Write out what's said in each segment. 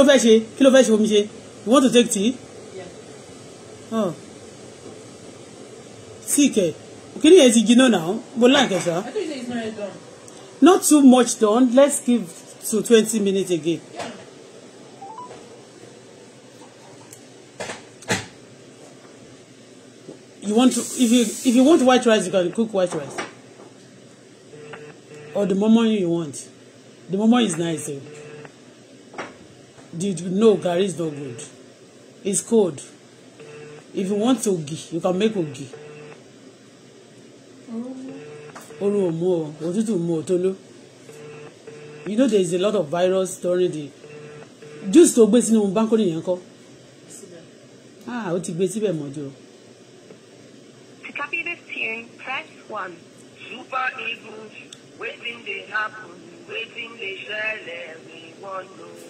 ló fẹ́ ṣe kí ló fẹ́ ṣe omi ṣe you want to take tea? Oh. Tíkẹ̀ kí ni yẹn ti jiná náà mo láǹkẹ̀ sá. Not too much done let's give to twenty minutes again. Yeah. you want to if you if you want white rice you can cook white rice or the momo you want the momo is nice. Eh? did no garri is not good it's cold if you want ogi you can make ogi oh. orun ò mú ọ òtútù mú ọ tóló you know there is a lot of virus during the juice tó gbé sínú bánkórì yẹn kọ́ ah ó ti gbé síbẹ̀ mọ́jú o. to copy this tune press one. super eagles wetin dey happen wetin dey ṣẹlẹ̀ we wan know.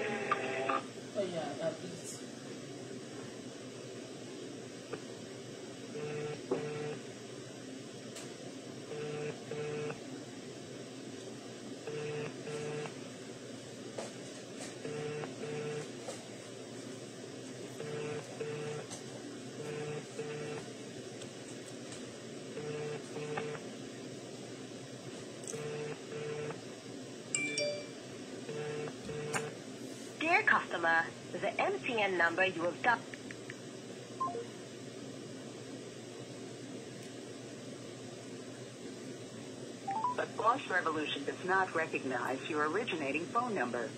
number you have But Boss Revolution does not recognize your originating phone number.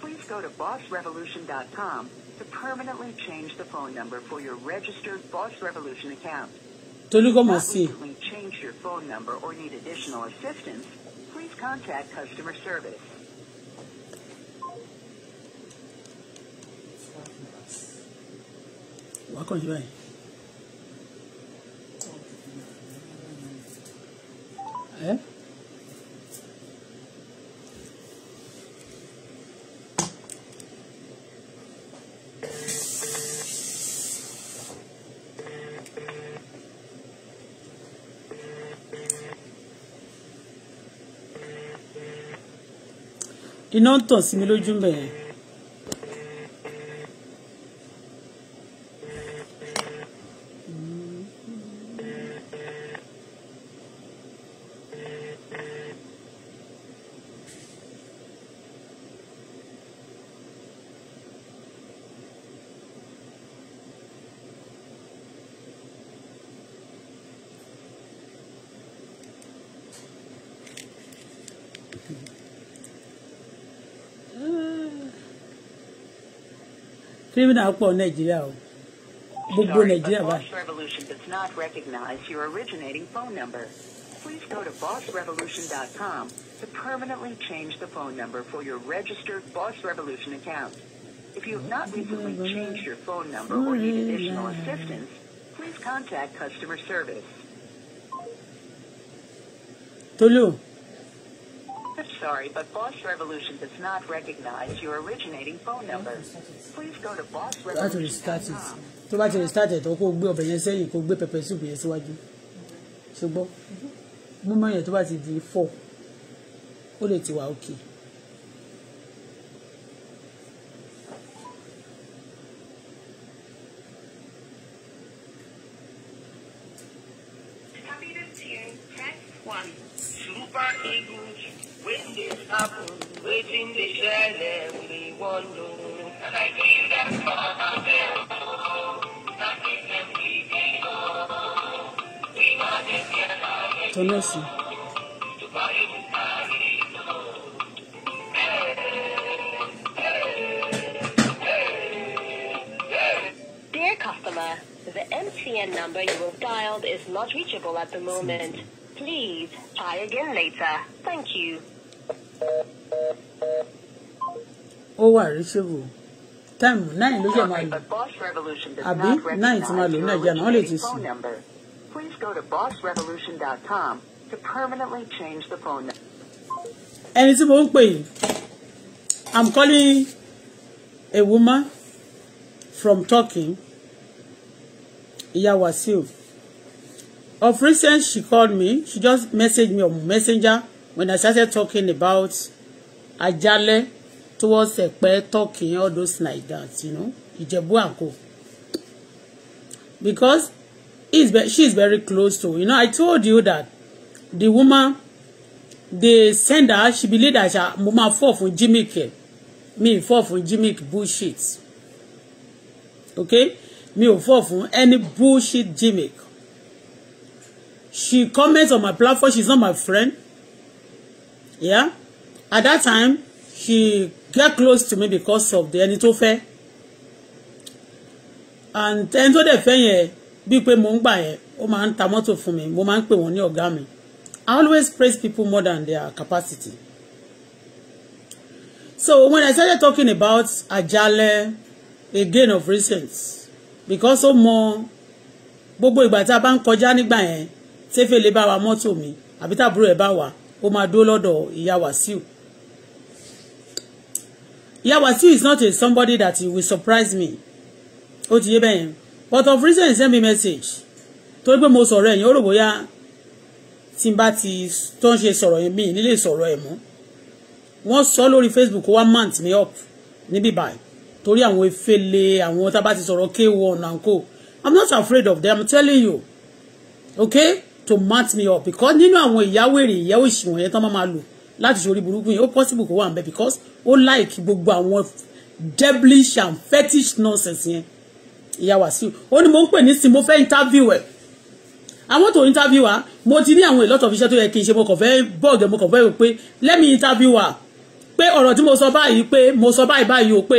Please go to bossrevolution.com to permanently change the phone number for your registered Boss Revolution account. Tolugomasi. If change your phone number or need additional assistance, please contact customer service. wá kàn ṣe báyìí. ẹ iná ń tàn sí mi lójú mbẹ̀yẹn. criminal Boss Revolution does not recognize your originating phone number. Please go to bossrevolution.com to permanently change the phone number for your registered Boss Revolution account. If you have not recently changed your phone number or need additional assistance, please contact customer service. Tolu. sorry, but Boss Revolution does not recognize your originating phone number. Please go to bossrevolution.com. Láti restart it. Tó bá ti restart ẹ̀ tó kó gbé ọbẹ̀ yẹn sẹ́yìn kó gbé pepper soup yẹn síwájú. Ṣùgbọ́n, mímọ́ yẹn tó bá ti di four, ó lè ti wà okay. sọ́nà Dear customer, the MCN number you have dialed is not reachable at the moment. Please try again later. Thank you. Oh, wà reachable táìmù náà ló ṣe máa lò àbí náà ti máa lò ní nàìjíríà náà wọ́n lè ti go to bossrevolution.com to permanently change the phone number. ẹni tí mo ń pè yìí I'm calling a woman from Turkey ìyá Wasiu of recent she called me she just messaged me on messenger when I started talking about Ajale towards Epe Turkey all those like that you know Ijebu and co because is she very close to you know I told you that the woman the sender, she believe that she mo ma fall fún jimmick mi fall fún jimmick bullshit okay me ò fall fún any bullshit jimmick she comment on my platform she's not my friend yeah at that time she get close to me because of the ẹni and ẹni tó dẹ̀ fẹ́ bíi pé mò ń gbà yẹn ó máa ń ta mọ́tò fún mi mo máa ń pè wọ́n ní ọ̀gá mi I always praise people more than their capacity so when I started talking about Ajale a gain of recent because ó mọ gbogbo ìgbà tá a bá ń kọjá nígbà yẹn tẹ́fẹ́ lè bá wa mọ́tò mi àbí tàbúrò ẹ̀ bá wa ó máa dó lọ́dọ̀ ìyá Wàsíù ìyá Wàsíù is not a somebody that will surprise me ó ti yé bẹ́yẹn but of recent send me message torí pé mo sọ̀rọ̀ ẹ̀yìn ó rò bóyá tí n bá ti tó ń ṣe sọ̀rọ̀ yẹn mí nílé sọ̀rọ̀ ẹ̀ mọ́ wọ́n sọ lórí Facebook one month me up níbí báyìí torí àwọn efele àwọn tá a bá ti sọ̀rọ̀ k1 and I'm not afraid of them I'm telling you okay to mount me up because nínú àwọn ìyáwó èrè ìyáwó ìṣìwọ̀n yẹn tán máa lò láti ṣorí burúkú yẹn ó possible kó wà ń bẹ because ó like gbogbo àwọn devilish and fetish nonsense yẹn. Yeah ìyá Wàsíù ó ní mo ń pè ní sin mo fẹ́ interview ẹ̀ àwọn tó interview wa mo ti ní àwọn ìlọ́tọ̀ fiṣẹ́ tó yẹ kí n ṣe mo kàn fẹ́ bọ́ọ̀gẹ̀ mo kàn fẹ́ wò pé let me interview wa pé ọ̀rọ̀ tí mo sọ báyìí pé mo sọ báyìí báyìí o pé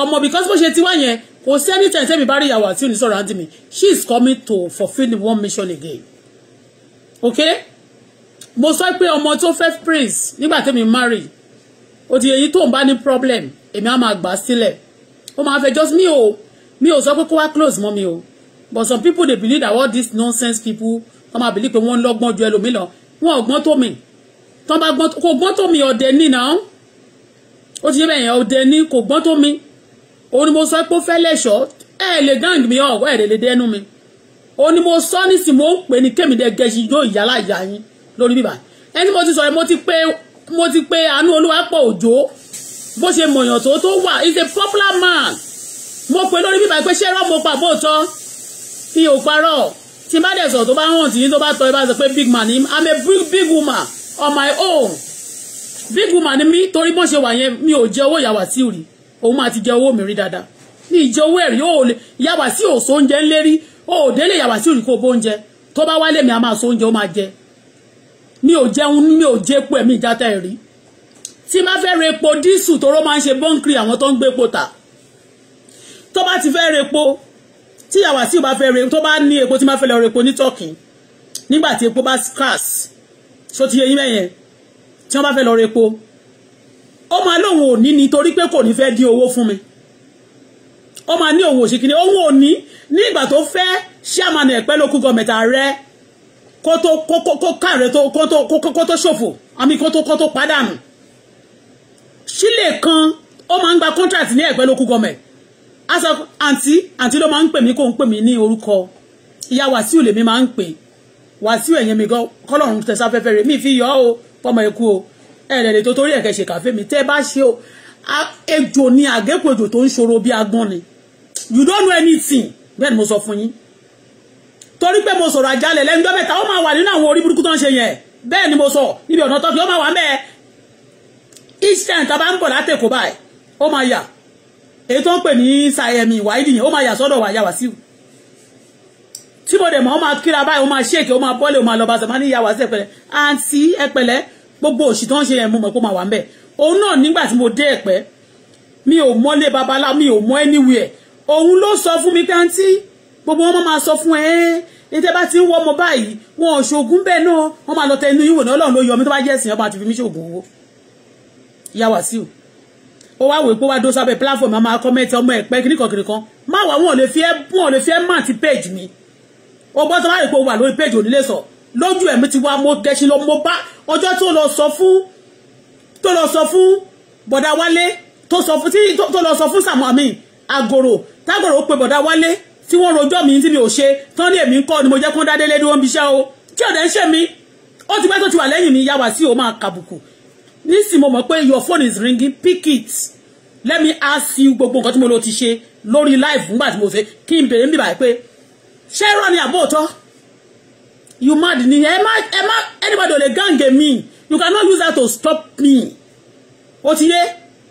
ọmọ because bó ṣe ti wá yẹn kò sí ẹni tẹ̀sẹ̀ mi bá rí ìyá Wàsíù ní sọ̀rọ̀ àǹtí mi she is coming to fulfil one mission again okay mo sọ pé ọmọ tó fẹ́ prince nígbà tẹ́mi marry òdì èyí tó ń bá ní problem èmi á máa gbà sílẹ̀ ó máa fẹ́ just me o mi ò sọ pé kó wá close mọ́ mi o but some people dey believe that all these nonsense people wọ́n máa believe pé wọ́n ń lọ́gbọ́n ju ẹlòmíì lọ wọn ò gbọ́n tó mi tọ́ bá gbọ́n kò gbọ́n tó mi ọ̀dẹ ní nà án ó ti yé bẹ́ẹ̀ yẹn ọ̀dẹ ní kò gbọ́n tó mi òun ni mo sọ pé ó fẹ́ lẹ́ṣọ́ ẹ̀ lè gang mi ọ̀wọ́ ẹ̀ lè dẹnu mi òun ni mo sọ nísìnyí mo ń pè ní kémìdé gẹ̀ẹ́sì yóò yálà ìyá yín lórí bíbá ẹni mo ti sọ̀rọ̀ mo ti pé mo ti pé àánú olúwa pọ̀ òjò bó ṣe mọ̀yàn tó tó wà is a popular man mo pe lórí bíbá pé ṣé rọ́ mo pa bóòtọ́ mi ò parọ́ tí má dẹ̀ sọ̀rọ̀ tó bá hàn tìyín tó bá tọ́ ẹ bá sọ pé big man ni i'm a big big woman on my own big woman ni mi torí bọ́n ṣe wà yẹn mi ò jẹ owó ìyàwó sí rí òun máa ti jẹ owó mi rí dáadáa ní ìjẹ owó ẹ̀rí ó lè yàwá sí òsó oúnjẹ ń lérí ó délé yàwá sí òrí kó bó oúnjẹ tó bá wálé mi a máa so oúnjẹ ó máa jẹ mi ò jẹun mi ò jẹ epo ẹ̀mí ìjátá ẹ̀rí tí má fẹ́ re epo dísù tó máa ń ṣe bọ́ńkì àwọn tó ń gbé epo tà tó bá ti fẹ́ repo tí àwa sí ò bá fẹ́ re tó bá ní epo tí máa fẹ́ lọ repo ní tọ́kì nígbà tí epo bá scarce so ti yẹ mẹ́yẹn tí wọ́n bá fẹ́ lọ repo ó máa lóun ò ni torí pé kò ní fẹ́ dín owó fún mi ó máa ní òun òṣìkìní òun ò ní ní ìgbà tó fẹ́ chairman ẹ̀pẹ́ lókù gọ́ọ̀mẹ̀tà rẹ kó tó kó káàrẹ̀ tó kó tó ṣòfò àmì kó tó kó tó pàdánù sílè kan ó máa ń gba contract ní ẹ̀pẹ́ lókù gọ́ọ̀mẹ̀tà a anti anti àǹtí ló máa ń pè mí kó ń pè mí ní orúkọ ìyá wàsíù lèmi máa ń pè go, ẹ̀yẹn mi gan kọ́lọ́run tẹ̀sán fẹ́fẹ́ rẹ̀ mí fi yọ ọ́ pọ́mọ ẹ̀kú o ẹ̀rẹ̀rẹ̀ tó torí ẹ̀kẹ́ ṣe kàfé mi tẹ́ bá ṣe o ejò ni àgékù ejò tó ń ṣòro ni you don't know anything bẹ́ẹ̀ ni mo sọ fún yín torí pé mo sọ̀rọ̀ àjálẹ̀ lẹ́nu dọ́mẹ́ta ó máa wà nínú àwọn orí burúkú tó ń ṣe yẹn bẹ́ẹ̀ ni mo sọ níbi ọ̀nà tọ́kì ó máa wà mẹ́ẹ̀ each time tá a bá ń bọ̀ látẹ̀kọ́ báyìí ó máa yà èyí tó ń pè ní sàyẹ̀mí ìwáìdì yẹn ya sodo wa ya wà yà wá sí tí mo dẹ̀ mọ́ ó máa kíra báyìí ó máa ṣèkì ó máa bọ́lẹ̀ ó máa lọ bá sọ máa ní yà wá sí ẹ̀pẹ̀lẹ̀ àǹtí gbogbo òṣì tó ń ṣe yẹn mo mọ̀ pé ó máa wà ń bẹ̀ òun náà nígbà tí mo dé ẹ̀pẹ́ mi ò mọ́lé babaláwo mi o mọ́ anywhere òun ló sọ fún mi kántí gbogbo wọn máa sọ fún ẹ ní tẹ bá ti ń wọ ọmọ báyìí wọn ò ṣoògùn bẹ́ẹ̀ náà lo máa lọ tẹ inú yíwò náà Ọlọ́run ló yọ mi tó bá jẹ ẹsìn ọba fi mi ṣoògùn owó yà wá sí ó wá wèé pé wá dó sábẹ́ platform máa kọ́mẹ́ntì ọmọ ẹ̀pẹ́ kìnnìkan kìnnìkan má wà wọn ò lè fi ẹ́ wọn ò lè fi ẹ́ mà ti page mi ó gbọ́ sọ wá wèé pé wà lórí page òní lè sọ lójú ẹ̀mí ti wá mo gẹṣin lọ mo bá ọjọ́ tó lọ sọ fún tó lọ sọ fún bọ̀dá wálé tó sọ fún tí tó lọ sọ fún sàmọ́ mi àgòrò tágòrò ó pe bọ̀dá wálé tí wọ́n rojọ́ mi tí mi ò ṣe tán ní èmi ń kọ́ ni mo jẹ́ kó dádélé ni wọ́n ń biṣẹ́ o tí ọ̀dẹ̀ ń ṣe mi ó ti pẹ́ tó ti wà lẹ́yìn mi yá wá sí o máa kàbùkù nísìn mo mọ̀ pé your phone is ringing pick it let me ask you gbogbo nǹkan tí mo lọ ti ṣe lórí live nígbà tí mo ṣe kí n bèrè ń bìbà pé ṣé rọ ni àbó you mad ni ẹ má ẹ má anybody ò lè gàǹgè you cannot use that to stop me ó ti yé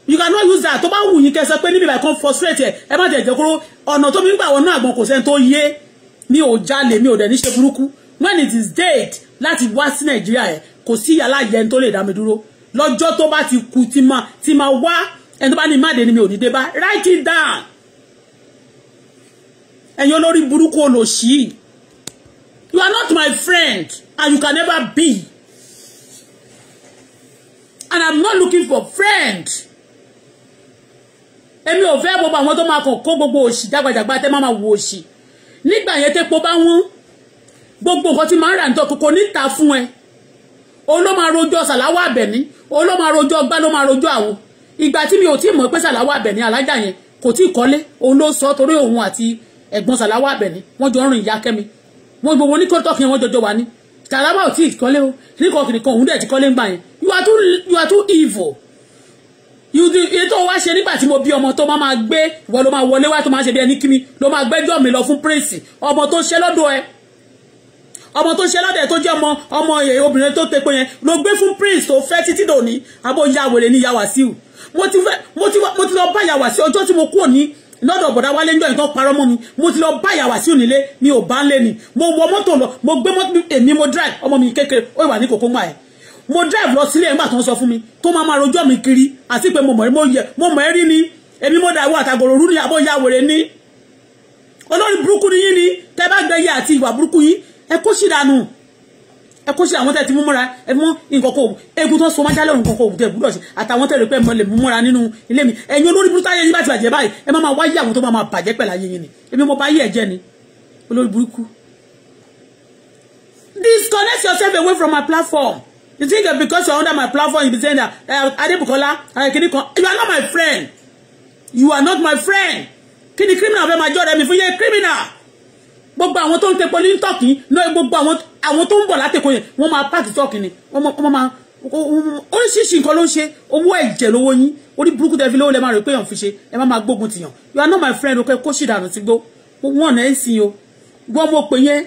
you cannot use that To bá wù yín kẹsàn pé níbi ìbàkan kan frustrate ẹ ẹ má tẹ̀ jẹ́ kóró ọ̀nà tó mi ń gbà wọnú àgbọn kò sẹ́ni tó yé mi ò jalè mi ò dẹ̀ ní ṣe burúkú when it is dead láti wá sí nàìjíríà ẹ kò sí yàrá yẹn tó lè dá mi dúró lọ́jọ́ tó bá ti kú ti máa ti máa wá ẹni tó bá ní má ni mi ò ní dé write it down ẹ̀yin olórí burúkú olòṣì you are not my friend and you can never be and i'm not looking for friend èmi ò fẹ́ gbogbo àwọn tó máa kàn kó gbogbo òṣì jágbàjàgbà tẹ́ máa wo òṣì nígbà yẹn tẹ́po bá wọ́n gbogbo nǹkan tí máa ń rà ní kò ní ta fún ẹ òun ló máa rojọ́ sàláwọ́ àbẹ̀ní òun ló máa rojọ́ gbá ló máa rojọ́ àwo ìgbà tí mi ò tí ì mọ̀ pé sàláwọ́ àbẹ̀ní alájà yẹn kò tí ì kọ́lé òun ló sọ torí òun àti ẹ̀gbọ́n sàláwọ́ àbẹ̀ní wọ́n jọ ń rìn ìyá kẹ́mi wọ́n gbogbo ní kọ́tọ́ kí wọ́n jọjọ wà ní sàláwọ́ ò tí ì o níkọ̀ọ̀kì nìkan òun dẹ̀ ti kọ́lé ńgbà yẹn you are too you are too evil ètò wa ṣe nígbà tí mo bí ọmọ tó máa gbé ìwọ ló máa wọlé wá tó máa ṣe bí ẹni kí mi ló máa gbẹ́jọ́ mi lọ fún prince ọmọ tó ṣe lọ́dọ̀ ẹ ọmọ tó ṣe lọ́dẹ̀ tó jẹ́ ọmọ ọmọ eh, obìnrin tó tepo yẹn ló gbé fún prince tó fẹ́ títí dòní abó ya wèrè ní ya Wàsíù mo ti ti mo ti lọ bá ya Wàsíù ọjọ́ tí mo kúrò ní lọ́dọ̀ bọ̀dá wálé ńjọ́ nǹkan parọ́ mọ́ mi mo ti lọ bá ya Wàsíù nílé mi ò bá lé ni mo wọ mọ́tò lọ mo gbé mọ́tò èmi mo drive ọmọ mi kékeré ó wà ní kòkó mọ́ ẹ̀ mo drive lọ sílé ẹ̀gbà tó ń sọ fún mi tó máa máa rojọ́ mi kiri àti pé mo mọ̀ ẹ́ rí ni èmi mo dàwọ́ àtàgòrò rú ni àbọ̀ ya wèrè ni olórí burúkú ni yín ni tẹ́ bá gbẹ̀yẹ àti ìwà burúkú yín ẹ kó dànù ẹ kó àwọn tẹ̀ tí mú múra nǹkan kó egun tó so májálẹ̀ nǹkan kó tẹ̀ gbúdọ̀ sí àtàwọn tẹ̀ rẹ̀ pé mo lè mú nínú ilé mi ẹ̀yin olórí burúkú táyé yín bá ti bàjẹ́ báyìí ẹ má máa wáyé àwọn tó má máa bàjẹ́ pẹ̀lú ayé yín ni èmi mo bá yé ẹ̀jẹ̀ ni olórí burúkú. disconnect yourself away from my platform you think that because you're under my platform you be saying that uh, eh, Adebukola eh, akinikan you are not my friend you are not my friend kí criminal fẹ́ máa jọ́ rẹ̀ mi fún yẹ criminal gbogbo àwọn tó ń tepo ní tọ́kì náà gbogbo àwọn tó ń bọ̀ látẹ̀kọ́ yẹn wọ́n máa pàtì tọ́kì ni wọ́n máa oríṣiríṣi nǹkan ló ń ṣe owó ẹ̀jẹ̀ lówó yín orí burúkú tẹ́ fi lówó lẹ́ máa rò pé èèyàn fi ṣe ẹ má máa gbógun tìyàn you are not my friend okay kó sì dànù ti gbó wọn ọ̀nà ẹ̀ ń sìn o gbọ́ mo pè yẹn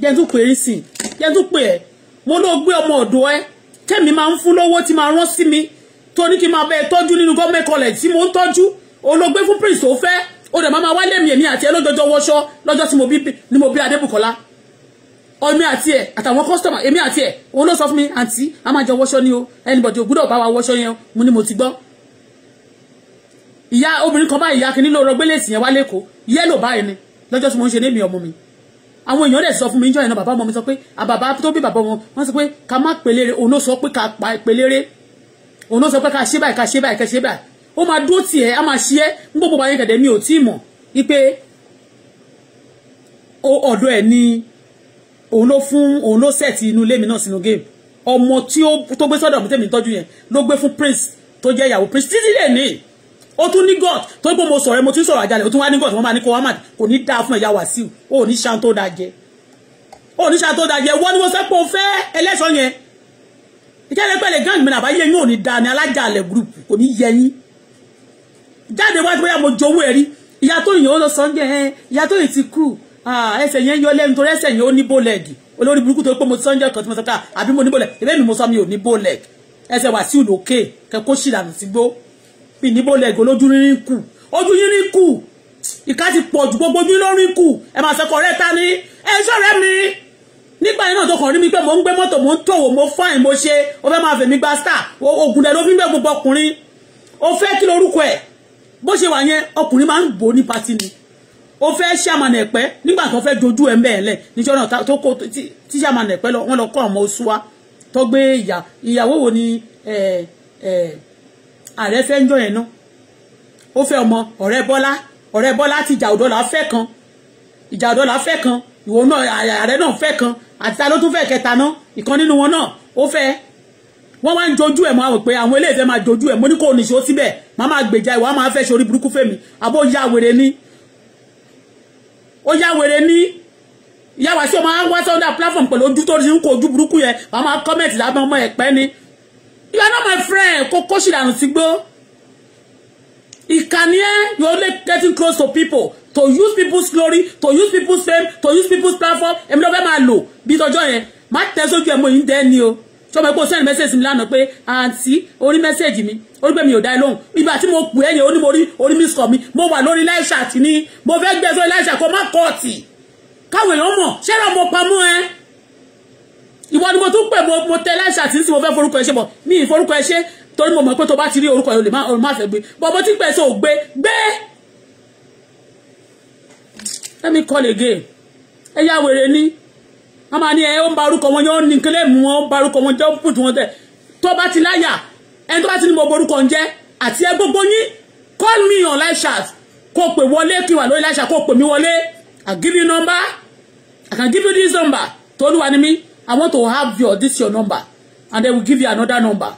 jẹ́ tún pè é sìn jẹ́ tún pè ẹ́ mo ló gbé ọmọ ọ̀dọ́ ẹ tẹ́mi máa ń fún lówó tí máa rán sí mi torí kí n máa bẹ tọ́jú nínú gọ́ọ̀mẹ̀ kọlẹ̀ tí mo ń tọ́jú olóògbé fún prince tó fẹ́ ó dẹ̀ mama máa wálé mi èmi àti ẹ lọ́jọ́jọ́ wọṣọ lọ́jọ́ tí mo bí ni mo bí Adébùkọ́lá ọmọ àti ẹ àtàwọn kọ́sítọ̀mà èmi àti ẹ òun ló sọ fún mi àǹtí a máa jọ wọṣọ ni o anybody ò gbúdọ̀ bá wa wọṣọ yẹn mo ni mo ti gbọ́ Iya obìnrin kan báyìí ìyá kìíní ló rọgbé lèsì yẹn wá lẹ́kọ̀ọ́ yẹ́lò báyìí ni lọ́jọ́ tí mo ń ṣe lémi ọmọ mi àwọn èèyàn dẹ̀ sọ fún mi níjọ́ yẹn náà bàbá ọmọ mi sọ pé àbàbá tó bí bàbá ọmọ wọn sọ pé ká má pèlére òun ló sọ pé ká pa pèlére òun ló sọ pé ká ṣe báyìí ká ṣe báyìí ká ṣe báyìí ó máa dúró tì ẹ́ á máa ṣí ẹ́ ń gbogbo bàyẹn gẹ̀dẹ̀ mi ò tí ì wípé ọ̀dọ̀ ẹ̀ ni òun ló fún òun ló sẹ̀tì inú ilé mi náà sínú géèmù ọmọ tí ó tó gbé sọ́dọ̀ mi tẹ̀mí tọ́jú yẹn ló gbé fún prince tó jẹ́ ìyàwó prince títí lè ní ó tún ní god tó gbé mo sọ̀rọ̀ ẹ mo tún sọ̀rọ̀ àjálẹ̀ ó tún wá ní god wọ́n máa ní kó wá màdì kò ní dáa fún ẹ̀yà wàsíù ó ní ṣan tó dáa jẹ ó ní ṣan tó dáa jẹ wọ́n ni mo sẹ́pọ̀ fẹ́ ẹlẹ́sọ̀ yẹn ìkẹ́lẹ́pẹ̀lẹ̀ gang mi nàbáyé yín ò ní dáa ní alájàlẹ̀ group kò ní yẹ jáde wá bóyá mo jowó ẹ̀rí ìyá tó yìnyín ó lọ Sunday ẹ ìyá tó yìí ti kú ẹsẹ̀ yẹn yọ lẹ́nu torí ẹsẹ̀ yẹn ó ní bólẹ̀gì olórí burúkú tó pé mo Sunday kan tí mo sọ ká àbí mo ní bólẹ̀gì ẹ̀bẹ́ mi mo sọ mi ò ní bólẹ̀gì ẹsẹ̀ wà sí òlòkè kẹ́kọ́ ṣìlànà sí gbó mi ní bólẹ̀gì olójú rírin kù ojú yín kù ìka ti pọ̀ ju gbogbo yín lórí kù ẹ máa sọkọ̀ rẹ ta ni ẹ sọ̀rẹ́ mi nígbà yẹn náà tó kàn rí mi pé mò ń gbé mọ́tò mò ń tòwò mo fáìn mo ṣe o fẹ́ máa fẹ̀mí gba star ògùn dẹ̀ ló fi ń gbé gbogbo ọkùnrin o fẹ́ kí lorúkọ ẹ̀ bó ṣe wà yẹn ọkùnrin máa ń bò ní pati ni ó fẹ́ ṣàmà nẹ̀pẹ́ nígbà tó fẹ́ dojú ẹ̀ mbẹ́ ẹ̀lẹ̀ níjọ́ náà tó kó tí ṣàmà nẹ̀pẹ́ lọ wọ́n lọ kọ́ ọmọ oṣù wa tó gbé ìyà ìyàwó wo ni ààrẹ fẹ́ ń jọ yẹn náà ó fẹ́ ọmọ ọ̀rẹ́ bọ́lá ọ̀rẹ́ bọ́lá ti ìjà òdọ́là fẹ́ kan ìjà òdọ́là fẹ́ kan ìwọ náà ààrẹ náà fẹ́ kan àti ta ló tún fẹ́ kẹta náà ìkan nínú wọn náà ó fẹ́ wọ́n wá ń jojú ẹ̀ máa wò pé àwọn eléyìí fẹ́ máa jojú ẹ̀ mo ní kò níṣó síbẹ̀ máa máa gbèjà ìwà máa fẹ́ ṣorí burúkú fèmí àbó ya wèrè ni ó ya wèrè ni ìyá wa sí ọmọ wá sọ́dà platform pẹ̀lú ojú tó ti ń kó ojú burúkú yẹn wàá máa kọ́mẹ̀tì lábẹ́ ọmọ ẹ̀pẹ́ ni you are not my friend kó kó ṣìlànà sí gbó ìkànnì ẹ you only getting close to people to use people's glory to use people's fame to use people's platform èmi ló fẹ́ máa lò bí tọjọ́ yẹn má tẹ́ sójú ẹ̀ mọ́ yìí dẹ́ ni tó mọ̀ pé send message mi lánàá pé àǹtí orí message mi orí pé mi ò dá ẹ lóhùn ìgbà tí mo pè é yẹn oní mo rí orí miss call mi mo wà lórí láìsà tì ní mo fẹ́ gbé sórí láìsà kó má kọ́ọ̀tì káwọn èèyàn mọ̀ ṣẹ́ra mo pamọ́ eh. ìwọ ni mo tún pè mo tẹ láìsà tì ní tí mo fẹ́ forúkọ ẹ ṣe mi ì forúkọ ẹ ṣe mo mọ̀ to ba bá ti rí orúkọ ẹ o ma má fẹ́ gbé bọ́ mo ti pẹ̀ sọ ògbé gbé let me call again ẹ̀yà wèrè ni wọ́n máa ní ẹ ó ń ba orúkọ wọn jẹ́ ó ń ní kílẹ̀ mú wọn ó ń ba orúkọ wọn jẹ́ ó ń pùtù wọn tẹ̀ tó bá ti láyà ẹni tó bá ti ní mo borúkọ ń jẹ́ àti ẹ gbogbo yín call me on live chat kó pè wọlé kí wà lórí live chat kó pè mí wọlé I give you number I can give you this number tolúwa ni mí I want to have your this your number and then we give you another number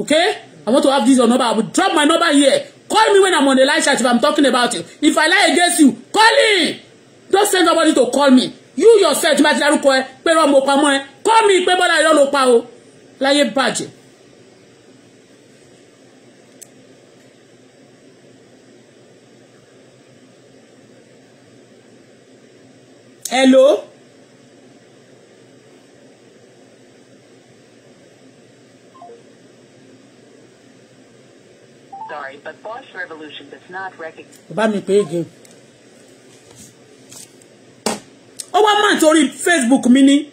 okay I want to have this your number I will drop my number here call me when I'm on the live chat if I'm talking about you. if I lie against you call me don't send somebody to call me you yourself tí bá ti dárúkọ ẹ pé rọ́ọ̀mù pamọ́ ẹ kọ́ mi pé bọ́lá irọ́ ló pa o láyé bàjẹ́. hello. Sorry, but Bosch Revolution does not recognize. Bá mi pé again. ó wá máa torí Facebook mi ni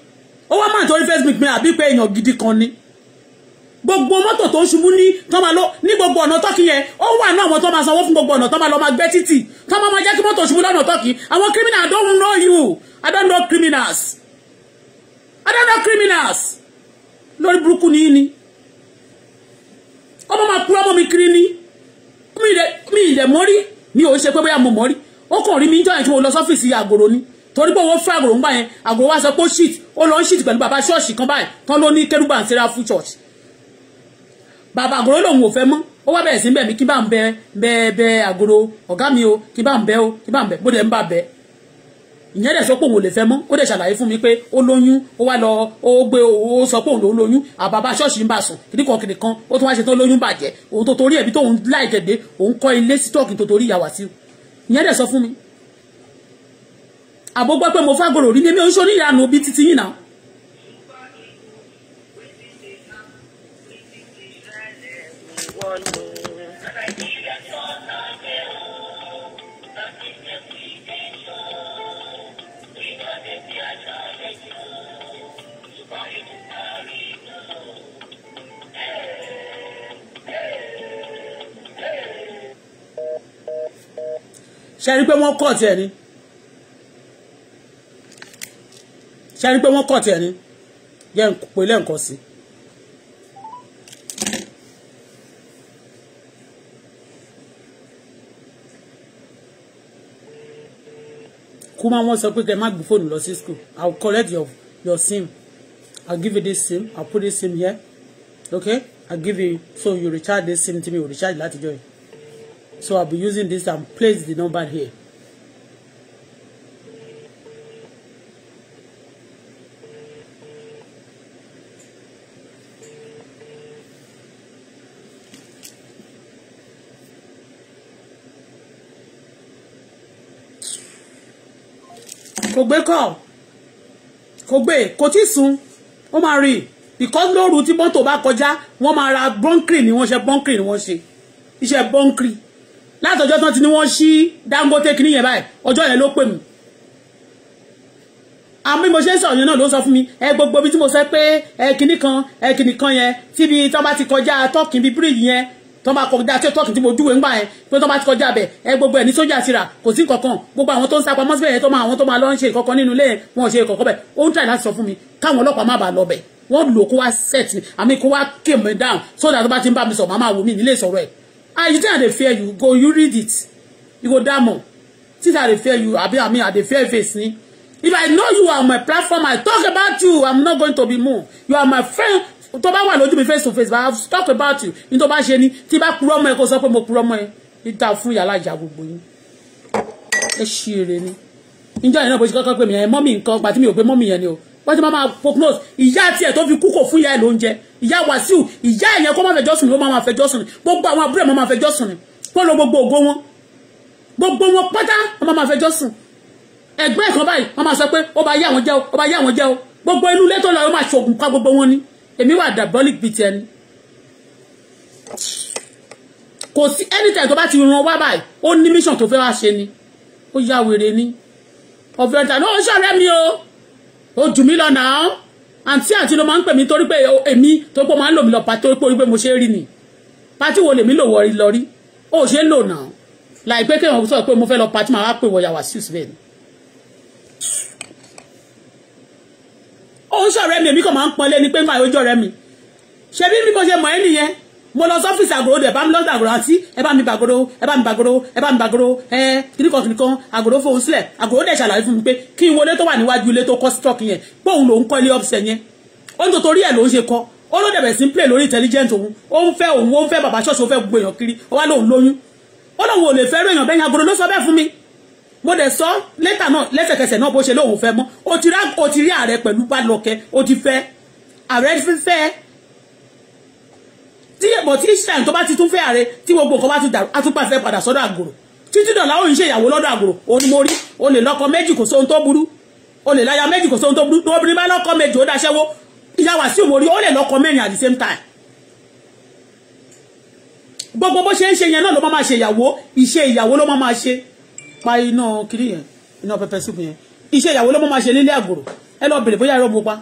ó wá máa torí Facebook mi àbí pé èèyàn gidi kan ni gbogbo mọ́tò tó ń ṣubú ní tó máa lọ ní gbogbo ọ̀nà tọ́kì yẹn ó wà náà àwọn tó máa sanwó fún gbogbo ọ̀nà tó máa lọ máa gbẹ́ títì tó máa máa jẹ́ kí mọ́tò ṣubú lọ́nà tọ́kì àwọn criminal I don't know you I don't know criminals I don't know criminals lórí burúkú ni ni ọmọ máa kúrọ́ mọ́ mi kiri ni mi ìdẹ̀ mọ́rí mi ò ń ṣe pé bóyá mo mọ́rí ó kàn rí mi ń jọyìn tí mo lọ sọ́fíìsì àgòrò ni torí pé wọ́n fún àgòrò ń gbà yẹn àgòrò wá sọ pé ó shit ó lọ ń shit pẹ̀lú bàbá ṣọ́ọ̀ṣì kan báyìí tán ló ní kérúbà ń sera fún church bàbá àgòrò lòun ò fẹ́ mọ́ ó wá bẹ̀rẹ̀ sí bẹ̀ mí kí bá ń bẹ bẹ bẹ àgòrò ọ̀gá mi o kí bá ń bẹ o kí bá ń bẹ bó dẹ̀ ń bà bẹ ìyẹn dẹ̀ sọ pé òun ò lè fẹ́ mọ́ ó dẹ̀ ṣàlàyé fún mi pé ó lóyún ó wá lọ ó gbé ó sọ pé òun àbógbọ́ pé mo fágòrò rí ni èmi ò ń ṣe oníyanu bíi titi yìí náà. ṣe rí pé wọ́n kọ̀ tiẹ̀ ni. ṣe ni pé wọ́n kọ̀ tiẹ̀ ni yẹ́ n pè lẹ́ǹkan sí i. Kuma wọ́n sọ pé kẹ́ má gbé fóònù lọ sí school I will collect your your sim I will give you this sim I will put this sim here okay I will give you so you recharge this sim to me. You recharge látijọ́ yìí so I will be using this and place the number here. kò gbé kọ́ kò gbé kò tí sùn ó máa rí because lóru tí mọ́tò bá kọjá wọ́n máa ra bọ́ńkìrì ni wọ́n ṣe bọ́ńkìrì ni wọ́n ṣe iṣẹ́ bọ́ńkìrì látọjọ́ tán ti ní wọ́n ṣí Dangote kìíní yẹn báyìí ọjọ́ yẹn ló pè mí àmì mo ṣe ń sọ̀rọ̀ yẹn náà ló sọ fún mi ẹ gbogbo bí tí mo sọ pé ẹ kìíní kan ẹ kìíní kan yẹn tíbi tán bá ti kọjá tọ́kì bíi bíríìjì yẹn tó máa kọjá tí ó tọ́kì tí mo júwe ńgbà yẹn pé tó máa kọjá bẹ̀ ẹ gbogbo ẹ̀ ní sójà síra kò sí kankan gbogbo àwọn tó ń sapamọ́ síbẹ̀ yẹn tó máa àwọn tó máa lọ ń ṣe kankan nínú ilé wọn ò ṣe kankan bẹ̀ ó ń tà láti sọ fún mi káwọn ọlọ́pàá má bàa lọ bẹ̀ wọ́n lò kó wá set mi àmì kó wá kéè mi down so that bá ti ń bá mi sọ màmá wò mí nílé ìsọ̀rọ̀ ẹ̀ ah you think I dey fear you go you read it you go damn since I dey fear you abi I I dey fear face ni if I know you are my platform I talk about you I'm not going to be moved you are my friend tó bá wà lójú mi face to face but talk about you ní tó bá ṣe ni tí bá purọ́ mọ́ ẹ kó sọ pé mo purọ́ mọ́ ẹ níta fún yàrá ìjà gbogbo yín ẹ ṣí ni níjọ́ yẹn náà bó ṣe kọ́kọ́ pé mi ẹ mọ́mì nǹkan gbà tí mi ò pé mọ́mì yẹn ni o wọ́n ti máa prognose ìyá àti ẹ̀ tó fi kú kò fún ìyá ẹ̀ lóúnjẹ ìyá Wàsíù ìyá ẹ̀yẹn kó má fẹjọ́ sùn ni ó má má ni gbogbo àwọn àbúrò ẹ̀ má má ni wọ́n lọ gbogbo ògo wọn gbogbo wọn pátá wọ́n má má fẹjọ́ ẹgbẹ́ ìkan báyìí wọ́n máa sọ pé ó bá yá àwọn jẹ́ ó bá yá àwọn jẹ́ ó gbogbo inú ilé tó máa ṣògùn ká gbogbo wọn ni èmi wà diabolic bíi tiẹ̀ ni kò sí anytime tó bá ti ràn wá báyìí ó ní mission tó fẹ́ wá ṣe ni ó yá wèrè ni ọ̀fẹ́ ọ̀tà náà ó ṣọ̀rẹ́ mi o ó jù mí lọ nàá àǹtí àǹtí ló máa ń pè mí torí pé èmi tó pọ̀ máa ń lò mí lọ pàtó pé orí pé mo ṣe rí ni pátí wo lèmi lò wọ̀rí lọ rí ó ṣe lò nàá láìpẹ́ kéwọn sọ pé mo fẹ́ lọ pàtí màá wá pè wọ yàwá sí ìsúlẹ̀ ni. ó ń ṣọ̀rẹ́ mi èmi kàn máa ń pọ́nlé ni pé máa ojú ọ̀rẹ́ mi ṣebí bí mo ṣe mọ̀ ẹ́ nìyẹn mo lọ sọ́fíìsì àgòrò dẹ̀ bá mi lọ́dọ̀ àgòrò àti ẹ bá mi bàgòrò ẹ bá mi bàgòrò ẹ bá mi bàgòrò ẹ kìnìkan kìnìkan àgòrò fòun sílẹ̀ àgòrò dẹ̀ ṣàlàyé fún mi pé kí n wọlé tó wà níwájú ilé tó kọ́ stock yẹn pé òun lòún kọ́ ilé ọ́fíìsì yẹn ó ń torí ẹ̀ ló ń ṣe kọ́ ó ló dẹ̀bẹ̀ sí ń play lórí intelligent òun ó ń fẹ́ òun ó ń fẹ́ bàbá ṣọ́ọ̀ṣì ó fẹ́ gbogbo èèyàn kiri ó wá lóun lóyún ó lóun ò lè fẹ́ mo dẹ̀ sọ lẹ́tà náà lẹ́sẹ̀kẹsẹ̀ náà bó ṣe lóun fẹ́ mọ́ o ti rí ààrẹ pẹ̀lú Balókè o ti fẹ́ ààrẹ fífẹ́ tí èbò tí Israel tó bá ti tún fẹ́ ààrẹ tí gbogbo nǹkan bá ti dàrú àtúpà fẹ́ padà sọ́dọ̀ àgòrò títí dọ̀là ó ń ṣe ìyàwó lọ́dọ̀ àgòrò òun ni mo rí o lè lọ́kọ méjì kò sóhun tó burú o lè láya méjì kò sóhun tó burú obìnrin bá lọ́kọ méjì ó daṣẹ́wó ìyá Wàsíù mo rí o lè lọ́kọ mẹ́rin at the same time gbogbo bó ṣe ń ṣe yẹn náà ló máa ṣe ìyàwó ìṣe ìyàwó ló máa ṣe pa iná kiri yẹn iná pẹpẹ súpù yẹn iṣẹ́ ìyàwó ló mọ́ máa ṣe nílé àgòrò ẹ lọ bèrè bóyá irọ́ mo pa.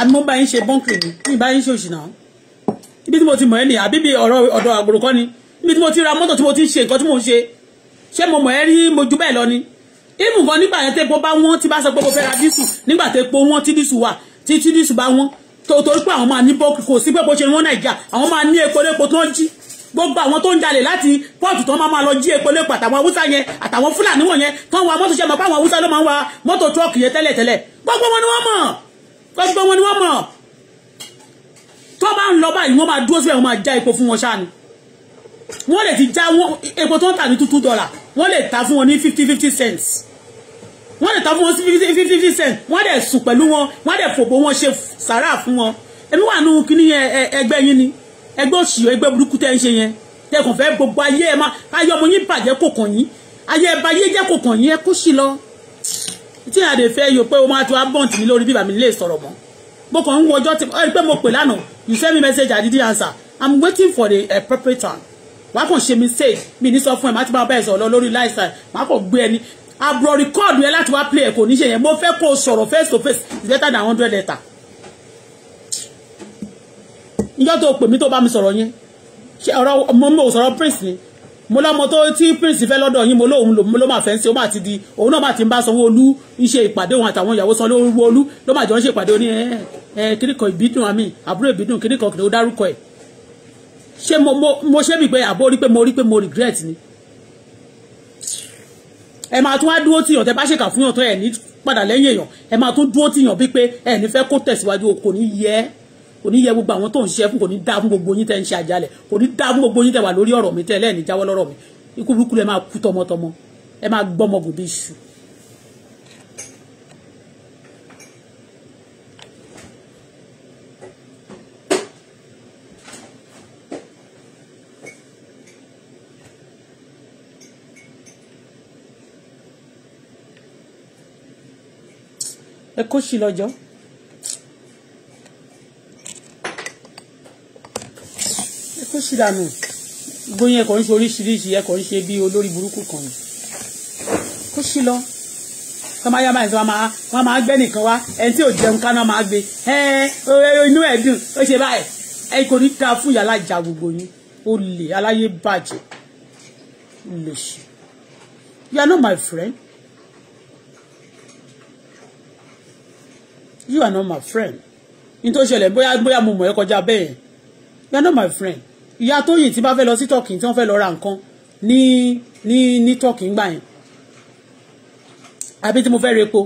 àmì mo bá yín ṣe bọ́ǹkì ni mi bá yín ṣe òṣì náà ibi tí mo ti mọ̀ ẹ́ nìyà àbí ọ̀rọ̀ ọ̀dọ̀ àgbòrò kọ́ ni níbi tí mo ti ra mọ́tò tí mo ti ń ṣe nǹkan tí mo ṣe ṣé mo mọ̀ ẹ́ rí mo bẹ́ẹ̀ lọ ni ibù gan nígbà yẹn tépo bá wọ́n tí bá sọ pé mo fẹ́ ra dísù nígbà tépo wọ́n tí dísù wà tí tí dísù bá wọ́n torí pé àwọn máa ní bọ́ọ̀kì kò sí pé bó ṣe wọ́n nàìjíríà àwọn máa ní epo lépo tó ń jí gbogbo àwọn tó ń jalè láti pọ́ọ̀tù tó máa lọ jí epo lépo àtàwọn haúsá yẹn àtàwọn fúlàní wọ̀nyẹn tó ń wa mọ́tò ṣe mọ̀ pé àwọn haúsá ló máa ń wa mọ́tò tírọ́ọ̀kì yẹn tẹ́lẹ̀ tẹ́lẹ̀ gbogbo wọn ni wọ́n mọ̀ gbogbo wọn ni wọ́n mọ̀ tó bá ń lọ báyìí wọ́n máa dúró síbẹ̀ wọ́n máa já epo fún wọn ṣáà ni wọ́n lè ti já epo tó ń tà ní two two dollar wọ́n lè ta fún wọn ní fifty fifty cents wọ́n lè ta fún wọn sí fifty fifty cents wọ́n dẹ̀ sùn pẹ̀lú wọn wọ́n dẹ̀ fòbó wọn ṣe sàrà fún wọn èmi wà nù kíní ẹgbẹ́ yín ni ẹgbẹ́ òṣì ẹgbẹ́ burúkú tẹ́ ń ṣe yẹn tẹ́ kàn fẹ́ gbogbo ayé ẹ má ayé ọmọ yín bàjẹ́ kò kàn yín ayé ẹ báyé jẹ́ kò kàn yín ẹ kó sì lọ tí a dè fẹ́ yọ pé o máa tó abọ́ǹtì mi lórí bíbà mi lè sọ̀rọ̀ mọ́ mo kàn ń wọjọ́ tí ẹ pé mo pè lánàá you send me message I didn't answer I'm waiting for the appropriate time wàá kàn ṣe mistake mi ní sọ fún ẹ má ti máa bá ẹ sọ̀rọ̀ lórí lifestyle má kàn gbé ẹni àbúrò record yẹn láti wá play ẹ kò ní ṣe yẹn mo fẹ́ kó o sọ̀rọ̀ face to face is better than hundred letter níjọ́ tó pè mí tó bá mi sọ̀rọ̀ yẹn ọ̀rọ̀ mo mọ̀ sọ̀rọ̀ prince ni mo lọ́mọ tó tí prince fẹ́ lọ́dọ̀ yín mo lóun ló máa fẹ́ ń ṣe ó máa ti di òun náà máa ti ń bá sanwó olú ń ṣe ìpàdé òun àtàwọn ìyàwó sanwó olú ló máa jọ ń ṣe ìpàdé oní ẹ ẹ kíríkan ìbídùn àmì àbúrò ìbídùn kíríkan kìnìún dárúkọ ẹ̀ ṣé mo mo mo ṣe mi pé àbó rí pé mo rí pé mo regret ni ẹ máa tún wá dúró tìyàn tẹ bá ṣèkà fún yàn tó ẹ ní padà lẹ́yìn èèyàn ẹ máa tún dúró tìyàn bíi pé ẹ ní fẹ́ kó tẹ̀síwájú kò ní yẹ kò ní yẹ gbogbo àwọn tó ń ṣiṣẹ́ fún kò ní dá fún gbogbo yín tẹ́ ń ṣe àjálẹ̀ kò ní dá fún gbogbo yín tẹ́ wà lórí ọ̀rọ̀ mi tẹ́ lẹ́ẹ̀ ní jáwọ́ lọ́rọ̀ mi ikú burúkú lẹ máa kú tọmọtọmọ ẹ máa gbọ́mọgùn bí iṣu ẹ kó sí lọ́jọ́. ẹ kó sí dànù gbóyè ẹ̀kọ́ ń ṣe oríṣiríṣi ẹ̀kọ́ ń ṣe bí olórí burúkú kan ni kó sí lọ kọ́má yá báyìí wọ́n máa wọ́n máa gbẹ́ nìkan wá ẹni tí ò jẹun kaná máa gbé ẹ́ẹ́ inú ẹ̀ dùn ó ṣe báyìí ẹ kò ní dáa fún ìyá alájà gbogbo yín ó lè aláyé bàjẹ́ lè ṣe you are not my friend you are not my friend ní tó ṣẹlẹ̀ bóyá bóyá mo mọ̀ ẹ́ kọjá bẹ́ẹ̀ you are not my friend ìyá tóyìn tí bá fẹ́ lọ sí tọ́kì tí wọ́n fẹ́ lọ ra nǹkan ní ní ní tọ́kì ńgbà yẹn àbí tí mo fẹ́ repo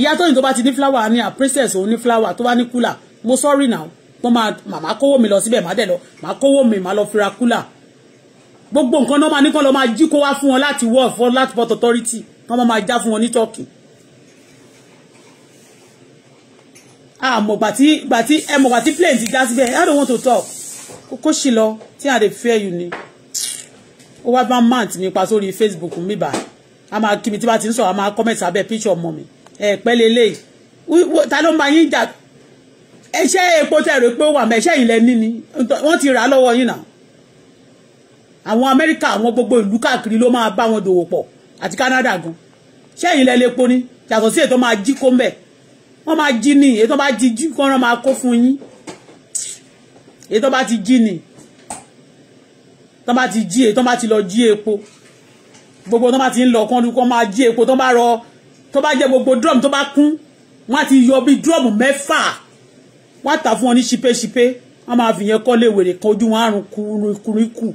ìyá tóyìn tó bá ti ní fúláwà ní à princess òun ní fúláwà tó bá ní kúlà mo sọ́ọ̀rì náà wọ́n máa màmá kówó mi lọ síbẹ̀ má dẹ̀ lọ màá kówó mi má lọ fira kúlà gbogbo nǹkan náà máa ní kán lọ máa jí kó wá fún wọn láti wọ́ọ̀fọ́ láti port authority wọ́n máa já fún wọn ní tọ́kì àmọ́ ah, gbàtí gbàtí ẹ eh, mọ̀ gbàtí plane ti já síbẹ̀ I don't want to talk kókó sì lọ tí a lè fẹ́ yìí ni ó wá bá mount mi pa sórí Facebook mi ba. a máa kí mi tí bá ti ń sọ̀rọ̀ a máa comment abẹ́ picture ọmọ mi ẹ pẹ́ lélẹ́yìí ta ló ń bá yín jà ẹṣẹ́ epo tẹ̀ rò pé ó wà mẹ́ṣẹ́ yìí lẹ ní ni wọ́n ti rà á lọ́wọ́ yín náà àwọn Amẹ́ríkà àwọn gbogbo ìlú káàkiri ló máa bá wọn dòwò pọ̀ àti Canada gan ṣẹ́yìn lẹ lè po ni yàtọ̀ sí ètò máa jí kó ń wọ́n máa jí ni èyí tó bá ti jí kọ́ran máa kó fún yín èyí tó bá ti jí ni tó bá ti jí èyí tó bá ti lọ jí epo gbogbo tó bá ti ń lọ kán lukọ́ máa jí epo tó bá rọ tó bá jẹ gbogbo drum tó bá kún wọ́n á ti yọ bí drum mẹ́fà wọ́n á tà fún ọ ní ṣipéṣipé wọ́n máa fìyẹn kọ́lé wèrè kan ojú wọn àrùn kúrúkú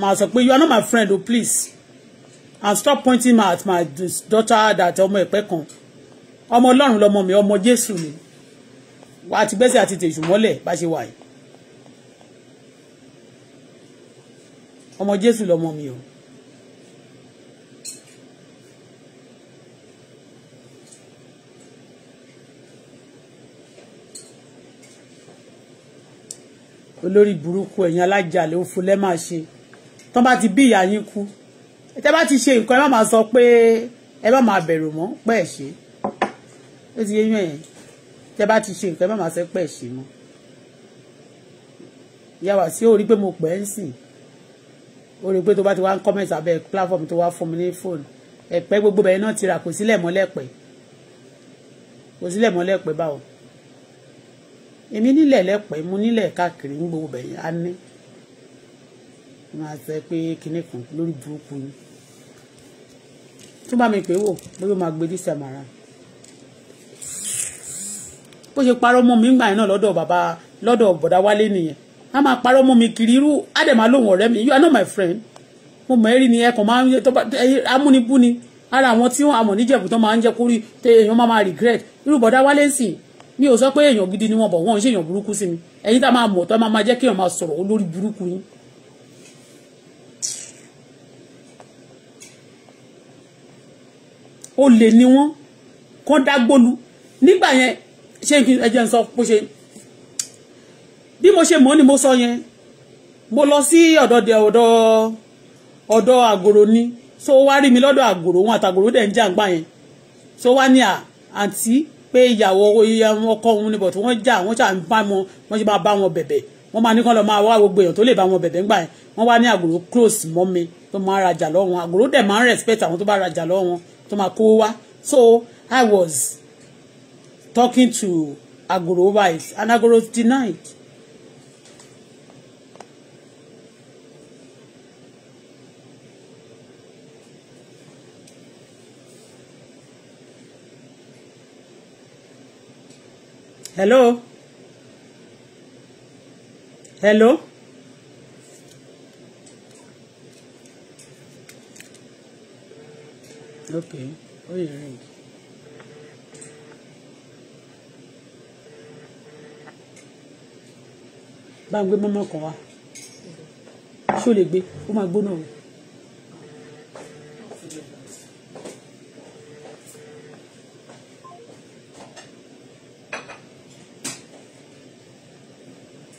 màá sọ pé you are not my friend o oh, please and stop pointing at my daughter that ọmọ ẹ̀pẹ́ kan ọmọ ọlọ́run lọmọ mi ọmọ jésù ni àti gbẹ́sẹ̀ àti tèṣù mọ́lẹ̀ bá ṣe wà yìí ọmọ jésù lọmọ mi o olórí burúkú ẹ̀yin alájàlẹ̀ òfò lẹ́ máa ṣe tán bá ti bí ìyá yín kú ẹ bá ti ṣe nǹkan ẹ má máa sọ pé ẹ má máa bẹ̀rù mọ́ pẹ́ẹ̀ ṣe ó ti yé yín ẹ̀yìn tẹ́ bá ti ṣe nǹkan má máa sẹ́pẹ̀ ṣe mọ́ yàwá sí ó pé mo pẹ́ ń sìn ó rí pé tó bá ti wá ń comment abẹ́ platform tó wá fún mi ní fóònù ẹ̀pẹ́ gbogbo bẹ̀rẹ̀ náà ti rà kò sílẹ̀ mọ́lẹ́pẹ́ kò sílẹ̀ mọ́lẹ́pẹ́ báwo èmi nílẹ̀ lẹ́pẹ́ mo nílẹ̀ káàkiri ń gbogbo bẹ̀rẹ̀ á ní máa sọ pé kinní kan lórí burúkú ni tó bá mi pè wò bóyá ó máa gbé dísàmàrà bó ṣe parọ́ mọ́ mi ń gbà yẹn náà lọ́dọ̀ bàbá lọ́dọ̀ bọ̀dá wálé nìyẹn a máa parọ́ mọ́ mi kiri irú àdèmà lòun ọ̀rẹ́ mi you are not my friend mo mọ̀ ẹ́rì ni ẹ̀kọ́ máa ń yẹ amúnibú ni ara àwọn tí wọ́n amọ̀ níjẹ̀bù tó máa ń jẹ́ kórí tẹ èèyàn máa máa regret irú bọ̀dá wálé ń sìn mi ò sọ pé èèyàn gidi ni wọn bọ̀ wọ́n ń ṣe èèyàn burúkú sí mi ẹ̀yin tá a máa mọ̀ tó nígbà yẹn ṣé ẹjẹ ń sọ bó ṣe bí mo ṣe mọ̀ ni mo sọ yẹn mo lọ sí ọ̀dọ̀ dẹ ọ̀dọ̀ ọ̀dọ̀ àgòrò ni so wá rí mi lọ́dọ̀ àgòrò wọn àtàgòrò dẹ̀ ń jà ń gbà yẹn so wá ní à àǹtí pé ìyàwó ọkọ òun ni bọ̀ tí wọ́n jà wọ́n ṣà ń bá wọn wọ́n ṣe máa bá wọn bẹ̀bẹ̀ wọ́n máa ní kán lọ máa wá gbogbo èèyàn tó lè bá wọn bẹ̀bẹ̀ ńgbà yẹn wọ́n wá ní àgòrò close mọ́ mi tó máa rajà lọ́wọ́ àgòrò dẹ̀ máa ń respect àwọn tó bá rajà lọ́wọ́ tó máa kó wá so I was talking to Agoro over and Agoro denied. Hello? Hello? Okay. Oh, yeah. bá ń gbé mọ́mọ́ kan wá ṣé o lè gbé ó máa gbóná o.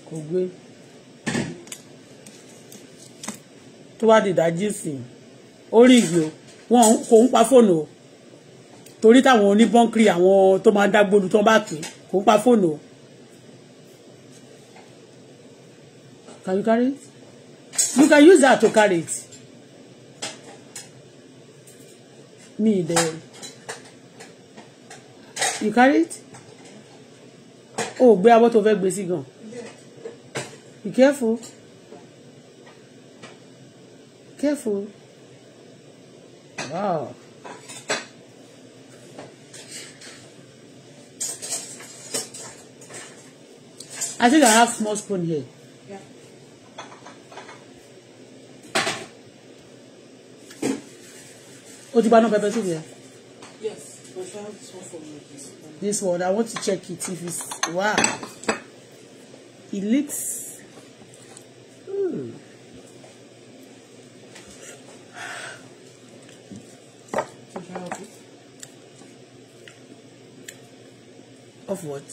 kò gbé tó bá dìdájí sí ó rí ìgbì o wọn kò ń pa fóònù o torí táwọn oníbọ́ńkì àwọn tó máa ń dágbólu tó bá pè kò ń pa fóònù o. Can you carry it? You can use that to carry it. Me there. You carry it? Oh, be about to fẹ́ gbé gun. Be careful. Careful. Wow. I think I have small spoon here. o ti gba náà pepper soup yẹn. yes but try this one for me this one i want to check it if it's wow it looks. Hmm. of what?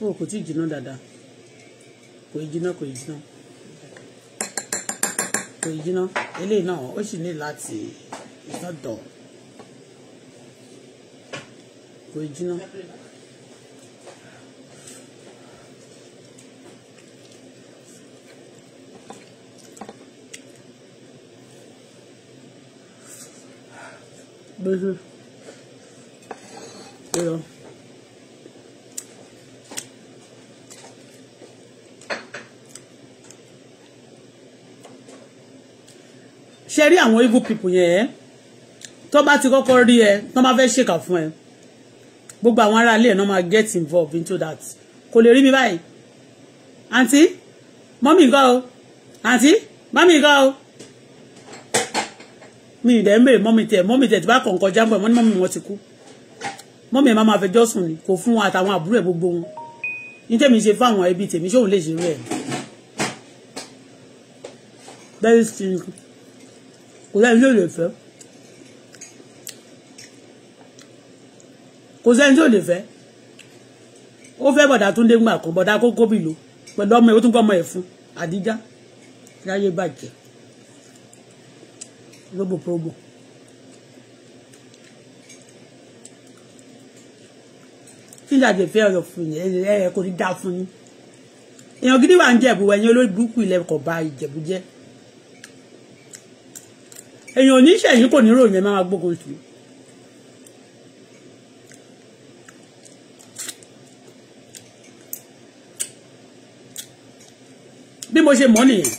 Oh, could you know, jiná Could you know? Could you know? Could you know? jiná eléyìí náà ó sì ní it's not done kò jiná. Mm-hmm. Yeah. ṣe rí evil people yẹn tó bá ti kọ́kọ́ rí ẹ tó bá fẹ́ ṣèkà fún ẹ gbogbo àwọn ará ilé ẹ̀ náà máa get involved into that kò lè rí mi báyìí àǹtí mọ́mì nǹkan o àǹtí mọ́mì nǹkan o mi ìdẹ́ ń bèrè mọ́mì tẹ̀ mọ́mì tẹ̀ tí bá kàn kọjá ń bọ̀ wọ́n ní mọ́mì wọn ti kú mọ́mì ẹ̀ máa máa fẹjọ́ sùn ni kò fún wọn àtàwọn àbúrò ẹ̀ gbogbo wọn ní tèmi ṣe fáwọn ẹbí tèmi ṣóun lè ṣe rẹ̀ bẹ́ẹ̀ sì kò lẹ́yìn ló lè fẹ́. kò sẹ́ni tí ò lè fẹ́ ó fẹ́ bọ̀dá Túndé gbà kan bọ̀dá kókó bìlú pẹ̀lú ọmọ ẹ̀ ó tún gbọ́ ọmọ ẹ̀ fún àdíjá láyé bàjẹ́ rógbòprógbò. kí ni àjẹfẹ́ ọ̀rọ̀ fún yín ẹ̀ kò ní dá fún yín èèyàn gidi wà ń jẹ̀bù ẹ̀yin olórí burúkú ilẹ̀ kò bà Ìjẹ̀bú jẹ́ èèyàn oníṣẹ̀yìn kò ní ròyìn ẹ̀ máa gbógun tì í. mo ṣe mọ̀ nìyẹn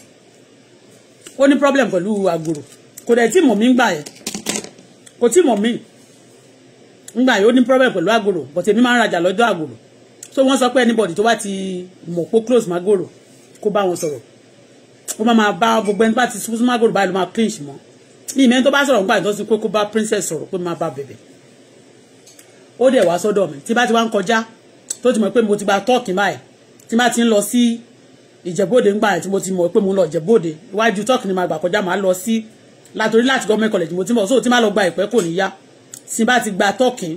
ó ní problem pẹ̀lú àgbòrò kò dẹ̀ tí mọ̀ mí gbà yẹn kò tí mọ̀ mí ngbà yẹn ó ní problem pẹ̀lú àgbòrò but èmi máa ń rajà lọ́jọ́ àgbòrò so wọ́n sọ pé anybody tó bá ti mọ̀ pé close magoro kó bá wọn sọ̀rọ̀ ó máa máa bá gbogbo ẹni bá ti sún magoro báyìí ló máa clinch mọ́ ìmẹ́ni tó bá sọ̀rọ̀ nígbà tó ti kó bá princess sọ̀rọ̀ pé máa bá bẹ̀bẹ̀ ó dẹ̀ wá sọ́dọ̀ mi tí bá ti wá ń kọjá tó ti mọ̀ pé mo ti gba tọ́ọ̀kì báyìí tí bá ti ń lọ sí ìjẹ́bóde ń gbà tí mo ti mọ̀ pé mo ń lọ ìjẹ́bóde iwájú tọ́ọ̀kì ni màá gbà kọjá màá lọ sí látòrí láti gọ́ọ̀mẹ̀ college mo ti mọ̀ so tí màá lọ gba ìpẹ́ kò ní yá tí bá ti gba tọ́ọ̀kì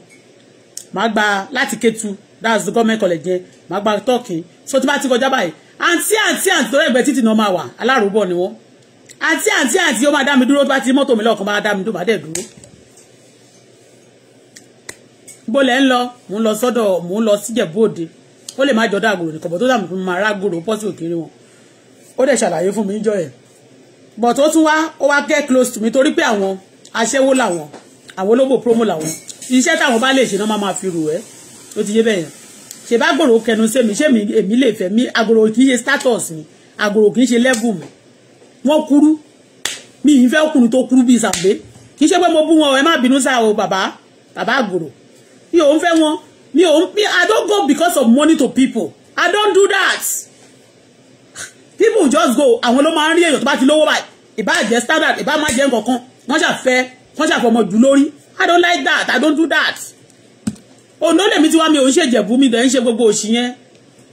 màá gba láti Kétu that's the gọ́ọ̀mẹ̀ college yẹn màá gba tọ́ọ̀kì so tí bá ti kọjá báyìí àǹtí àǹtí àǹtí lórí ẹ̀gbẹ́ títì náà máa wà alárùbọ̀ ni wọ́n àǹtí àǹtí àǹtí ó máa dá mi dúró bá ti mọ́tò mi lọ́kàn máa dá mi dúró máa dẹ̀ dúró bó lẹ́ ń lọ mò ń lọ sọ́dọ̀ ó lè má jọ dàgòrò nìkan bọ̀ tó dàmú fún mi máa rágòrò pọ́sì òkèrè wọn ó dẹ̀ ṣàlàyé fún mi níjọ́ yẹn bọ̀ tó tún wá ó wá get close to me torí pé àwọn aṣẹ́wó làwọn àwọn olóbò promo làwọn iṣẹ́ táwọn bá lè ṣe náà máa máa fi rù ẹ́ ó ti yé bẹ́ẹ̀ yẹn ṣe bá gbòòrò kẹnu sí mi ṣé mi èmi lè fẹ́ mi àgòrò kì í ṣe status mi àgòrò kì í ṣe level mi wọ́n kúrú mi ì fẹ́ ọkùnrin tó kúrú bíi sàgbé kì í ṣe pé mo bú wọn ẹ má bínú sáà o bàbá bàbá àgòrò mi ń fẹ́ wọn Me, oh, me. I don't go because of money to people I don't do that people just go àwọn ló máa ń rí èèyàn tó bá ti lówó báyìí ìbá jẹ́ standard ìbá má jẹ́ nǹkankan wọ́n ṣàfẹ́ wọ́n for my glory. I don't like that I don't do that Oh no, let me mi ò ń ṣe ìjẹ̀bú mi then she ṣe go òṣì yẹn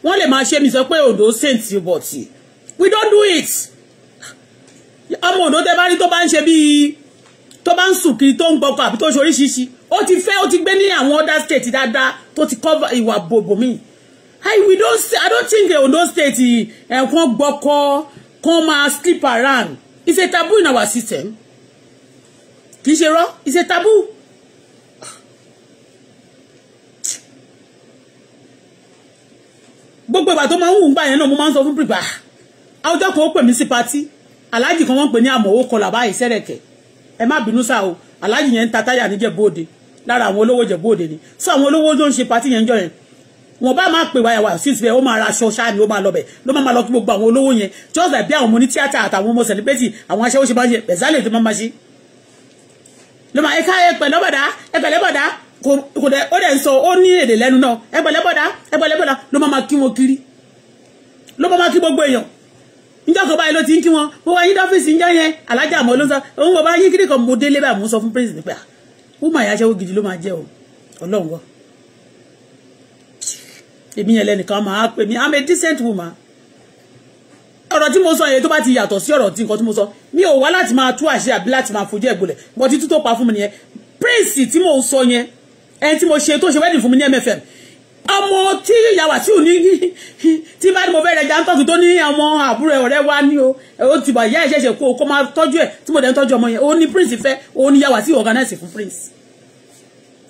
wọ́n lè máa ṣe mi sọ pé òǹdó we don't do it ọmọ òǹdó tẹ bá rí tó bá ń ṣe bíi tó bá ń sùn kiri tó ń gbọkọ àbí tó ṣe oríṣiríṣi ó ti fẹ́ ó ti gbé ní other state dáadáa To ti cover ìwà bòbò mi i we don't say i don't think ondo state ẹ̀kan eh, gbọ́kọ kan máa sleep around it's a taboo in our system kì í ṣe it's a taboo. gbogbo ìgbà tó máa ń wù ń gbà yẹn náà mo máa ń sọ fún pípa àwùjọ ah, kan ó pè mí sí patí aláàjì kan wọ́n pè ní àmọ̀wó kọlà báyìí sẹ́rẹ̀kẹ̀ ẹ má bínú sáà o aláàjì yẹn ń ta táyà níjẹ̀bú òde lára àwọn olówó Ìjẹ̀bú Òde ni so àwọn olówó ló ń ṣe pátì yẹn jọ yẹn wọn bá máa pè wáyà wá sí ẹ ó máa ra aṣọ ṣáà ni ó máa lọ bẹ ló máa lọ kí gbogbo àwọn olówó yẹn just like bí àwọn ọmọ ní tíátà àtàwọn ọmọ sẹlẹbẹtì àwọn aṣẹ́wó ṣe máa ń ṣe bẹ̀sálẹ̀ tó máa ma ṣe. ló máa ẹka ẹpẹlẹ bọdà ẹpẹlẹ bọdà kò dẹ ó dẹ ń sọ ó ní èdè lẹ́nu náà ẹpẹlẹ bọdà ẹpẹlẹ bọdà ló máa ma kí wọn kiri ló máa ma kí gbogbo èèyàn njẹ́ ọkọ̀ báyìí ló ti ń kí wọn mo wá yín dọ́fíìsì yẹn alájà àmọ́ ló ń sọ òun wọ bá yín kiri kan mo délé báyìí mo sọ fún prince nípa ó mà yáṣẹ́wó gidi ló máa jẹ́ o ọlọ́run wọ èmi yẹn lẹ́nìkan máa pè mí i'm a decent woman ọ̀rọ̀ tí mo sọ yẹn tó bá ti yàtọ̀ sí ọ̀rọ̀ tí nǹkan tí mo sọ mi ò wá láti máa tú àṣẹ àbí láti máa fojú ẹ̀gbọ́lẹ̀ bọ́ títú tó pa fún mi nìyẹn prince tí mo sọ yẹn ẹni tí mo ṣe tó ṣe wedding fún mi ní MFM ọmọ tí ìyàwó tí ò ní tí bá ní mo fẹ́ rẹ̀ já ń tọ́jú tó ní ọmọ àbúrò ọ̀rẹ́ wa ní o ó ti bà ìyá ẹ̀ ṣẹ̀ṣẹ̀ kó kó máa tọ́jú ẹ̀ tí mo dẹ̀ ń tọ́jú ọmọ yẹn ó ní prince fẹ́ ó ní ìyàwó sí organize fún prince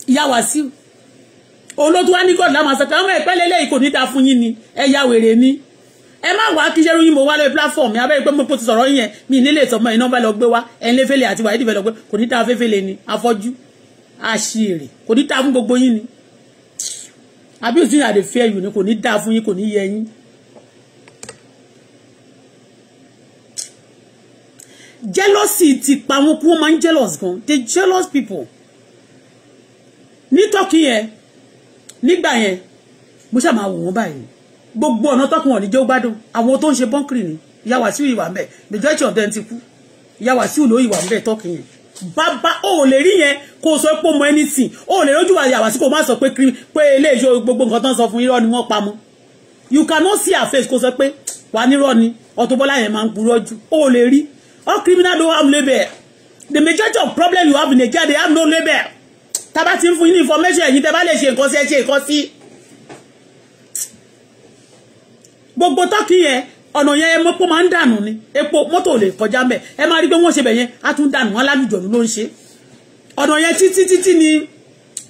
ìyàwó sí olótú wa ní god lámà sọ pé ọmọ ẹ̀pẹ́ lélẹ́yìí kò ní da fún yín ni ẹ ya wèrè ni ẹ má wàá kí sẹ́rú yín mo wá lórí platform mi abẹ́rẹ́ pé mo ti sọ̀rọ̀ yẹn mi nílé ìtọ́mọ iná bá lọ gbé wá ẹ̀ ń àti wàá ìdìbẹ̀ lọ gbé kò ní ta fẹ́fẹ́lẹ̀ ni afọ́jú àṣìírí kò ní ta fún gbogbo yín ni àbí òtún yàrá fẹ́ yìí ni kò ní dáa fún yín kò ní yẹ yín. jealousy ti pa wọn kú wọn jealous gan they jealous people Ni talking yẹn nígbà yẹn mo ṣáà máa wò wọ́n báyìí gbogbo ọ̀nà tọ́kùn wọn ní jẹ́ ó gbádùn àwọn tó ń ṣe bọ́ńkìrì ni ìyá wàsíù ìwà ń bẹ̀ majority of them ti kú ìyá wàsíù ló ìwà ń bẹ̀ tọ́kì yẹn bàbá ò lè rí yẹn kó o sọ pé mo anything ò lè rójú àyàwá sí kó o má sọ pé kiri pé eléyìí gbogbo nǹkan tó ń sọ fún irọ́ ni wọ́n pa you cannot see her face kó o sọ pé wà nírọ́ ni Auto Bola yẹn máa ń purọ́ jù ò lè rí all criminal don't have label the majority of problem you have in Nigeria they have no label tábà ti ń fún yín ní information ẹ̀yin tẹ́ bá lè ṣe nǹkan sí ẹ ṣe nǹkan sí gbogbo tọ́kì yẹn ọ̀nà yẹn ẹ mọ́pọ́ máa ń dànù ni epo mọ́tò ò lè kọjá mbẹ̀ ẹ máa rí pé wọ́n ṣe bẹ̀ yẹn á tún dànù wọn lálùjọ̀nù ló ń ṣe ọ̀nà yẹn títí títí ni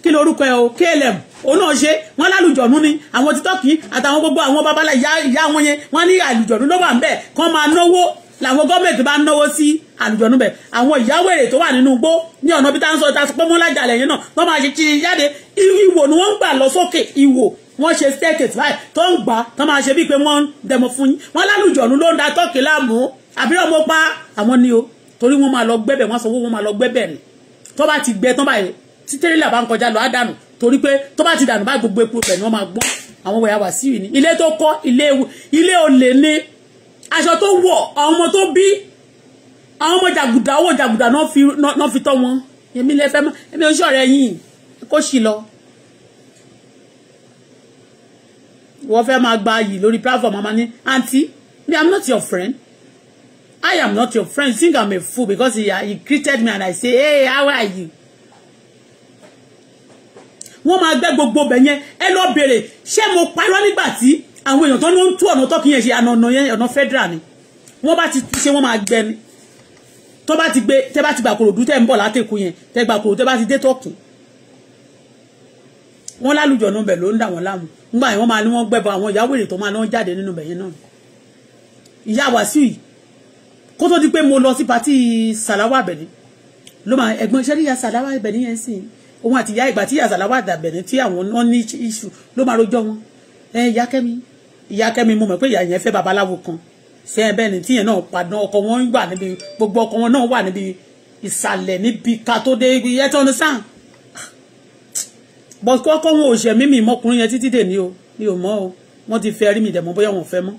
kí lorúkọ ẹ o klm òun náà ṣe wọn lálùjọ̀nù ni àwọn ti tọ́kì àtàwọn gbogbo àwọn babalá ìyá wọn yẹn wọn ní àlùjọ̀nù ló wà ń bẹ̀ kán máa náwó làwọn gọ́ọ̀mẹ̀ntì bá náwó sí àlùjọ̀nù bẹ̀ àwọn ìyáwó èrè tó wà nínú igbó ní ọ̀nà bí táwọn sọ ta sọ pé mọ́lájà lẹ́yìn náà wọ́n máa ṣe kiri jáde ìwò ni wọ́n ń gbà lọ sókè ìwò wọ́n ṣe staircase báyìí tó ń gbà tó máa ṣe bíi pé wọ́n ń dẹmọ fún yín wọ́n lálùjọ̀nù ló ń da tọ́kì láàmú àbí ọmọ pa àwọn ni o torí wọ́n máa lọ gbẹ́bẹ̀ wọ́n sanwó wọ́n máa lọ gbẹ́bẹ̀ ni tó bá ti gbẹ tó bá yẹ tí tẹ́lẹ̀ bá ń kọjá lọ á dànù torí pé tó bá ti dànù bá gbogbo epo bẹ̀ ni wọ́n máa gbọ́n àwọn wẹ̀yà wà sí ìní ilé tó kọ́ ilé olè ni aṣọ tó wọ̀ àwọn ọmọ tó bí àwọn ọmọ jàgùdà owó jàgùdà náà fi tọ́ wọn èmi lẹ fẹ́ mọ́ èmi oṣù ọ̀rẹ́ yìí kó sì lọ wọ́n fẹ́ máa gba yìí lórí platform ọmọ ní àǹtí me am not your friend i am not your friend think i'm a fool because he, he greeted me and i say hey how are you wọ́n máa gbẹ́ gbogbo bẹ̀ yẹn ẹ lọ bèrè ṣé mo parọ́ nígbà tí àwọn èèyàn tó ní ó ń tú ọ̀nà tó kí yẹn ṣe ànàna yẹn ọ̀nà federal ni wọ́n bá ti ṣe wọ́n máa gbẹ ni tó bá ti gbé tẹ́ bá ti gbàkòrò dú tẹ́ ń bọ̀ látẹ̀kù yẹn tẹ́ gbàkòrò tẹ́ bá ti dé tọ̀kùn wọ́n lálùjọ náà bẹ̀ ló ń dà wọ́n láàmú ńgbà yẹn wọ́n máa ní wọ́n gbẹ́bọ àwọn ìyá wèrè tó máa lọ́n jáde nínú bẹ̀yẹn náà ìyá wàásù yìí kó tó di pé mo lọ sí patí sàláwà bẹ̀ni ló máa ẹ̀gbọ́n iṣẹ́ níyà sàláwà bẹ̀ni yẹn sì òun àti ìyá ìgbà tí ìyá sàláwà bẹ̀ni tí àwọn náà ní iṣu ló máa rojọ́ wọn ẹ ìyá kẹ́mi ìyá kẹ́mi mo mọ̀ pé ìyá yẹn fẹ́ babaláwo kan ṣe ẹ bẹ́ẹ̀ ni tíyẹn náà padà ọkọ wọn wà níbi gbogbo ọkọ wọn náà wà níbi ìsàlẹ̀ níbi ká tó dé ibi yẹn tó ń sàn but kọ́kọ́ wọn ò ṣẹ̀ mí mi mọ́kùnrin yẹn títí dèmi o mi ò mọ́ o wọ́n ti fẹ́ rí mi dẹ̀mọ́ bóyá wọn fẹ́ mọ́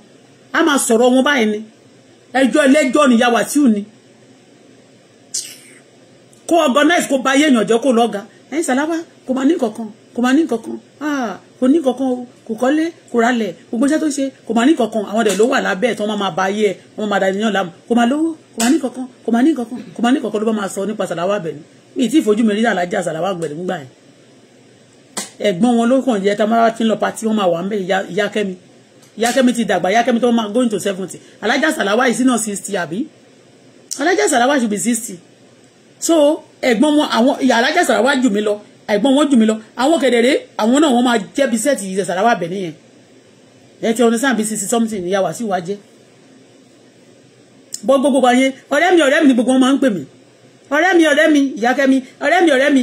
a máa sọ̀rọ̀ wọn báyìí ni ẹjọ́ ẹlẹ́jọ́ níyà Wàsíù ni kó organize kó ba ayé èèyàn jẹ́ kó lọ́ga ẹ̀yin sàlábà kò máa ní kankan kò máa ní kankan ah, kò ní kankan kò kọ́lé kò ralẹ̀ gbogbo iṣẹ́ tó ṣe kò máa ní kankan àwọn ọ̀dẹ̀ ló wà lábẹ́ ẹ̀ tí wọ́n máa ba ayé ẹ̀ wọ́n máa dàníyàn láàmú kò máa lówó kò máa ní kankan kò máa ní kankan kò máa ní kankan ló bá máa sọ nípa sàlábà bẹ̀ mi ì tí ì fojú mi rí àlájá sàlábà gbẹ̀rẹ̀ ńgbà yẹn ẹ̀gbọ́n wọn ló kàn jẹ́ tá a máa ti ń lọ pati wọ́n máa wà ń bẹ̀ ìyá ti dàgbà ìyá tó máa going to seventy alájà sàláwá yìí sínú sixty àbí alájà sàláwá should be sixty so ẹ̀gbọ́n wọn àwọn ìyá alájà sàláwá jù mí lọ ẹ̀gbọ́n wọn jù mí lọ àwọn kẹ̀dẹ̀rẹ́ àwọn náà wọ́n máa jẹ́ bí sẹ́ẹ̀tì ìyá sàláwá bẹ̀ nìyẹn ẹ ti ọdún sáà sixty something ìyá wà sí wàá jẹ́ bọ́ gbogbo wa ọ̀rẹ́ mi ọ̀rẹ́ mi gbogbo wọn máa ń pè mí ọ̀rẹ́ mi ọ̀rẹ́ mi ìyá ọ̀rẹ́ mi ọ̀rẹ́ mi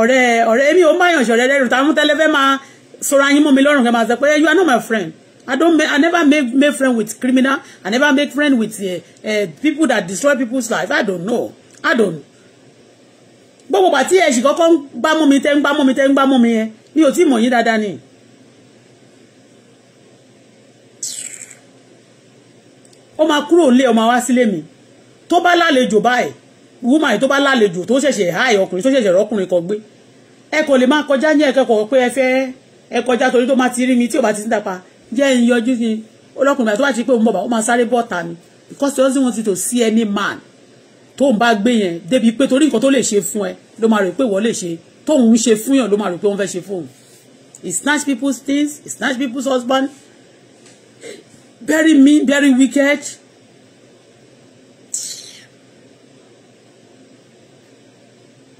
ọ̀rẹ́ ọ̀rẹ́ mi ò máyàn ṣọ̀rẹ́ lẹ́rù tá a mú tẹ́lẹ̀ máa sọ̀rọ̀ ayín mọ́ mi lọ́rùn kẹ́ máa sọ pé you are not my friend I don't make, I never make, make friend with criminal I never make friend with uh, uh, people that destroy people's life I don't know I don't gbogbo pàtí ẹ̀ ṣì kọ́kọ́ ń gbá mú mi tẹ́ ń gbá mú mi tẹ́ ń gbá mú mi yẹn mi ò tí mọ̀ yín dáadáa ni. ó máa kúrò nílé ó máa wá sílé mi tó bá lálejò báyìí woman tó bá lálejò tó ṣẹ̀ṣẹ̀ háì ọkùnrin tó ṣẹ̀ṣẹ̀ rọ́kùnrin kan gbé ẹ kò lè máa kọjá ní ẹ̀kẹ́kọ̀ọ́ pé ẹ fẹ́ ẹ kọjá torí tó máa ti rí mi tí ò bá ti ń dapa jẹ́ ń yọjú ni ọlọ́kùnrin àti wá ti pé òun bọ̀ ó máa sáré bọ́ta ni because he doesn't want you to see any man tó ń bá gbé yẹn débi pé torí nǹkan tó lè ṣe fún ẹ ló máa rò pé wọ́n lè ṣe tóun ń ṣe fún yàn ló máa rò pé wọ́n fẹ́ ṣe fóun he snatch people's things he snatch people's husband very mean very wicked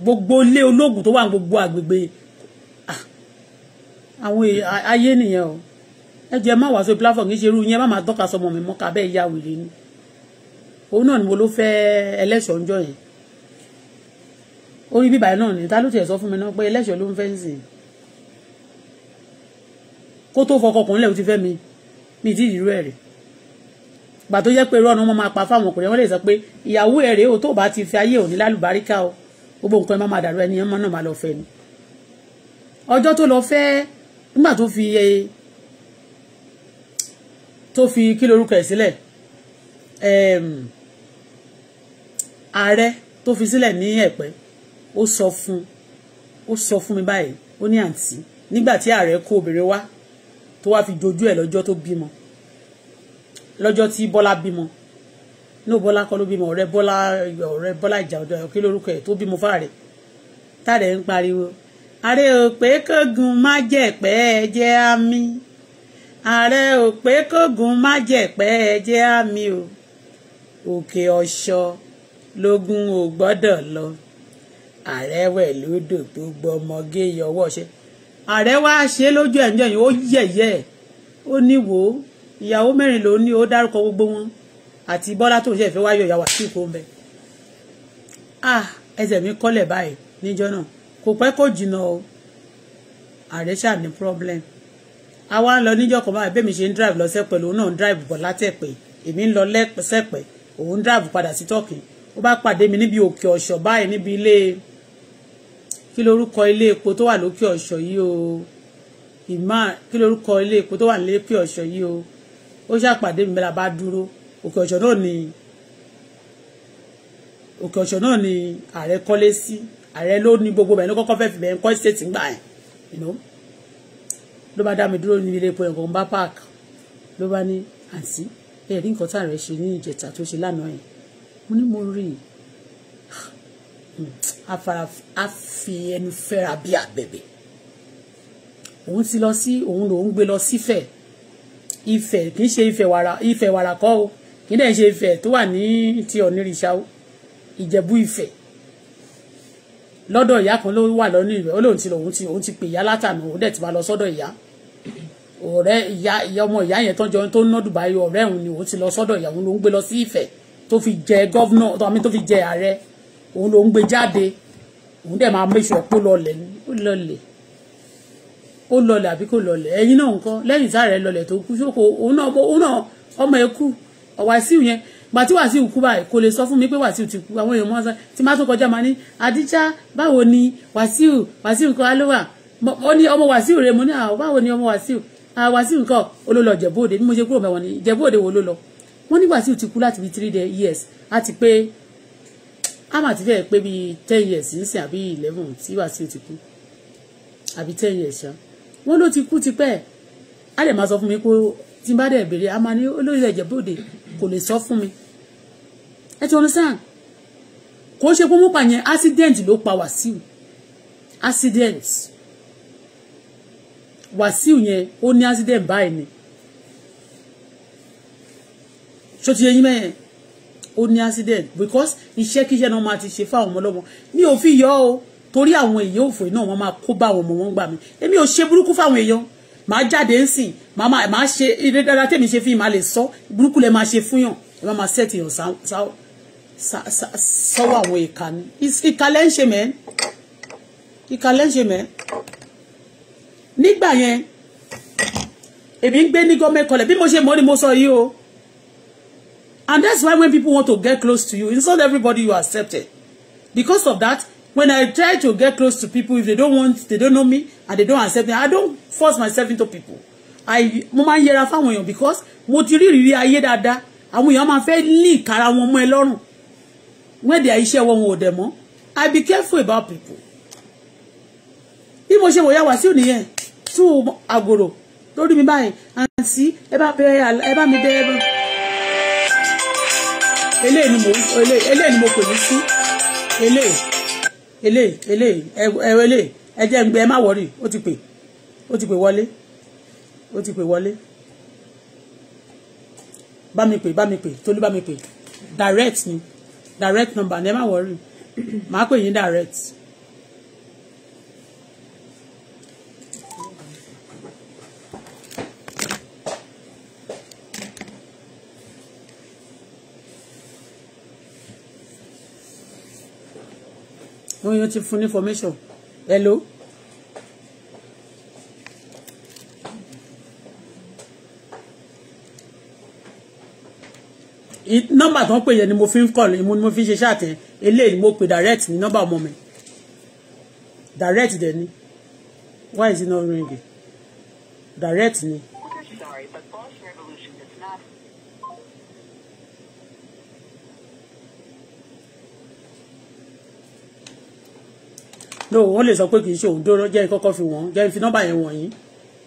gbogbo ilé ológun tó wà gbogbo àgbègbè ah, àwọn e- ayé nìyẹn o ẹ jẹ́ má wá sí platform kì í ṣe irú yẹn má máa tọ́ka sọmọ mi mọ́ kábẹ́ ìyá wèrè ni òun náà ni mo ló fẹ́ ẹlẹ́ṣọ̀ ń jọ yẹn orí bíbá náà ni ta ló tiẹ̀ sọ fún mi náà pé ẹlẹ́ṣọ̀ ló ń fẹ́ sìn kó tó fọkọkùnrin lẹ́wọ̀ ti fẹ́ mi mi ti ìrú ẹ̀ rẹ̀ gbà tó jẹ́ pé irú ọ̀nà wọn máa pa fáwọn ọkùnrin wọn lè sọ pé ìyàwó ẹ̀ rèé o tó bá ti fi ayé òní lálùbáríkà o gbogbo nǹkan ẹ má máa ẹni ẹ ma náà máa lọ fẹ́ ni ọjọ́ tó lọ fẹ́ nígbà tó fi tó fi kí lorúkọ ẹ̀ sílẹ̀ ààrẹ tó fi sílẹ̀ ní ẹ̀pẹ́ ó sọ fún ó sọ fún mi báyìí ó ní àǹtí nígbà tí ààrẹ kó obìnrin wá tó wá fi dojú ẹ̀ lọ́jọ́ tó bímọ lọ́jọ́ no bọ́lá kọ́ ló bímọ ọ̀rẹ́ bọ́lá ọ̀rẹ́ bọ́lá ìjà ọ̀dọ̀ kí lórúkọ ẹ̀ tó bímọ fáàrẹ̀ táàrẹ̀ ń pariwo ààrẹ ò pé kógun má jẹ̀ pẹ́ ẹ jẹ́ àmì ààrẹ ò kógun má jẹ̀ pẹ́ ẹ jẹ́ àmì o òkè ọ̀ṣọ́ lógun ò gbọ́dọ̀ lọ ààrẹ wẹ̀ lódò tó gbọ́ ọmọge yọwọ́ ṣe ààrẹ wá ṣe lójú ẹ̀ńjọ́ yìí ó yẹ̀yẹ́ ó níwò ìyàwó mẹ́rin ló ní ó dárúkọ gbogbo wọn àti bọ́lá tó ń ṣe ìfẹ́ wáyọ̀ ìyàwó àti ìkó ń bẹ ah ẹsẹ̀ mi kọ́lẹ̀ báyìí níjọ́ náà kò pẹ́ kó jìnnà o ààrẹ ṣáà ní problem àwa ń lọ níjọ́ kan báyìí bẹ́ẹ̀ mi ṣe ń drive lọ sẹ́pẹ̀ lòun náà ń drive bọ̀ látẹ̀pẹ̀ èmi ń lọ sẹ́pẹ̀ òun drive padà sí tọ́kì ó bá pàdé mi níbi òkè ọ̀ṣọ́ báyìí níbi ilé kí lorúkọ ilé epo tó wà lókè ọ̀ṣọ́ yìí o ìmá kí lorúkọ ilé epo tó wà lókè ọ̀ṣọ́ yìí o ó ṣàpàdé mi bẹ́ẹ̀ la bá dúró òkè ọ̀ṣọ́ náà ni òkè ọ̀ṣọ́ náà ni ààrẹ kọ́lé sí ààrẹ ló ní gbogbo bẹ̀rẹ̀ ló kọ́kọ́ fẹ́ fi bẹ̀rẹ̀ kọ́ state ńgbà ẹ̀ ló bá dá mi dúró ní ilé epo ẹ̀kọ́ ń park ló bá ní àǹtí ẹ̀ rí nǹkan tá ààrẹ ṣe ní ìjẹta tó ṣe lánàá yẹn mo ní mo rí i afara a fi ẹnu fẹ́ra bí àbẹ̀bẹ̀ òun ti lọ sí òun lòún gbé lọ sífẹ̀ Ifẹ̀ kì í ṣe Ifẹ̀ wàrà kọ́ o kí dẹ̀ ṣe Ifẹ̀ tó wà ní ti ọ̀nìrìṣà Ìjẹ̀bú Ifẹ̀ lọ́dọ̀ ìyá kan ló wà lọ́nà ìwẹ̀ ó lóun ti lòun ti òun ti pè ìyá látànà òun dẹ̀ ti máa lọ sọ́dọ̀ ìyá ọ̀rẹ́ ìyá ìyá ọmọ ìyá yẹn tó ń jọ tó ń ná Dubai ọ̀rẹ́ òun ni òun ti lọ sọ́dọ̀ ìyá òun ló ń gbé lọ sí Ifẹ̀ tó fi jẹ gọ́vnọ̀ tọ́mí tó fi jẹ ààrẹ òun ló ń gbé jáde òun dẹ̀ máa méṣù ọ̀pọ̀ lọlẹ̀ ó lọlẹ̀ ó lọlẹ̀ àbí kò lọlẹ̀ ẹ̀yin náà nǹkan lẹ́yìn sáré lọlẹ̀ tó kú ṣókò òun náà ọmọ ẹ kú Wàsíù yẹn gbà tí Wàsíù kú báyìí kò lè sọ fún mi pé Wàsíù ti kú àwọn èèyàn mọ́ ọ́n tí má tó kọjá máa ní Adija báwo ni Wàsíù Wàsíù kọ́ alówà ó ní ọmọ Wàsíù rẹ mo ní àwọn báwo ni ọmọ Wàsíù Wàsíù nǹkan olólọ jẹ̀bóde bí mo ṣe kúrò mẹ́wọ̀n ni jẹ̀bóde wo ló lọ wọ́n ní Wàsíù ti kú láti bí three years àti pé àmà ti fẹ́ pé bí ten years nísìn àbí eleven tí Wàsíù ti kú àbí ten years ṣá wọ́n ló ti kú tipẹ́ á lè máa sọ fún mi pé tí n bá dẹ̀ béèrè a máa ní olóyè ẹ̀jẹ̀ kò lè sọ fún mi ẹ ti understand kò ṣe pé wọ́n pa yẹn accident ló pa Wàsíù accident Wàsíù yẹn ó ní accident báyìí ni ṣó ti yẹ yín ó ní accident because iṣẹ́kíṣẹ́ náà máa ti ṣe fáwọn ọmọ ọlọ́mọ mi ò fi yọ ọ́ torí àwọn èèyàn òfò náà wọ́n máa kó bá àwọn ọmọ wọn gbà mí èmi ò ṣe burúkú fáwọn èèyàn màá jáde ń sìn màá màá ṣe eré dáadáa tèmi ṣe fún yín màá lè sọ burúkú lẹ máa ṣe fún yàn ẹ má máa sẹ́ẹ̀tì yàn so àwọn ìka ni ìka lẹ́ ń ṣe mẹ́ ìka lẹ́ ń ṣe mẹ́ nígbà yẹn èmi ń gbé ní gọ́ọ̀mẹ̀ kọlẹ̀ bí mo ṣe mọ́ ni mo sọ yìí o and that's why when people want to get close to you it's not everybody you accepted because of that when I try to get close to people if they don't want they don't know me and they don't accept me I don't force myself into people I mo máa ń yẹra fáwọn èèyàn because mo ti rí ìrírí ayé dáadáa àwọn èèyàn máa fẹ́ ní ìkara wọn mọ́ ẹ lọ́rùn wọ́n dẹ̀ iṣẹ́ wọn ò dẹ̀ mọ́ I be careful about people bí mo ṣe wòye wá sí ònìyẹn tú àgòrò lórí mi báyìí àǹtí ẹ bá bẹ ẹ bá mi bẹ ẹ bá. eléyìí ni mo eléyìí ni mo pè mí sí eléyìí eléyìí eléyìí ẹ eléyìí ẹ jẹ́ ń gbé ẹ má wọ̀rì ó ti pè ó ti pè wọlé ó ti pè wọlé bá mi pè bá mi pè tolú bá mi pè direct ni direct number ni ẹ má wọ̀rì màá pè yín direct. wọn yóò ti fún ní information hello. nọ́mbà tó ń pè yẹn ni mo fi ń kọ̀ ni mo fi ń ṣe ṣáàtẹ̀ eléyìí mo pè direct ní nọ́mbà ọmọ mi direct dẹ̀ ni why is it not ringing direct ni. no wọ́n lè sọ pé kì í ṣe òǹdóró jẹ́ ìkọ́kọ́ fi wọ́n jẹ́ ìfi nọ́mbà yẹn wọ̀nyí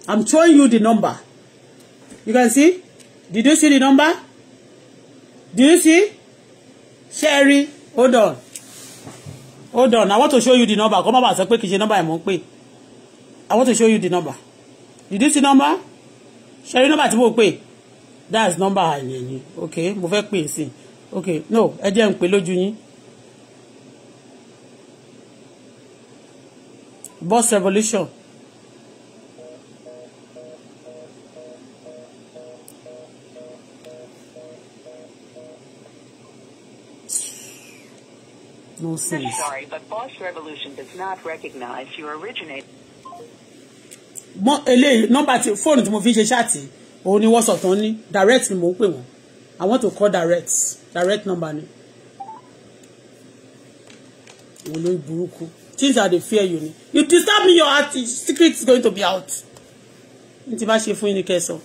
i'm showing you the number you can see did you see the number Did you see sherry hold on hold on i want to show you the number kọ́ má bàa sọ pé kì í ṣe nọ́mbà yẹn mò ń pè i want to show you the number did you see number sherry number tí mo pè that's number yẹn ni okay mo fẹ́ pè é sí okay no ẹ jẹ́ n pè lójú yín. boss revolution. Nonsense. I'm sorry, but boss revolution does not recognize your originate. mọ eléyìí number tí fóònù tí mo fi ń ṣe ṣáàtì ni WhatsApp tán ní direct ni mo ń pè I want to call direct direct number ni. òun ló burúkú things are dey fear you you disturb me your heart secret is going to be out ní ti bá ṣe fún yín ní kẹsàn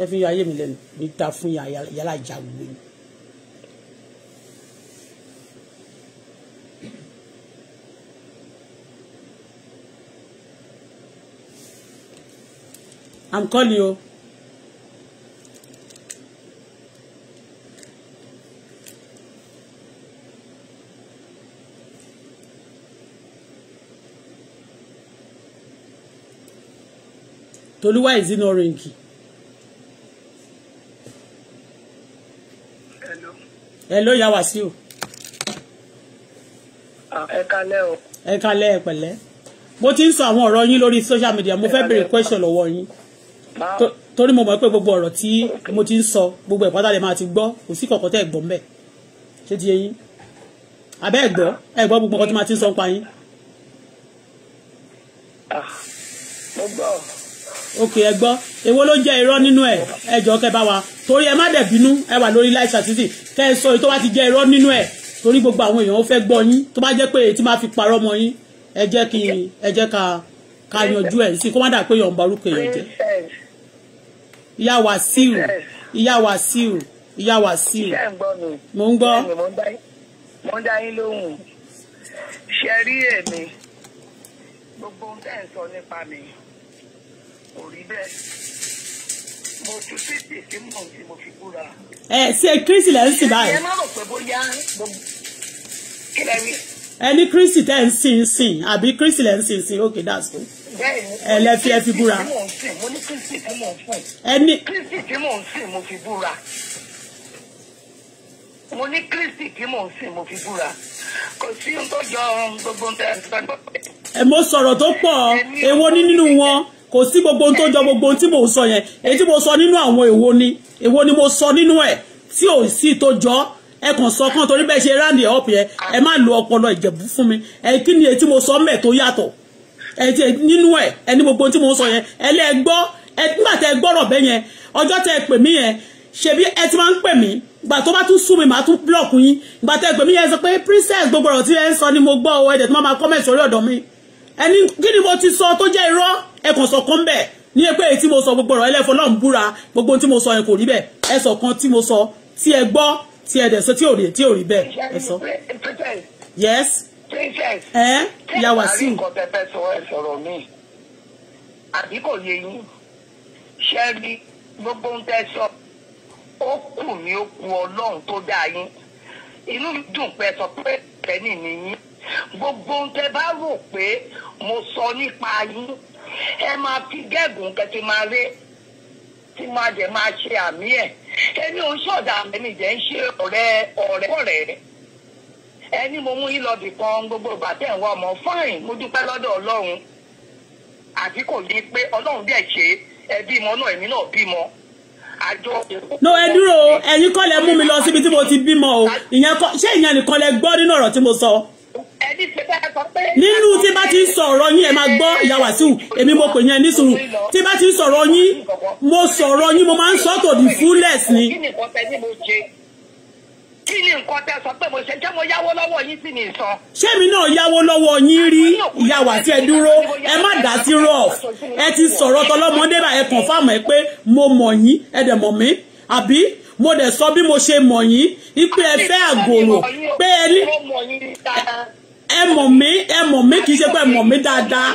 ẹ fi yọ ayé mi lẹ́nu mi ta fún yàrá ìjà gbogbo yìí. I'm calling you. Toluwa is in Orinki. Hello. Hello, Ìyá Wasiu. Ẹ kalẹ́ o. Ẹ kalẹ́ ẹ pẹ̀lẹ́. Mo ti ń sọ social media, mo fẹ́ béèrè question lọ́wọ́ yín. Torí mo mọ̀ pé gbogbo ọ̀rọ̀ tí mo ti ń sọ, gbogbo ẹ̀ pátá lè máa ti gbọ́, kò sí kọ̀ọ̀kan tẹ́ ẹ̀ gbọ́ mbẹ̀. Ṣé ti yé yín? Àbẹ́ ẹ̀ gbọ́, ẹ̀ gbọ́ gbogbo ọkọ̀ tí máa ti ń sọ ń pa Mo gbọ́ òkè ẹ gbọ́ èwo ló jẹ́ irọ́ nínú ẹ̀ ẹ jọ̀ọ́ kẹ́ bá wa torí ẹ má dẹ̀ bínú ẹ wà lórí live statistics kẹ́ ẹ sọ èyí tó bá ti jẹ́ irọ́ nínú ẹ̀ torí gbogbo àwọn èèyàn ó fẹ́ gbọ́ yín tó bá jẹ́ pé èyí tí máa fi parọ́ mọ́ yín ẹ jẹ́ kí ẹ jẹ́ ká ká yanjú ẹ̀ sí kó má dà pé yọ̀ ń ba orúkọ èèyàn jẹ́ ìyá Wàsíù ìyá Wàsíù ìyá Wàsíù mò ń gbọ́. mo ń dá yín lóhùn ṣe rí èmi gbogbo ohun tẹ́ ń sọ nípa mi kò rí bẹ́ẹ̀ mo fi kristi tí mò ń fi mo fi búra. ẹ ṣe kristi lẹ́ ń sìn báyìí. ẹ má rò pé bóyá mo kí lẹ́ rí. ẹ ní kristi tẹ́ ń sìn sìn àbí kristi lẹ́ sìn sìn okay that's good. ẹ lẹ fi ẹ fi búra. ẹ ní mo ní kristi tí mò ń sìn mo fi búra kò sí ohun tó jọ gbogbo ohun tẹ ẹ ti gbàgbọ́. ẹ mo sọ̀rọ̀ tó pọ̀ èwo ní nínú wọn kò sí gbogbo ohun tó jọ gbogbo ohun tí mò ń sọ yẹn èyí tí mo sọ nínú àwọn èwo ni èwo ni mo sọ nínú ẹ̀ tí ò sí tó jọ ẹ kàn sọ kán torí bẹ́ẹ̀ ṣe ráàdì ọ̀p yẹn ẹ má lo ọpọlọ ìjẹ̀bú fún mi ẹ kí ni èyí mo sọ mẹ́ tó yàtọ̀ ẹ ti nínú ẹ̀ ẹ ní gbogbo ohun tí mo sọ yẹn ẹ lẹ́ gbọ́ ẹ nígbà tẹ gbọ́rọ̀ bẹ́ yẹn ọjọ́ tẹ pè mí yẹn ṣebí ẹ ti máa ń pè mí gbà tó bá tún sún mi màá tún block yín gbà tẹ pè mí yẹn sọ pé princess gbogbo ọ̀rọ̀ tí ẹ ń sọ ni mo gbọ́ ọ ẹ̀jẹ̀ tó máa máa comment sórí ọ̀dọ̀ mi ẹni kí ni mo ti sọ tó jẹ́ irọ́ ẹ kàn sọ kán bẹ́ẹ̀ ní pé èyí tí mo sọ gbogbo ọ̀rọ̀ ẹlẹ́fọ́ náà ń búra gbogbo ohun tí mo sọ yẹn kò rí bẹ́ẹ̀ ẹ sọ kan tí mo sọ tí ẹ gbọ́ tí ẹ dẹ̀ tí ò rí tí ò rí bẹ́ẹ̀ ẹ yes. princess. ẹ ìyá wàsíù. tí àbí kò yé yín ṣé rí gbogbo ń tẹ́ ó kù ní ó kù tó dá yín inú dùn pẹ́ sọ pé kẹ́ni nìyí gbogbo tẹ bá rò pé mo sọ nípa yín ẹ máa fi gẹ́gùn kẹtì máa ré tí máa jẹ máa ṣe àmì ẹ̀ ẹni òun ṣọ̀dà mẹ́ni jẹ́ ń ṣe ọ̀rẹ́ ọ̀rẹ́ ọ̀rẹ́ ẹni mo mú yín lọ́bì kan gbogbo ìgbà tẹ̀ ń wá ọmọ fáìn mo dúpẹ́ lọ́dọ̀ ọlọ́run àti kò ní pé ọlọ́run dẹ̀ ṣe ẹ bímọ náà èmi náà bímọ no ẹ dúró ẹ̀yin kọ́ lẹ mú mi lọ síbi tí mo ti bímọ o ìyẹn kọ́ ṣé ìyẹn nìkan lẹ gbọ́ nínú ọ̀rọ̀ tí mo sọ nínú tí bá ti ń sọ ọ̀rọ̀ yín ẹ máa gbọ́ ìyá Wàsíù èmi mo pè yẹn ní tí bá ti ń sọ̀rọ̀ yín mo sọ̀rọ̀ yín mo máa ń sọ tòdì fúlẹ̀s ni. kí ni nǹkan tẹ sọ pé mo ṣe jẹ́ mo yáwó lọ́wọ́ yín sí mi sọ. sẹ́mi náà yáwó lọ́wọ́ yín rí ìyá Wàsíù ẹ dúró ẹ má dá sí rọ́ọ̀f ẹ ti sọ̀rọ̀ tọlọ́mọdé bá ẹ kàn fáàmù ẹ pé mo mọ̀ yín ẹ dẹ̀ mọ̀ mí àbí mo dẹ̀ sọ bí mo ṣe mọ̀ yín ipe ẹ fẹ́ àgòrò pé ẹ ní ẹ mọ̀ mí ẹ mọ̀ mí kì í ṣe pé ẹ mọ̀ mí dáadáa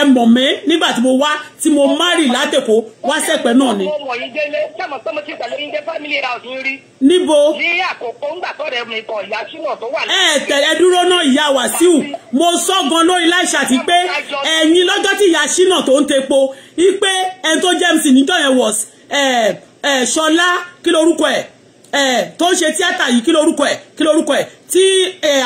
ẹ mọ̀ mí nígbà tí mo wá tí mo márì látẹ̀kọ́ wá sẹ́pẹ̀ náà ni. ọmọ yìí délé sẹ́mọ̀ pé mo ti tẹ̀lé yín dé family house rí. níbo. ní àkókò ńgbà tó rẹ̀ mi kọ̀ ìyá sínú tó wà. ẹ tẹ̀lé dúró náà ìyá Wàsíù mo sọ gan lórí láìsà ti pé ẹ̀yin lọ́jọ́ tí ìyá sínú tó ń tepo ipe ẹni tó jẹ́ mc níjọ́ yẹn wọ̀s ẹ̀ ẹ̀ Ṣọlá kí lorúkọ ẹ̀ tó ń ṣe tíátà yìí kí lórúkọ ẹ̀ kí lórúkọ ẹ̀ tí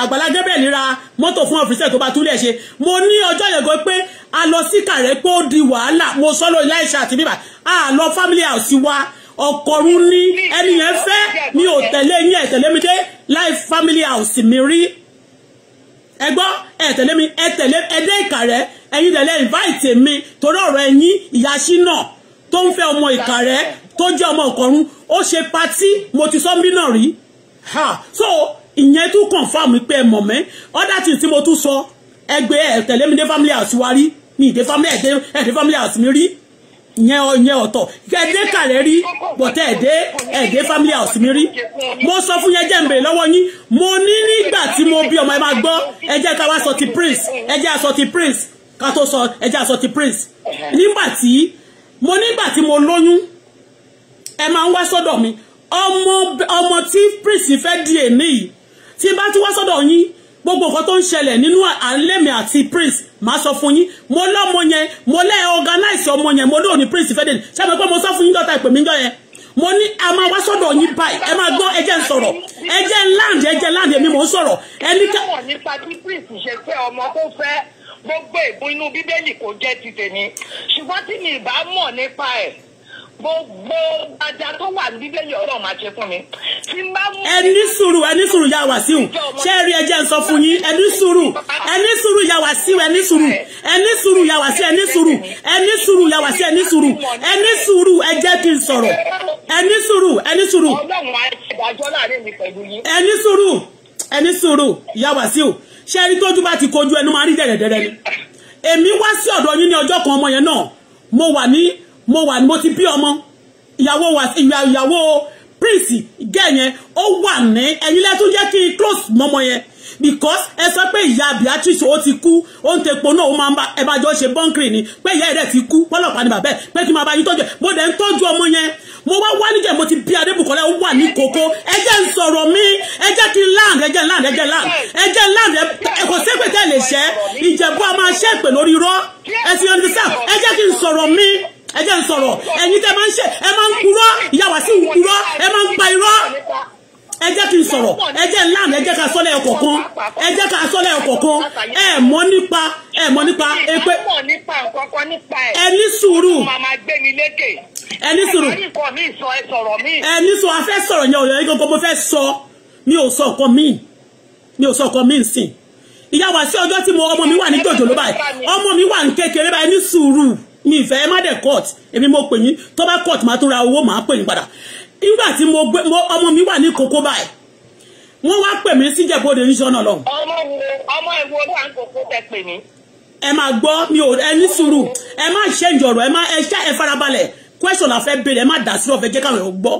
Àgbàlá Gabriel ra mọ́tò fún ọ̀fíìsẹ̀ tó bá túlẹ̀ ṣe mo ní ọjọ́ yẹn gan pé a lọ sí kàrẹ́ pé ó di wàhálà mo sọ lórí láìṣà àti bíbà a lọ family house wa ọkọ̀run ní ẹni yẹn fẹ́ mi ò tẹ̀lé yín ẹ̀ tẹ̀lé mi dé láì family house mi rí ẹ gbọ́ ẹ tẹ̀lé mi ẹ tẹ̀lé ẹ dé ìkàrẹ́ ẹ̀yin tẹ̀lé invite mi torí ọ̀rọ̀ ẹ̀yin ìyá ṣínà tó ń fẹ́ ọmọ ìkàrẹ́ tó jẹ́ ọmọ ọ̀kọ̀run ó ṣe patí mo ti sọ mí náà rí ha so ìyẹn tún confam pé ẹ mọ̀ mẹ́ other things tí mo tún sọ ẹgbẹ́ ẹ tẹ̀lé mi dé family house wa rí mi ìdè family ẹ̀dẹ́ ẹ̀dẹ́ family house mi rí ìyẹn ìyẹn ọ̀tọ̀ ẹ̀dẹ́ kàlẹ́ rí bọ̀tẹ́ ẹ̀dẹ́ ẹ̀dẹ́ family house mi rí mo sọ fún yẹn jẹ́ ń bèrè lọ́wọ́ yín mo ní nígbà tí mo bí ọmọ ẹ máa gbọ́ ẹ ká wá sọ ti prince ẹ jẹ́ àsọ ti prince ká tó sọ ẹ àsọ ti prince nígbà tí mo nígbà tí mo lóyún ẹ máa ń wá sọ́dọ̀ mi ọmọ ọmọ tí prince fẹ́ di èmi yìí tí n bá ti wá sọ́dọ̀ yín gbogbo nǹkan tó ń ṣẹlẹ̀ nínú àlémi àti prince máa sọ fún yín mo lọ́mọ yẹn mo lẹ́ organize ọmọ yẹn mo lóò ní prince fẹ́ dé ní ṣàbẹ̀ pé mo sọ fún yín dọ́ta ìpè mí jọ yẹn mo ní a máa wá sọ́dọ̀ yín báyìí ẹ máa gbọ́ ẹjẹ́ ń sọ̀rọ̀ ẹjẹ́ land ẹjẹ́ land èmi mò ń sọ̀rọ̀ ẹni ká. ọmọ nípa tí prince ṣe fẹ́ ọmọ tó fẹ́ gbogbo ìbú inú bíbélì kò jẹ́ ti tèmi ṣùgbọ́n tí mi ì bá mọ̀ nípa ẹ̀ gbogbo ajá tó wà bíbélì ọ̀rọ̀ máa ṣe fún mi. tí n bá mú. ẹ ní sùúrù ẹ ní sùúrù yà wá síhùn ṣé ẹ rí ẹjẹ ń sọ fún yín ẹ ní sùúrù ẹ ní sùúrù yà wá sí ẹ ní sùúrù ẹ ní sùúrù yà wá sí ẹ sùúrù ẹ sùúrù yà wá sí ẹ sùúrù ẹ sùúrù ẹ kí n sọ̀rọ̀ ẹ sùúrù ẹ sùúrù. ọlọ́run sùúrù ẹ sùúrù yà wá síhùn ṣé ẹ tójú bá ti kojú ẹnu máa rí dẹ̀dẹ̀dẹ̀dẹ̀ ni èmi wá sí ọ̀dọ̀ yín ní ọjọ́ kan ọmọ yẹn náà mo wà ní mo wà mo ti bí ọmọ ìyàwó wà ìyàwó prince gẹ́ yẹn ó wà ní ẹ̀yin lẹ́tún jẹ́ kí close mọ́mọ́ yẹn because ẹ sọ pé ìyá Beatrice ó ti kú ó ń tepo náà ó máa ń bá ẹ bá jọ ṣe bọ́ńkìrì ni pé ìyá rẹ̀ ti kú pọ́lọ́pàá ni bàbá ẹ̀ pé kí n máa bá yín tọ́jú ẹ̀ mo dẹ̀ ń tọ́jú ọmọ yẹn mo wá wá níjẹ̀ mo ti bí Adébùkọ́lá ó wà ní kókó ẹ ń sọ̀rọ̀ mi ẹ kí n land ẹ jẹ́ land ẹ jẹ́ land ẹ land ẹ kò sépè tẹ́ lè ṣẹ́ Ìjẹ̀bú a máa ṣẹ́ lórí irọ́ ẹ ti yan ní sá ẹ kí n sọ̀rọ̀ mi. ẹ jẹ́ n sọ̀rọ̀ tẹ máa ń ṣe ẹ máa ń purọ́ ìyá Wasiu ẹ máa ń pa irọ ẹ kí n sọ̀rọ̀ ẹ jẹ́ ńláàmù ká sọ́lẹ̀ ọkọ̀ọ̀kan ẹ jẹ́ ká sọ́lẹ̀ ọkọ̀ọ̀kan ẹ mọ nípa ẹ mọ̀ nípa epe sùúrù sùúrù sọ mi ò sọ ọkọ mi mi ò sọ ọkọ mi nsìn ọjọ tí ọmọ mi wà ní ló ọmọ mi wà ní kékeré báyìí mi ìfẹ́ ẹ má dẹ̀ court èmi mo pè yín tó bá court máa tún ra owó máa pè yín padà nígbà tí mo gbé ọmọ mi wà ní kókó báyìí wọ́n wá pè mí síjẹ̀bọ̀dẹ̀ níṣọ́ náà lọ́hùn. ọmọ mi ọmọ ìwọ bá ń kókó tẹ pè mí. ẹ máa gbọ́ mi ò ẹ ní sùúrù ẹ má ṣe ìjọ̀rọ̀ ẹ má ẹ ṣá ẹ farabalẹ̀ question la fẹ́ béèrè ẹ má dà sí ọ̀fẹ́ jẹ́ káwọn ò gbọ́.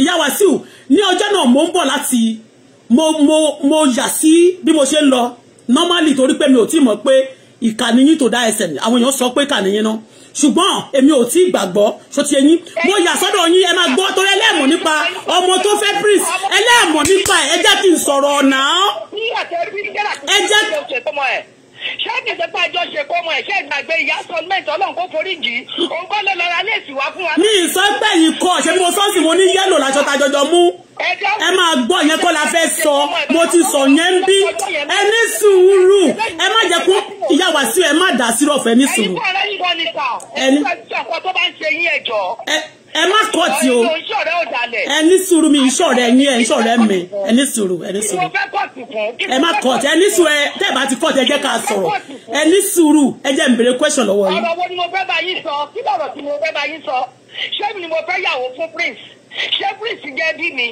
ìyá Wàsíù ní ọjọ́ náà mò ń bọ̀ láti mo mo mo yà sí bí mo ṣe ń lọ normally torí pé mi ò tí mọ̀ pé ìkànnìyìn tó dá ẹsẹ̀ ni àwọn èèyàn sọ pé kànnìyìn náà ṣùgbọ́n èmi ò tí ì gbàgbọ́ ṣó ti eyín mo yà sọ́dọ̀ yín ẹ máa gbọ́ torí ẹlẹ́mọ̀ nípa ọmọ tó fẹ́ prince ẹlẹ́mọ̀ nípa ẹ jẹ́ kí n sọ̀rọ̀ ọ̀nà ẹ jẹ́ ṣé kì í ṣe pé àjọ ṣe kó ọmọ ẹ̀ ṣe ìgbàgbé ìyá sọlmẹ́ǹtì ọlọ́run kó forí jì í òun kọ́ ló lọ́ra léèsì wá fún wa. mi ì sọ pé yìí kọ ṣe bí mo sọ sí mo ní yẹ́lò làṣọ ta jọjọ mú ẹ máa gbọ́ yẹn kọ́ la fẹ́ sọ mo ti sọ yẹn ń bí ẹ ní sùúrù ẹ má jẹ́ kó ìyá Wasiu ẹ má dà sírọ̀fẹ́ ní sùúrù. ẹ̀yin fún ara yín gan ni ta ẹ̀yin fún ẹ̀ṣọ́ ẹ má kọ́ tí o ẹ ní sùúrù mi ìṣọ̀rẹ́ yín ẹ ìṣọ̀rẹ́ mi ẹ ní sùúrù ẹ ní sùúrù ẹ má kọ́ tí ẹ ní sùúrù ẹ tẹ́ ẹ bá ti kọ́ tí ẹ jẹ́ ká sọ̀rọ̀ ẹ ní sùúrù ẹ jẹ́ n béèrè question lọ́wọ́ yín. ọ̀rọ̀ wo ni mo fẹ́ bá yín sọ kí lọ̀rọ̀ tí mo fẹ́ bá yín sọ ṣé mi ni mo fẹ́ yàwó fún prince ṣé prince jẹ́ bí mi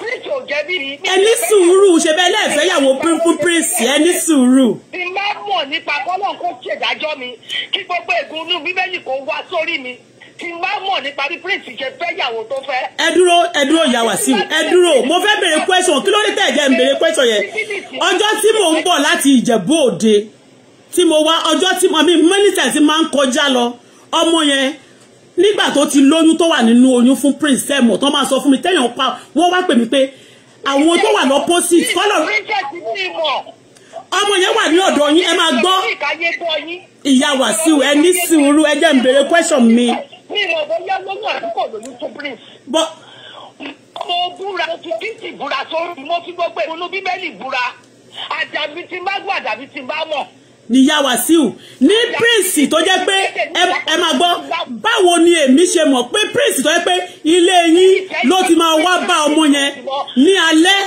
prince ò jẹ́ bí mi. ẹ ní sùúrù ṣe bẹ́ẹ̀ lẹ́ẹ̀fẹ́ yàwó fún prince ẹ ní sùúrù. ti má mọ̀ nípa kọ́lọ́n kó ṣèdájọ́ mi kí gbogbo ègún inú mi bẹ́yìn kò wá sórí mi tí n bá mọ̀ nípa bí prince ṣe fẹ́ yàwó tó fẹ́. ẹ dúró ẹ dúró ìyá Wàsíù ẹ dúró mo fẹ́ béèrè question kí ló dé tẹ̀ jẹ́ n béèrè question yẹn ọjọ́ tí mò ń bọ̀ láti Ìjẹ̀bú Òde tí mo wá ọjọ́ tí mo mi mínísítà ti máa ń kọjá lọ ọmọ yẹn nígbà tó ti lóyún tó wà nínú oyún fún prince sẹ́mọ̀ tó máa sọ fún mi tẹ́yàn pa wọ́n wá pè mí pé àwọn tó wà lọ́pọ́sìtì kọ́lọ̀ ọmọ yẹn wà ní ọ̀dọ̀ yín ẹ máa gbọ́ ìyá Wàsíù ẹ ní sùúrù ẹ jẹ́ n béèrè question mi mi mọ̀ bóyá lóyún àdúgbò lóyún tó prince. mo búra mo fi bíntì búra sórí mo fi gbogbo ìwọlú bíbélì búra àjàbí ti má gbọ́ àjàbí ti má mọ̀ níyá Wàsíù ní prince tó jẹ́ pé ẹ máa gbọ́ báwo ni èmi ṣe mọ̀ pé prince tó jẹ́ pe ilé yín ló ti máa wá bá ọmọ yẹn ní alẹ́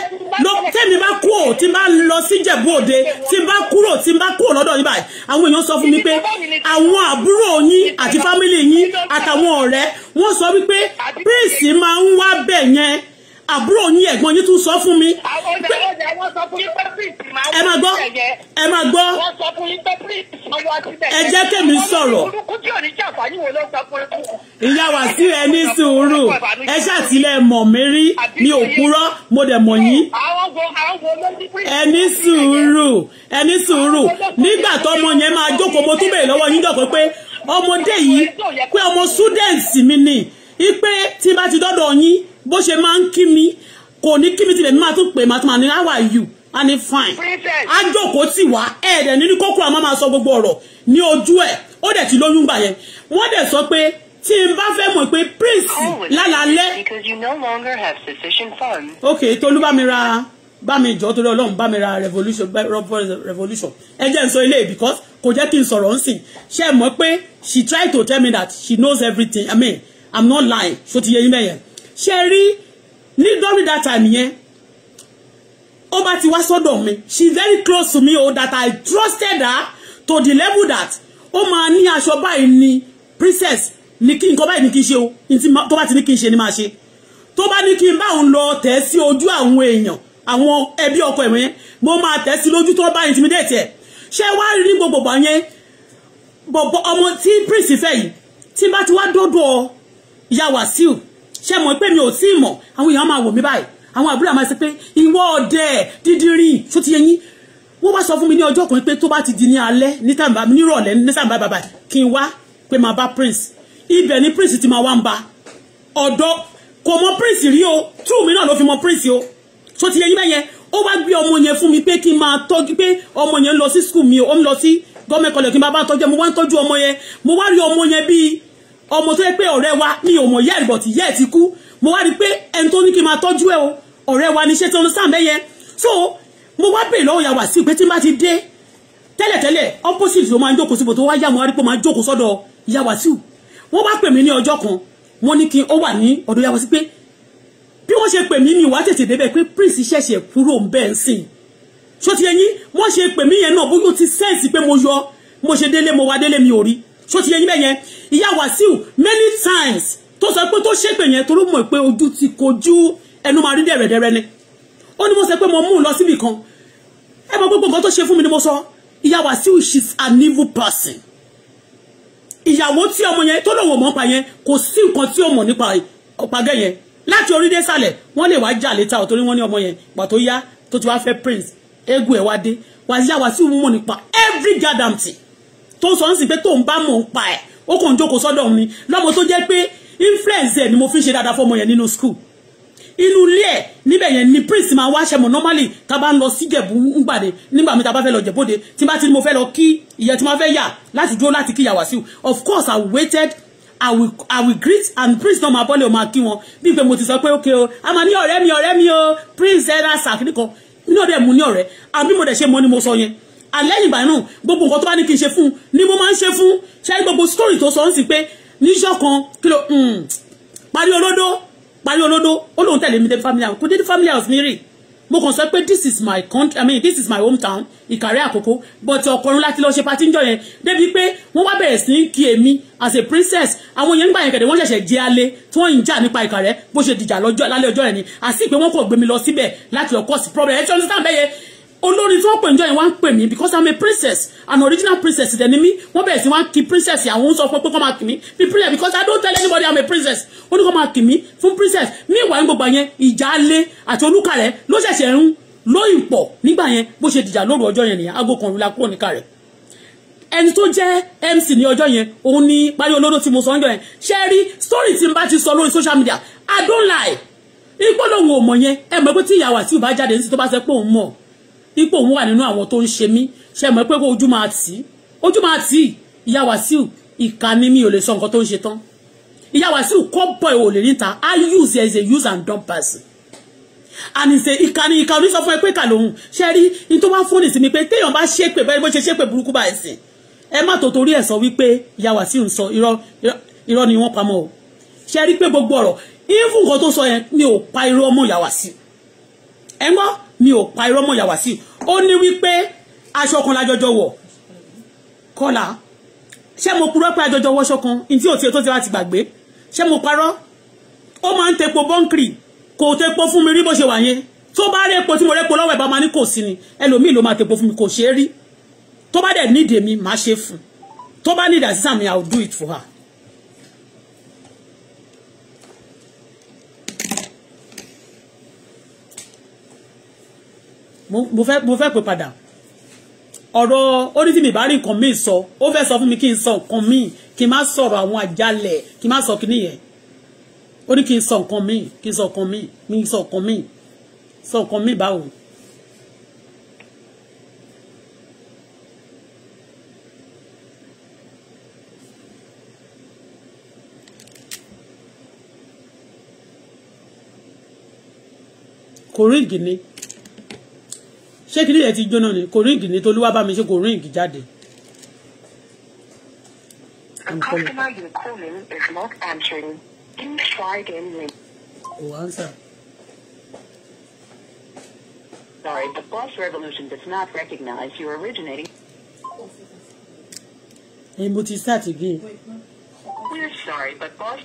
ló tẹ́mi bá kú ò tí bá lọ sí Ìjẹ̀bú Òde tí bá kúrò tí bá kúrò lọ́dọ̀ yín báyìí àwọn èèyàn sọ fún mi pé àwọn àbúrò yín àti fámílì yín àtàwọn ọ̀rẹ́ wọ́n sọ wípé prince máa ń wá bẹ̀ yẹn àbúrò yín ẹ̀gbọ́n yín tún sọ fún mi ẹ máa gbọ́ ẹ máa gbọ́ ẹ jẹ́ kèmí sọ̀rọ̀ ìyá wá sí ẹ ní sùúrù ẹ ṣàtìlẹ̀ mọ̀ mí rí ní òkúrọ́ mo dẹ̀ mọ̀ yín ẹ ní sùúrù ẹ ní sùúrù nígbà tọ́mọ yẹn máa jókòó mo tún bèèrè lọ́wọ́ yín dọ̀kọ́ pé ọmọdé yìí pé ọmọ students mi ni ipe tí bá ti dọ́dọ̀ yín bó ṣe máa ń kí mi kò ní kí mi ti lè máa tún pè máa ní how are you a ní fine á jókòó tì wá ẹ̀ẹ́dẹ̀ nínú kókó àmọ́ máa sọ gbogbo ọ̀rọ̀ ní ojú ẹ̀ ó dẹ̀ ti lóyún gbà yẹn wọ́n dẹ̀ sọ pé tí n bá fẹ́ mọ̀ pé prince oh, lálálẹ́ ok tolúbámira bá mi jọ torí ọlọ́run bá mi ra revolution revolution ẹ jẹ́ n sọ ilé because kò jẹ́ kí n sọ̀rọ̀ nsìn ṣe mọ̀ pé she try to tell me that she knows everything i mean i'm not lying So ti yẹ yín bẹ́yẹn ṣe rí ní during that time yẹn ó bá ti wá sọ́dọ̀ mi she is very close to me o oh, that I trusted her to the level that ó máa ní aṣọ báyìí ni princess ní kí nǹkan báyìí ní kí n ṣe o tó bá ti ní kí n ṣe ni máa ṣe tó bá ní kí n bá òun lọ tẹ̀ sí ojú àwọn èèyàn àwọn ẹbí ọkọ ìwọ̀n mo máa tẹ̀ sí lójú tó bá intimidate ẹ̀ ṣé wá rí ní gbogbo gbà yẹn bọ̀bọ̀ ọmọ tí prince fẹ́ yìí tí bá ti wá dọ́dọ̀ ìyá Wàsíù ṣe mọ̀ pé mi ò tí ì mọ̀ àwọn èèyàn máa wò mí báyìí àwọn àbúrò àmọ́ ṣe pé ìwọ ọdẹ dídírin tó ti yẹn yín wọ́n wá sọ fún mi ní ọjọ́ kan pé tó bá ti di ní alẹ́ ní tàǹbà mi nírọ̀lẹ́ ní tàǹbà bàbà kí n wá pé máa bá prince ibẹ̀ ni prince ti máa wá ń ba ọ̀dọ́ kò mọ prince rí o tú mi náà ló fi mọ prince o tó ti yẹn yín bẹ́yẹn ó wá gbé ọmọ yẹn fún mi pé kí n máa tọ́jú pé ọmọ yẹn ń lọ school mi ó ń lọ sí gọ́ọ̀mẹ̀kọlẹ̀ kí n bá bá tọ́jú ẹ mo wá ń tọ́jú ọmọ yẹn mo wá rí ọmọ ọmọ tó yẹ pé ọ̀rẹ́ wa mi ò mọ̀ yẹ́ ẹ̀rìbọ̀ tí yẹ́ ẹ̀ ti kú mo wá rí i pé ẹni tó ní kí n máa tọ́jú ẹ o ọ̀rẹ́ wa ni ṣé tí wọ́n sàn bẹ́yẹn so mo wá bèèrè lọ́wọ́ yàwá sí pé tí n bá ti dé tẹ́lẹ̀tẹ́lẹ̀ opposite ló máa ń jókòó síbò tó wá yà mo wá rí i pé ó máa ń jókòó sọ́dọ̀ yàwá sí wọ́n wá pè mí ní ọjọ́ kan wọ́n ní kí ó wà ní ọ̀dọ̀ yàwá sí pé bí wọ́n ṣe pè mí ni ìwà tètè débẹ̀ pé prince ṣẹ̀ṣẹ̀ kúrò ń bẹ́ẹ̀ sìn ṣó ti yẹ wọ́n ṣe pè mí yẹn náà bóyá ó ti sẹ́ǹsì pé mo yọ mo ṣe délé mo wá délé mi ò rí ṣó ti yẹ bẹ́ẹ̀ yẹn ìyá Wàsíù many times tó sọ pé tó ṣépè yẹn torí mọ̀ pé ojú ti kojú ẹnu máa rí dẹ̀rẹ̀dẹ̀rẹ̀ ni ó ní mo sọ pé mo mú un lọ síbì kan ẹ mọ gbogbo nǹkan tó ṣe fún mi ni mo sọ ìyá Wàsíù she's an evil person ìyàwó tí ọmọ yẹn tó lòwò mọ́ pa yẹn kò sí nǹkan tí ó mọ̀ nípa ọ̀pàgẹ́ yẹn láti orí dé sàlẹ̀ wọ́n lè wá jà létà ọ̀ torí wọ́n ní ọmọ yẹn gbà tó yá tó ti wá fẹ́ prince eégún ẹ̀ wá dé wàá yá Wàsíù mọ̀ nípa every goddamn thing tó sọ ń sìn pé tó ń bá mọ̀ ń pa ẹ̀ ó kàn ń jókòó sọ́dọ̀ mi lọ́mọ tó jẹ́ pé influence ẹ̀ ni mo fi ń ṣe dáadáa fọmọ yẹn nínú school inú ilé ẹ̀ níbẹ̀ yẹn ni prince máa wáṣẹ mọ̀ normally tá a bá ń lọ sí jẹ̀bú ńgbàdé nígbà mi tá a bá fẹ́ lọ jẹ̀bóde tí bá ti ní mo fẹ́ lọ kí ìyẹn tí mo fẹ́ yà láti dúró láti kí yàwá sí of course I waited I will, I will greet and prince náà máa bọ́lẹ̀ o máa kí wọn bí pé mo ti sọ pé okay o a máa ní ọ̀rẹ́ mi ọ̀rẹ́ mi o prince ẹ̀rá sàkíní kan inú ọ̀rẹ́ mu ní ọ̀rẹ́ àbí mo dẹ̀ ṣe mọ́ ni mo sọ yẹn àlẹ́yìn ìgbà náà gbogbo nǹkan tó bá ní kí n ṣe fún un ni mo máa ń ṣe fún ṣáà gbogbo story tó sọ ń sì pé níjọ́ kan kí ló hmm, parí olódó parí olódó ó lóun tẹ̀lé mi dé family house kò dé family house mi rí mo kàn sọ pé this is my country i mean this is my hometown ìkàrẹ́ àkókò but ọkọ̀run láti lọ ṣe patí ń jọ yẹn débi pé wọ́n wá bẹ̀rẹ̀ sí kí èmi as a princess àwọn èèyàn nígbà yẹn kẹ̀dẹ̀ wọ́n ṣẹ̀ṣẹ̀ jẹ́ alẹ́ tí wọ́n ń jà nípa ìkàrẹ́ bó ṣe dìjà lálẹ́ ọjọ́ yẹn ni àti pé wọ́n kò gbé mi lọ síbẹ̀ láti lọ cause problem ẹ̀ tí wọ́n ti sáà bẹ́yẹ olórí tí wọ́n pè níjọ́ yẹn wá ń pè mí because i'm a princess an original princess dẹ̀ ni mí wọ́n bẹ̀rẹ̀ sí wá ń kí princess àwọn ń sọ pé kọ́ máa kì mí bí princess because i don't tell anybody i'm a princess ó ní kọ́ máa kì mí fún princess mí ìwà ń gbogbo yẹn ìjà lé àti olúkàrẹ ló ṣẹ̀ṣẹ̀ ń lóyìn pọ̀ nígbà yẹn bó ṣe dìjà lóru ọjọ́ yẹn nìyẹn aago kan rúla kúrò níkà rẹ̀ ẹni tó jẹ́ mc ní ọjọ́ yẹn òun ni parí olóró tí mo sọ ń yẹn ṣe rí story tí n bá ti sọ lórí social media i don't lie ìpolówó ọmọ yẹn ẹ mọ̀ pé tí ìyàwó àti ìbá jáde ní ti tó bá sẹ pé òun mọ̀ ipò òun wà nínú àwọn tó ń ṣe mí ṣe mọ̀ pé kó ojú máa tì í ojú máa tì í ìyá Wàsíù ìka ni mi ò lè sọ nǹkan tó ń ṣe tán ìyá Wàsíù kọ́bọ̀ ò lè níta I use as a use and dump person and ṣe ìka ni ìka oníṣọ́ fún ẹ pé kà lòun ṣe rí ní tó bá fóònù sí mi pé téèyàn bá ṣe pé bẹ́ẹ̀ bó ṣe ṣe pé burúkú báyìí sìn ẹ má tó torí ẹ̀ sọ wípé ìyá Wàsíù ń sọ irọ́ ni wọ́n pamọ́ o ṣe rí pé gbogbo ọ̀rọ̀ yín nǹkan tó sọ yẹn mi ò pa irọ́ ọmọ ìyá Wàsíù ẹ ń gbọ́ mi ò pa irọ́ mọ́ ìyá Wasiu ó ní wípé aṣọ kan lájọjọ wọ̀ kọ́là ṣé mo purọ́ pé àjọjọ wọṣọ kan ntí òtí tó ti wá gbàgbé ṣé mo parọ́ ó máa ń tepo bọ́ńkìrì kò tepo fún mi rí bó ṣe wà yẹn tó bá rí epo tí mo rẹ́po lọ́wọ́ ẹ̀ bá máa ní kò sí ni ẹlòmíì ló máa tepo fún mi kò ṣeé rí tó bá dẹ̀ nídìí mi máa ṣe fún tó bá nídìí àṣìṣà mi I will do it for her mo fẹ́ mo fẹ́ pè padà ọ̀rọ̀ onífìmì bá rí nǹkan míì sọ ó fẹ́ sọ fún mi kí n sọ nǹkan míì kí n má sọ̀rọ̀ àwọn àjálẹ̀ kí n má sọ kíní yẹn ó ní kí n sọ nǹkan míì kí n sọ nǹkan míì kí n sọ nǹkan míì sọ nǹkan míì báwo. kò rí gìnì ṣé kí ni ẹ ti jóná ni kò ríǹgì ní tolúwa bá mi ṣe kò ríǹgì jáde. The customer you calling is not answering. try again later. answer. Sorry, the boss revolution does not recognize you originating. Hey, Muti, start again. We're sorry, but boss.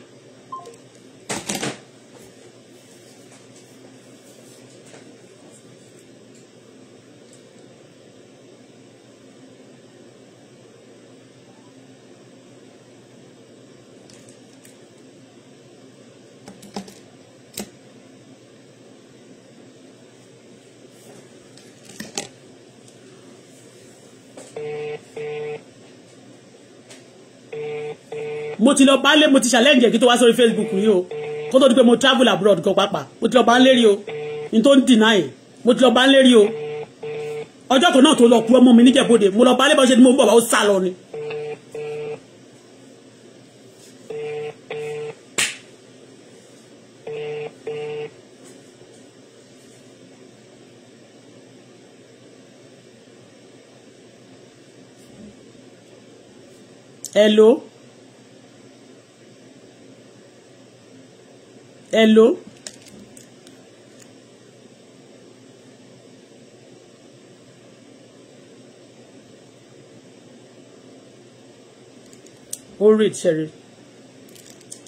mo ti lọ bá lé mo ti challenge kí tó wá sórí facebook yìí o kó tó di pé mo travel abroad gan pàápàá mo ti lọ bá ń lérí o n tó ń deny mo ti lọ bá ń lérí o ọjọ́ kan náà tó lọ ku ọmọ mi níjẹ̀bọ̀dẹ̀ mo lọ bá lébọn ṣe ni mo bọ̀ bá ó sá lọ ni. hello. hello. ó rè ṣẹ̀rẹ̀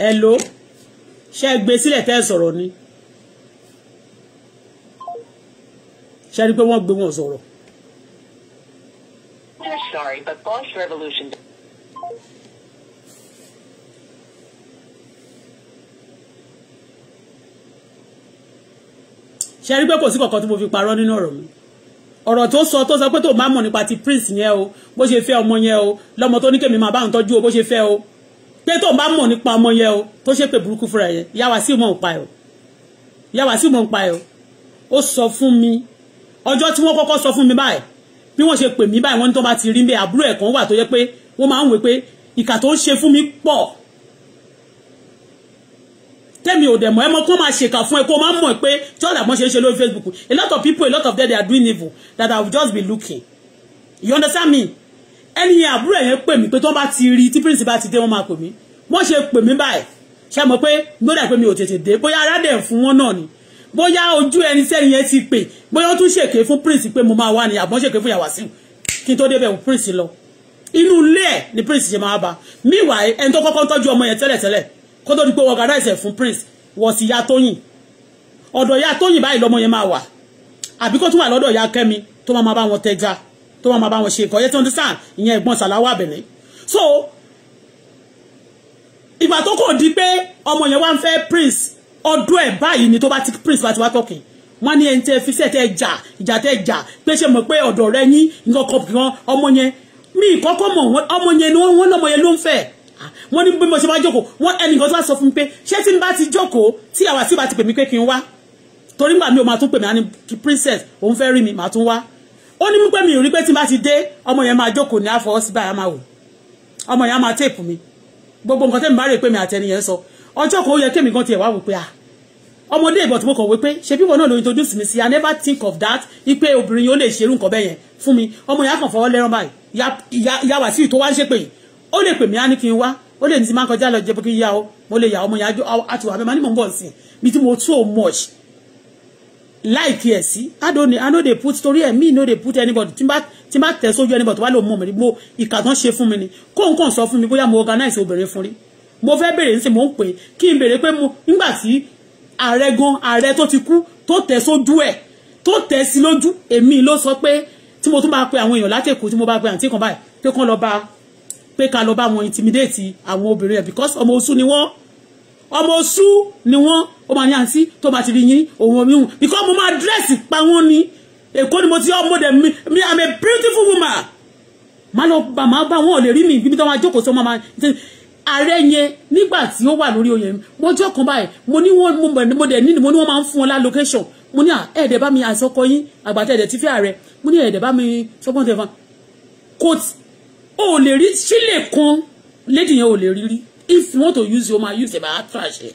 hello ṣe gbé sílẹ̀ tẹ́ sọ̀rọ̀ ni ṣe rí pé wọ́n gbé wọn sọ̀rọ̀. Sorry, but Bosch Revolution. ṣe rí pé kò sí kankan tí mo fi parọ́ nínú ọ̀rọ̀ mi ọ̀rọ̀ tó sọ tó sọ pé tó máa mọ̀ nípa ti prince yẹn o bó ṣe fẹ́ ọmọ yẹn o lọ́mọ tó ní kèmí máa bá òun tọ́jú o bó ṣe fẹ́ o pé tó máa mọ̀ nípa ọmọ yẹn o tó ṣe pé burúkú fúnra yẹn yá wá sí mọ̀ ń ẹ̀ o yá wá sí mọ̀ ń ẹ̀ o ó sọ fún mi ọjọ́ tí wọ́n kọ́kọ́ sọ fún mi báyìí bí wọ́n ṣe pè mí báyìí wọ́n ní tó bá ti rí bẹ́ẹ̀ àbúrò ẹ̀ wà tó yẹ pé wọ́n máa ń wè pé ìkà tó ń ṣe fún mi pọ̀ tẹ́mi ò dẹ̀ mọ̀ Mo mọ kó máa ṣèkà fún ẹ kó máa mọ̀ pé just like wọ́n ṣe ń ṣe lórí Facebook a lot of people a lot of them they are doing evil that I will just be looking you understand me ẹni yẹn àbúrò ẹ̀yẹn pè mí pé tó bá ti rí tí prince bá ti dé wọ́n máa pè mí wọ́n ṣe pè mí báyìí ṣe mọ̀ pé gbọ́dọ̀ pé mi ò tètè dé bóyá aládẹ̀ fún wọn náà ni bóyá ojú ẹni sẹ́ni yẹn ti pè bóyá ó tún ṣèké fún prince pé mo ma wá ni abo ṣèké fún fun sí kí n tó débẹ̀ wò prince lọ inú ilé ẹ̀ ni prince ṣe máa bá meanwhile ẹni tó kọ́kọ́ tọ́jú ọmọ yẹn tẹ́lẹ̀tẹ́lẹ̀ kó tó di pé organize ẹ̀ fún prince wọ̀ sí ìyá tóyìn ọ̀dọ̀ ìyá tóyìn báyìí lọ́mọ yẹn máa wà àbí kó tún wà lọ́dọ̀ ìyá kẹ́mi tó máa bá wọn tẹja tó máa bá wọn ṣe nǹkan yẹn tí wọ́n ìyẹn ẹ̀gbọ́n sàláwà bẹ̀rẹ̀ so ìgbà tó kò di pé ọmọ yẹn wá ń fẹ́ prince ọdún ẹ̀ báyìí ni tó bá ti prince bá ti wá tọ̀kìn wọ́n ní ẹni tẹ́ fi sẹ́ tẹ́ jà ìjà tẹ́ jà pé ṣe mọ̀ pé ọ̀dọ̀ rẹ yín nǹkan kan ọmọ yẹn mi ìkọ́kọ́ mọ̀ ọmọ yẹn ni wọ́n lọ́mọ yẹn ló ń fẹ́ wọ́n ní bí mo ṣe wá jókòó wọ́n ẹnìkan tó wá sọ fún mi pé ṣé tí n bá ti jókòó tí àwa sì bá ti pè mí pé kí n wá torí nígbà mi ò máa tún pè mí á ní princess òun fẹ́ rí mi màá tún wá ó ní pé mi ò rí pé tí n bá ti dé ọmọ yẹn máa jókòó ní àfọwọ́ sí báyà máa wò ọmọ yẹn á máa téèpù mi gbogbo nǹkan tẹ́mi bá rè pé mi àtẹni yẹn sọ ọjọ́ kan ó yẹ kémi gan tiẹ̀ wá wò pé à ọmọdé ìbọ̀ tí mo kàn wé pé ṣe bí wọn náà ló introduce mi sí i never think of that ipe obìnrin yóò lè ṣerú nǹkan bẹ́ẹ̀ yẹn fún mi ọmọ yẹn á kàn fọwọ́ lẹ́rán báyìí ìyá wà sí wá ń ṣépè yìí ó lè pè mí á ní kí n wá ó lè ní ti máa ń kọjá lọ jẹ pé yá o mo lè yà ọmọ yẹn àti wà mẹ́ma ní mò ń bọ̀ sí i mi tí mo too much láìkí ẹ̀ sí i i no dey put torí ẹ̀ mi no dey put anybody tí n bá tí n bá tẹ̀ sójú anybody wá ló mọ̀ mi mo ìkà tán ṣe fún mi ni kóun kàn sọ fún mi bóyá mo organize obìnrin fún rí mo fẹ́ bèrè ní sè mo ń pè kí n bèrè pé mo nígbà tí ààrẹ gan ààrẹ tó ti kú tó tẹ̀ sójú ẹ̀ tó tẹ̀ sí lójú èmi ló sọ pé tí mo tún bá pe àwọn èèyàn látẹ̀kù tí mo bá pe àǹtí kan báyìí pé kán lọ bá pé ká lọ bá wọn intimidate àwọn obìnrin yẹn because ọmọ oṣù ni wọ́n ọmọ oṣù ni wọ́n ó máa ní àǹtí tó bá ti rí yín òun omi hùn because mo máa dírẹ́sì pa wọ́n ni èkó ni mo ti ọmọ dẹ̀ mi mi i'm a beautiful woman má lọ bá má bá wọn lè rí mi ibi tó máa jókòó sí ọmọ máa ààrẹ yẹn nígbà tí ó wà lórí oyè mo jọ́ kan báyìí mo ní wọn mo dẹ̀ ní mo ní wọn máa ń fún wọn location mo ní ẹ̀ẹ́dẹ̀ bá mi àsọkọ yín àgbàtẹ̀ẹ̀dẹ̀ tí fẹ́ ààrẹ mo ní ẹ̀ẹ́dẹ̀ bá mi sọ́kàn tẹ̀fọ́n kò o ò lè rí sílẹ̀ kan lady yẹn ò lè rí rí if you want to use your o use about trash ẹ̀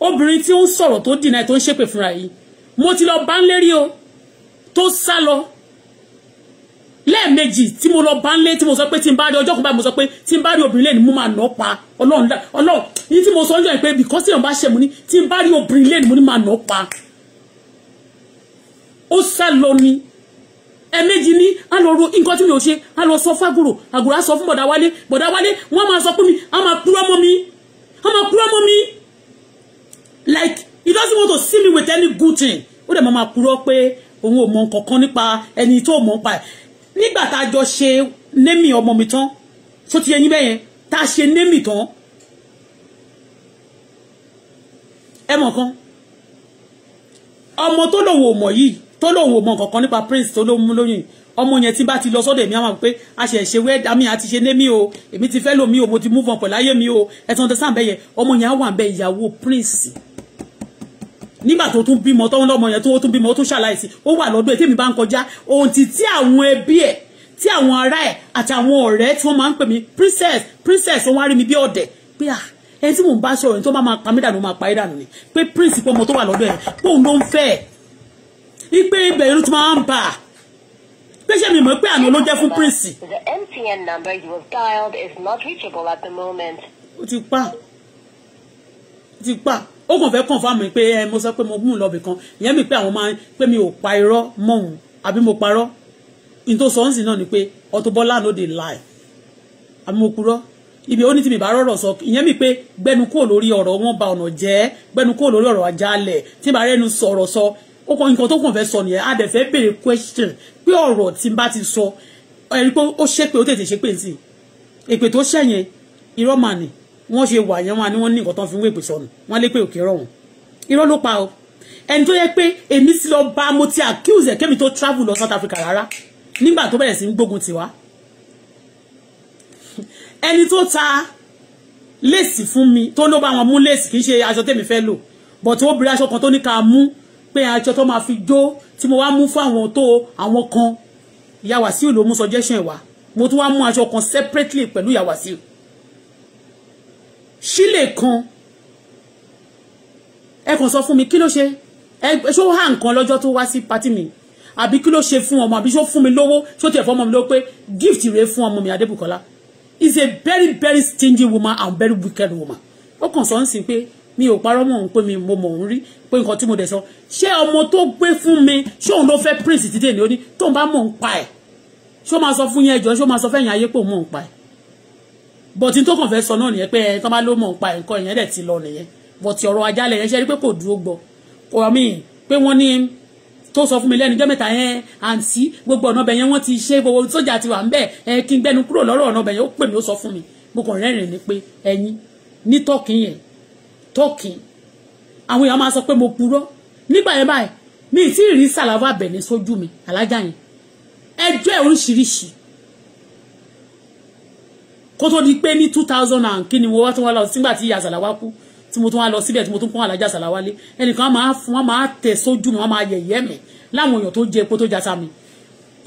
obìnrin tí ó ń sọ̀rọ̀ tó dìnnà tó ń ṣépè fúnra yìí mo ti lọ bá ń lérí o tó sá lọ lẹ́ẹ̀mejì tí mo lọ bá ń lé tí mo sọ pé tí n bá rí ọjọ́ kan mo sọ pé tí n bá rí obìnrin lẹ́ni mo máa nà pa ọlọ́run ọlọ́run ní tí mo sọ ọjọ́ yìí pé bìkọ́sì èèyàn bá ṣe mo ní tí n bá rí obìnrin lẹ́ni mo ní máa nà ọ́ pa ó sá lọ ni ẹ̀ẹ̀mejì ni a lọ ro nǹkan tí mi ò ṣe a lọ sọ fagoro àgùrà sọ fún bọ̀dà wálé bọ̀dà wálé wọ́n máa sọ fún mi a máa kúrò mọ́ mi a máa kúrò mọ́ mi like he doesn't want to see me with any good thing ó dẹ̀ máa máa kúrò pé òun ò mọ nǹkankan nípa ẹni tó mọ̀ nípa ẹ̀ nígbà tá a jọ ṣe némì ọmọ mi tán tó ti yẹn bẹ́yẹn tá a ṣe némì tán ẹ mọ̀ kan ọmọ tó lòun ò mọ̀ yìí tó lòun ò mọ nǹkan nípa prince tó ló mú ọmọ yẹn tí bá ti lọ sọ́dọ̀ èmi àwọn pé a ṣe ṣe wẹ dami àti ṣe némi o èmi ti fẹ́ lomi o mo ti move on pẹ̀lú ayé mi o ẹ̀sán tó sàn bẹ́yẹ ọmọ yẹn á wà bẹ́ẹ̀ ìyàwó prince nígbà tó tún bímọ tọ́wọ́n lọ́mọ yẹn tó tún bímọ ó ṣàlàyé ó wà lọ́dún ẹ̀ tèmi bá ń kọjá ohun ti tí àwọn ẹbí ẹ̀ tí àwọn ará ẹ̀ àti àwọn ọ̀rẹ́ tí wọ́n máa ń pè mí princess princess wọ́n wá rí mi bí ọ̀dẹ̀ pé à ah, ẹni tí mò ń bá sọ̀rọ̀ ẹni tó bá máa pa mí dànù máa pa é dànù ni pé prince pọ́nmọ tó wà lọ́dún ẹ̀ pé òun ló ń fẹ́ ẹ̀ ipe ibẹ̀ irú tí máa ń bà á mi mọ̀ pé àná ló jẹ́ fún prince. The MTN number you have dialed is not reachable at the moment. O ti pa O ti pa ó kàn fẹ́ confirm mi pé eh, mo sọ pé mo mú un lọ bìkan ìyẹn mi pé àwọn máa ń pé mi ò pa irọ́ mọ́ òun àbí mo parọ́ ní tó sọ ń sìn náà ni pé Auto Bola no dey lie àbí mo purọ́ ibi ó ní tí mi bá rọ̀rọ̀ sọ ìyẹn mi pé gbẹnu kúrò lórí ọ̀rọ̀ wọn ba ọ̀nà jẹ́ gbẹnu kúrò lórí ọ̀rọ̀ àjálẹ̀ tí bá rẹ́nu sọ̀rọ̀ sọ ó kàn nǹkan tó kàn fẹ́ sọ nìyẹn a dẹ̀ fẹ́ béèrè question pé ọ̀rọ̀ tí n bá ti sọ ẹni pé ó ṣépè ó tètè ṣépè sí èpè tó ṣẹ̀yìn irọ́ mà ní wọ́n ṣe wà yẹn wọn ni wọ́n ní nǹkan tó fi ń wèpè sọnù wọ́n lé pé òkè rọ̀ irọ́ ló pa o ẹni tó yẹ pé èmi ti lọ bá mo ti accuse ẹ̀ kémi tó travel lọ South Africa rárá nígbà tó bẹ̀rẹ̀ sí ń gbógun tiwa ẹni tó ta léèsì fún mi tó ló bá wọn mú léèsì kì í ṣe aṣọ tèmi fẹ́ lò bọ̀ tó obìnrin aṣọ kan tó ní ká mú pé àjọ tó máa fi jó tí mo wá mú fún àwọn tó àwọn kan ìyá Wàsíù ló mú suggestion wá mo tún wá mú aṣọ kan separately pẹ̀lú ìyá Wàsíù sílè kan ẹ kàn sọ fún mi kí ló ṣe ẹ ṣó hà nǹkan lọ́jọ́ tó wá sí pátì mi àbí kí ló ṣe fún ọmọ àbí ṣó fún mi lówó ṣó tiẹ̀ fún ọmọ mi lówó pé gift rèé fún ọmọ mi Adébùkọ́lá is a very very stingy woman and very wicked woman ó kàn sọ ń sìn pé mi ò parọ́ mọ̀ ń pé mi mo mọ̀ ń rí pé nǹkan tí mo dẹ̀ sọ ṣé ọmọ tó gbé fún mi ṣé òun ló fẹ́ prince títí ènìyàn ní tóun bá mọ̀ ń pa ẹ̀ ṣé ó máa sọ fún yín ẹjọ́ ṣé ó máa sọ fẹ́yìn ayé pé òun mọ̀ ń pa ẹ̀ bọ̀tí tó kàn fẹ́ sọ náà nìyẹn pé ẹ̀ tán bá ló mọ̀ ń pa ẹ̀ nǹkan ìyẹn dẹ̀ ti lọ nìyẹn bọ̀tí ọ̀rọ̀ ajálẹ̀ yẹn ṣe rí pé kò dúró gbọ́ kò wá mí pé wọ́n ní tó sọ fún mi lẹ́nu ọjọ́ mẹ́ta yẹn àǹtí gbogbo ọ̀nà ọbẹ̀ yẹn wọ́n ti ṣe gbogbo sójà ti wà ń bẹ̀ ẹ kí n gbẹnu kúrò lọ́rọ̀ ọ̀nà ọbẹ̀ yẹn ó pè mí ó sọ fún mi mo kàn rẹ́rìn-ín ni pé ẹ̀yin ní tọ́kì yẹn tọ́kì àwọn èèyàn máa sọ pé mo purọ́ nígbà yẹn báyìí mi ti rí sàlàvà bẹ̀rẹ̀ sójú mi alájà yẹn ẹjọ́ ẹ̀ oríṣiríṣi kó tó di pé ní two thousand and kí ni mo wá tó wá lọ sígbà tí ìyá sàlàwà kú tí mo tún wá lọ síbẹ̀ tí mo tún kún alájà sàlàwà lé ẹnìkan máa fún wọn máa tẹ̀ sójú mi wọn máa yẹ̀yẹ́ mi láwọn èèyàn tó jẹ epo tó jata mi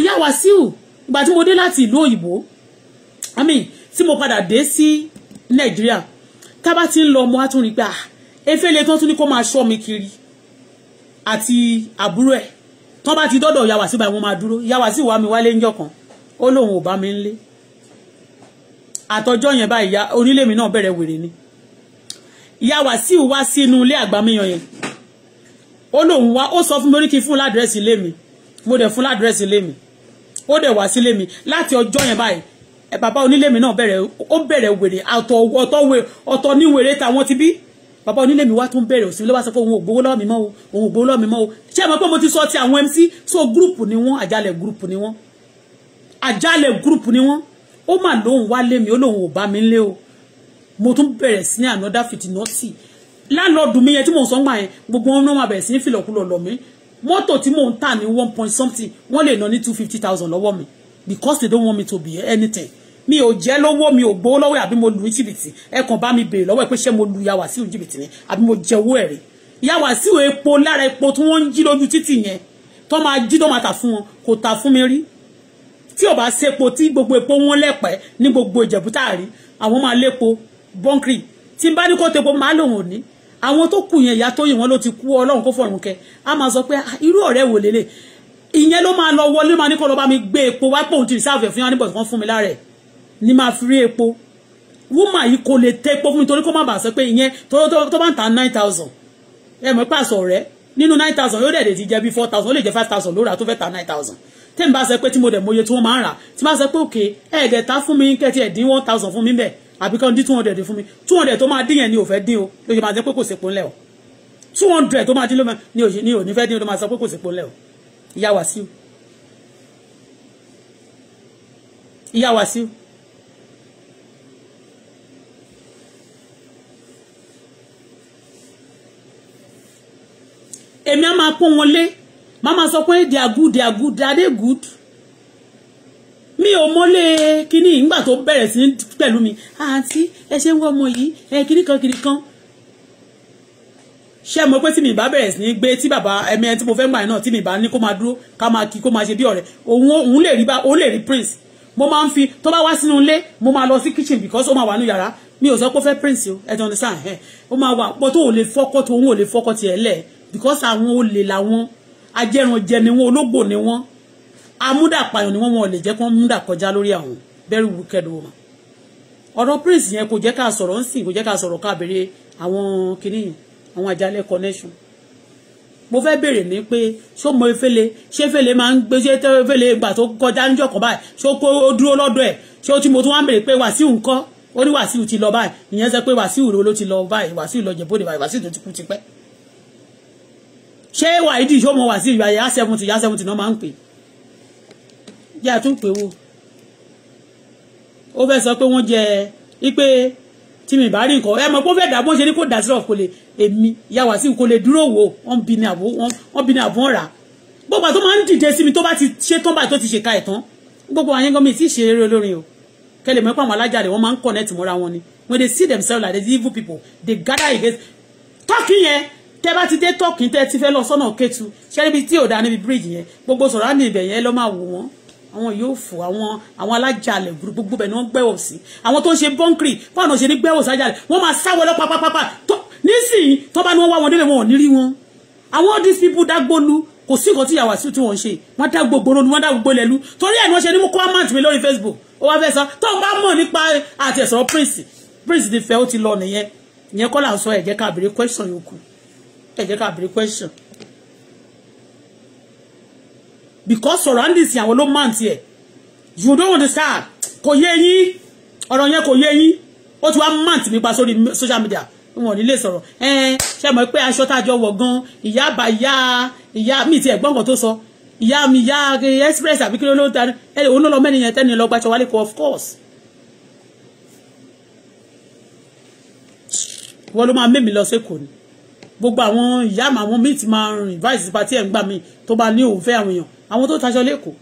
ìyá Wàsíù ìgbà tí mo dé láti ìlú òyìnbó àmì tí mo padà dé sí Nàìjíríà tá ti ń lọ mo á tún rí pé ah efele tán tún ní kó máa ṣọ́ mi kiri àti àbúrò ẹ̀ tán bá ti dọ́dọ̀ yàwá sí báyìí wọ́n máa dúró yàwá sí wàá mi wálé ńjọ́ kan ó lóun ò mi ń lé àtọjọ́ yẹn báyìí onílé mi náà bẹ̀rẹ̀ wèrè ni ìyá wàsíù wá sínú ilé àgbàmíyan yẹn ó lóun wá ó sọ fún mi oríkì fún ládírẹ́sì ilé mi mo dẹ̀ fún ládírẹ́sì ilé mi ó dẹ̀ wá sílé mi láti ọjọ́ yẹn báyìí bàbá onílé mi náà bẹ̀rẹ̀ ó bẹ̀rẹ̀ wèrè ọ̀tọ̀ ọ̀tọ̀ níwèrè tàwọn ti bí bàbá onílé mi wá tún bẹ̀rẹ̀ òsínmi ló wá sọ pé òun ò gbowó lọ́wọ́ mi mọ́ o òun ò gbowó lọ́wọ́ mi mọ́ o ṣé ẹ mọ̀ pé mo ti sọ ti àwọn MC so gúrùpù ni wọ́n àjálẹ̀ gúrùpù ni wọ́n àjálẹ̀ gúrùpù ni wọ́n ó mà lóun wá lé mi ó lóun ò bá mi lé o mo tún bẹ̀rẹ̀ sí ní ànádá fìtínọ́sì láńlọ́ọ̀dù mi yẹn tí mò ń sọ gbà yẹn gbogbo wọn náà máa bẹ̀rẹ̀ sí ní fìlọ̀kulọ̀ lọ̀ mí mọ́tò tí mò ń tà ní one point something wọ́n lè ná ní two fifty thousand lọ́wọ́ mi because they don't want me to be anything mi ò jẹ́ lówó mi o gbowó lọ́wọ́ àbí mo lu jìbìtì e kàn bá mi béèrè lọ́wọ́ ẹ pé mo lu ìyá Wàsíù jìbìtì ni àbí mo jẹ owó ẹ̀ rí ìyá Wàsíù epo lára epo tí wọ́n ń jí lójú títì yẹn tó máa jí tó máa tà fún wọn kò tà fún mi rí tí ò bá sépo tí gbogbo epo wọn lẹ́pẹ́ ní gbogbo Ìjẹ̀bú táàrí àwọn máa lépo bọ́ńkìrì tí n bá ní kó tepo máa lòun ò ní àwọn tó kù yẹn ìyá tó yìn wọn ló ti kú Ọlọ́run kó fọ̀run kẹ a máa sọ pé ah, irú ọ̀rẹ́ wò lélẹ̀ ìyẹn ló máa lọ wọlé máa ní kó lọ bá mi gbé epo wá pòun ti rìsáàfẹ̀ fún yá níbọ̀ kan fún mi lára ẹ̀ ni m'a fi rí epo wúmà yìí kò lè tẹ epo fún mi torí kó má bàa sọ pé ìyẹn tó bá ń ta nine thousand ẹ mọ̀ pàṣọ rẹ̀ nínú nine thousand yóò dẹ̀ lè ti jẹ́ bí four thousand ó lè jẹ́ five thousand lóra tó fẹ́ ta nine thousand tẹ́mi bá sọ pé tí mo dẹ̀ mọye tí wọ́n máa ń rà tí bá sọ pé òkè ẹ̀ẹ́dẹ̀ta fún mi kẹ́tì ẹ̀dín one thousand fún mi bẹ́ẹ̀ àbí kan dín two hundred fún mi two hundred tó máa dín yẹn ni ò fẹ́ dín o ló ṣe máa jẹ́ pé kò sèpò ńlẹ̀ o two hundred tó máa dín ni ò ní fẹ́ dín o ló máa sọ pé kò sèpò ńlẹ̀ o ìyá Wàsíù ìyá Wàsíù. Emi á máa pọ́n wọn lé màá máa sọ pé they are good they are good are good mi o mole kini ìgbà to bẹ̀rẹ̀ sí pẹ̀lú mi àǹtí ẹ ṣe ń wọ́ ọmọ yìí ẹ kan kínní kan ṣé mo pé tí mi ba bẹ̀rẹ̀ sí ní gbé tí bàbá ẹ̀mí ẹni mo fẹ́ gbà náà tí mi ba ní kó máa dúró ká máa kí kó máa ṣe bí ọ̀rẹ́ òun òun lè rí bá òun lè rí prince mo máa ń fi tó bá wá sínú mo máa lọ sí kitchen because o ma wà ní yàrá mi ò sọ pé ó prince o ẹ ti understand ẹ ó máa wà pọ̀ tó ò lè fọ́kọ́ tó òun ò lè fọ́kọ́ tiẹ̀ lẹ́ẹ̀ because àwọn olè làwọn ajẹranjẹ ni wọn ológbò ni wọn amúdàpayàn ni wọn wọn lè jẹ́ kó múdà kọjá lórí àwọn very wicked woman ọ̀rọ̀ prince yẹn kò jẹ́ ká sọ̀rọ̀ nsìn kò jẹ́ ká sọ̀rọ̀ ká àwọn kìnìún àwọn àjálẹ̀ connection mo fẹ́ béèrè ní pé ṣó mo efele ṣé fele máa ń gbé ṣé fele ìgbà tó kọjá níjọ́ kan báyìí ṣó kó o dúró lọ́dọ̀ ẹ̀ ṣé o ti mo tún wá ń béèrè pé wàsíù ńkọ́ ó ní wàsíù ti lọ báyìí ìyẹn sọ pé wàsíù ló ti lọ báyìí wàsíù lọ jẹ̀bọ́dẹ̀ báyìí wàsíù tó ti kú tipẹ́ ṣé wàhídì ṣó mọ wà sí ìgbà yá seventy yá seventy náà máa ń pè jẹ́ àtúnpè wo ó fẹ́ sọ pé wọ́n jẹ ipe tí mi bá rí nǹkan ẹ mọ̀ pé ó fẹ́ dà bó ṣe ní kò dà sílọ̀ kò lè èmi yà wá sí kò lè dúró wò wọ́n bí ní àbọ̀ wọ́n gbogbo àti ó máa ń dìde sí mi tó bá ti ṣe tán báyìí tó ti ṣèka ẹ̀tàn gbogbo àyẹn gan mi ti ṣe eré olórin o kẹlẹ̀ mọ́ pé alájàre wọ́n máa ń connect mọ́ra wọn ni when they see themselves like these evil people they gather against talking yẹn tẹ bá ti dé tọkìn tẹ ti fẹ́ lọ sọ́nà Kétu ṣẹlẹbi tí ò dá níbi bíríìjì yẹn gbogbo sọ̀rọ̀ àmì ibẹ̀ yẹn lọ máa wò wọn àwọn yóò fò àwọn àwọn alájàlẹ̀ gbogbo bẹ́ẹ̀ ni wọ́n gbẹ́wò sí àwọn tó ń ṣe bọ́ńkìrì fáwọn náà ṣe ní gbẹ́wò sájàlẹ̀ wọ́n máa sáwọ lọ pápápápá nísìnyí tó bá ní wọ́n wá wọn débẹ̀ wọn ò ní rí wọn àwọn all these people dágbólu kò sí nǹkan tí yàwá sí tí wọ́n ṣe wọ́n dá gbogbo ronú wọ́n dá gbogbo lẹ́lu torí ẹ̀ ni wọ́n ṣe ní mú kọ́mọ̀tì mi lórí Facebook ó wá fẹ́ sọ tó ń bá mọ̀ nípa àti ẹ̀sọ́ prince prince ti fẹ́ ó ti lọ nìyẹn ìyẹn kọ́ là ń sọ ẹ̀jẹ̀ káàbìrì question yòókù ẹ jẹ́ ká béèrè question because surroundings àwọn ló máa ń tiẹ̀ you don't understand kò yé yín ọ̀rọ̀ yẹn kò yé yín ó ti wá máǹtì nípa sórí social media wọn ò ní lè sọ̀rọ̀ ẹn ṣe mọ̀ pé aṣọ tá a jọ wọ̀ gan ìyá àbá ìyá ìyá mi ti ẹ̀gbọ́n kan tó sọ ìyá mi ìyá express àbí kí ló ló ń darí ẹ lè wọnú lọmọ ẹnìyẹn tẹ́ni lọ gbaṣọ wálé kọ of course. wọ́n ló máa mẹ́mi lọ sẹ́kọ̀ọ́ ni gbogbo àwọn ìyá àmà àwọn míì ti máa rìn báyìí sí ẹ̀ ń gbà mí tó bá ní òun fẹ́ àwọn èèyàn àwọn tó taṣọ lẹ́kọ̀ọ́.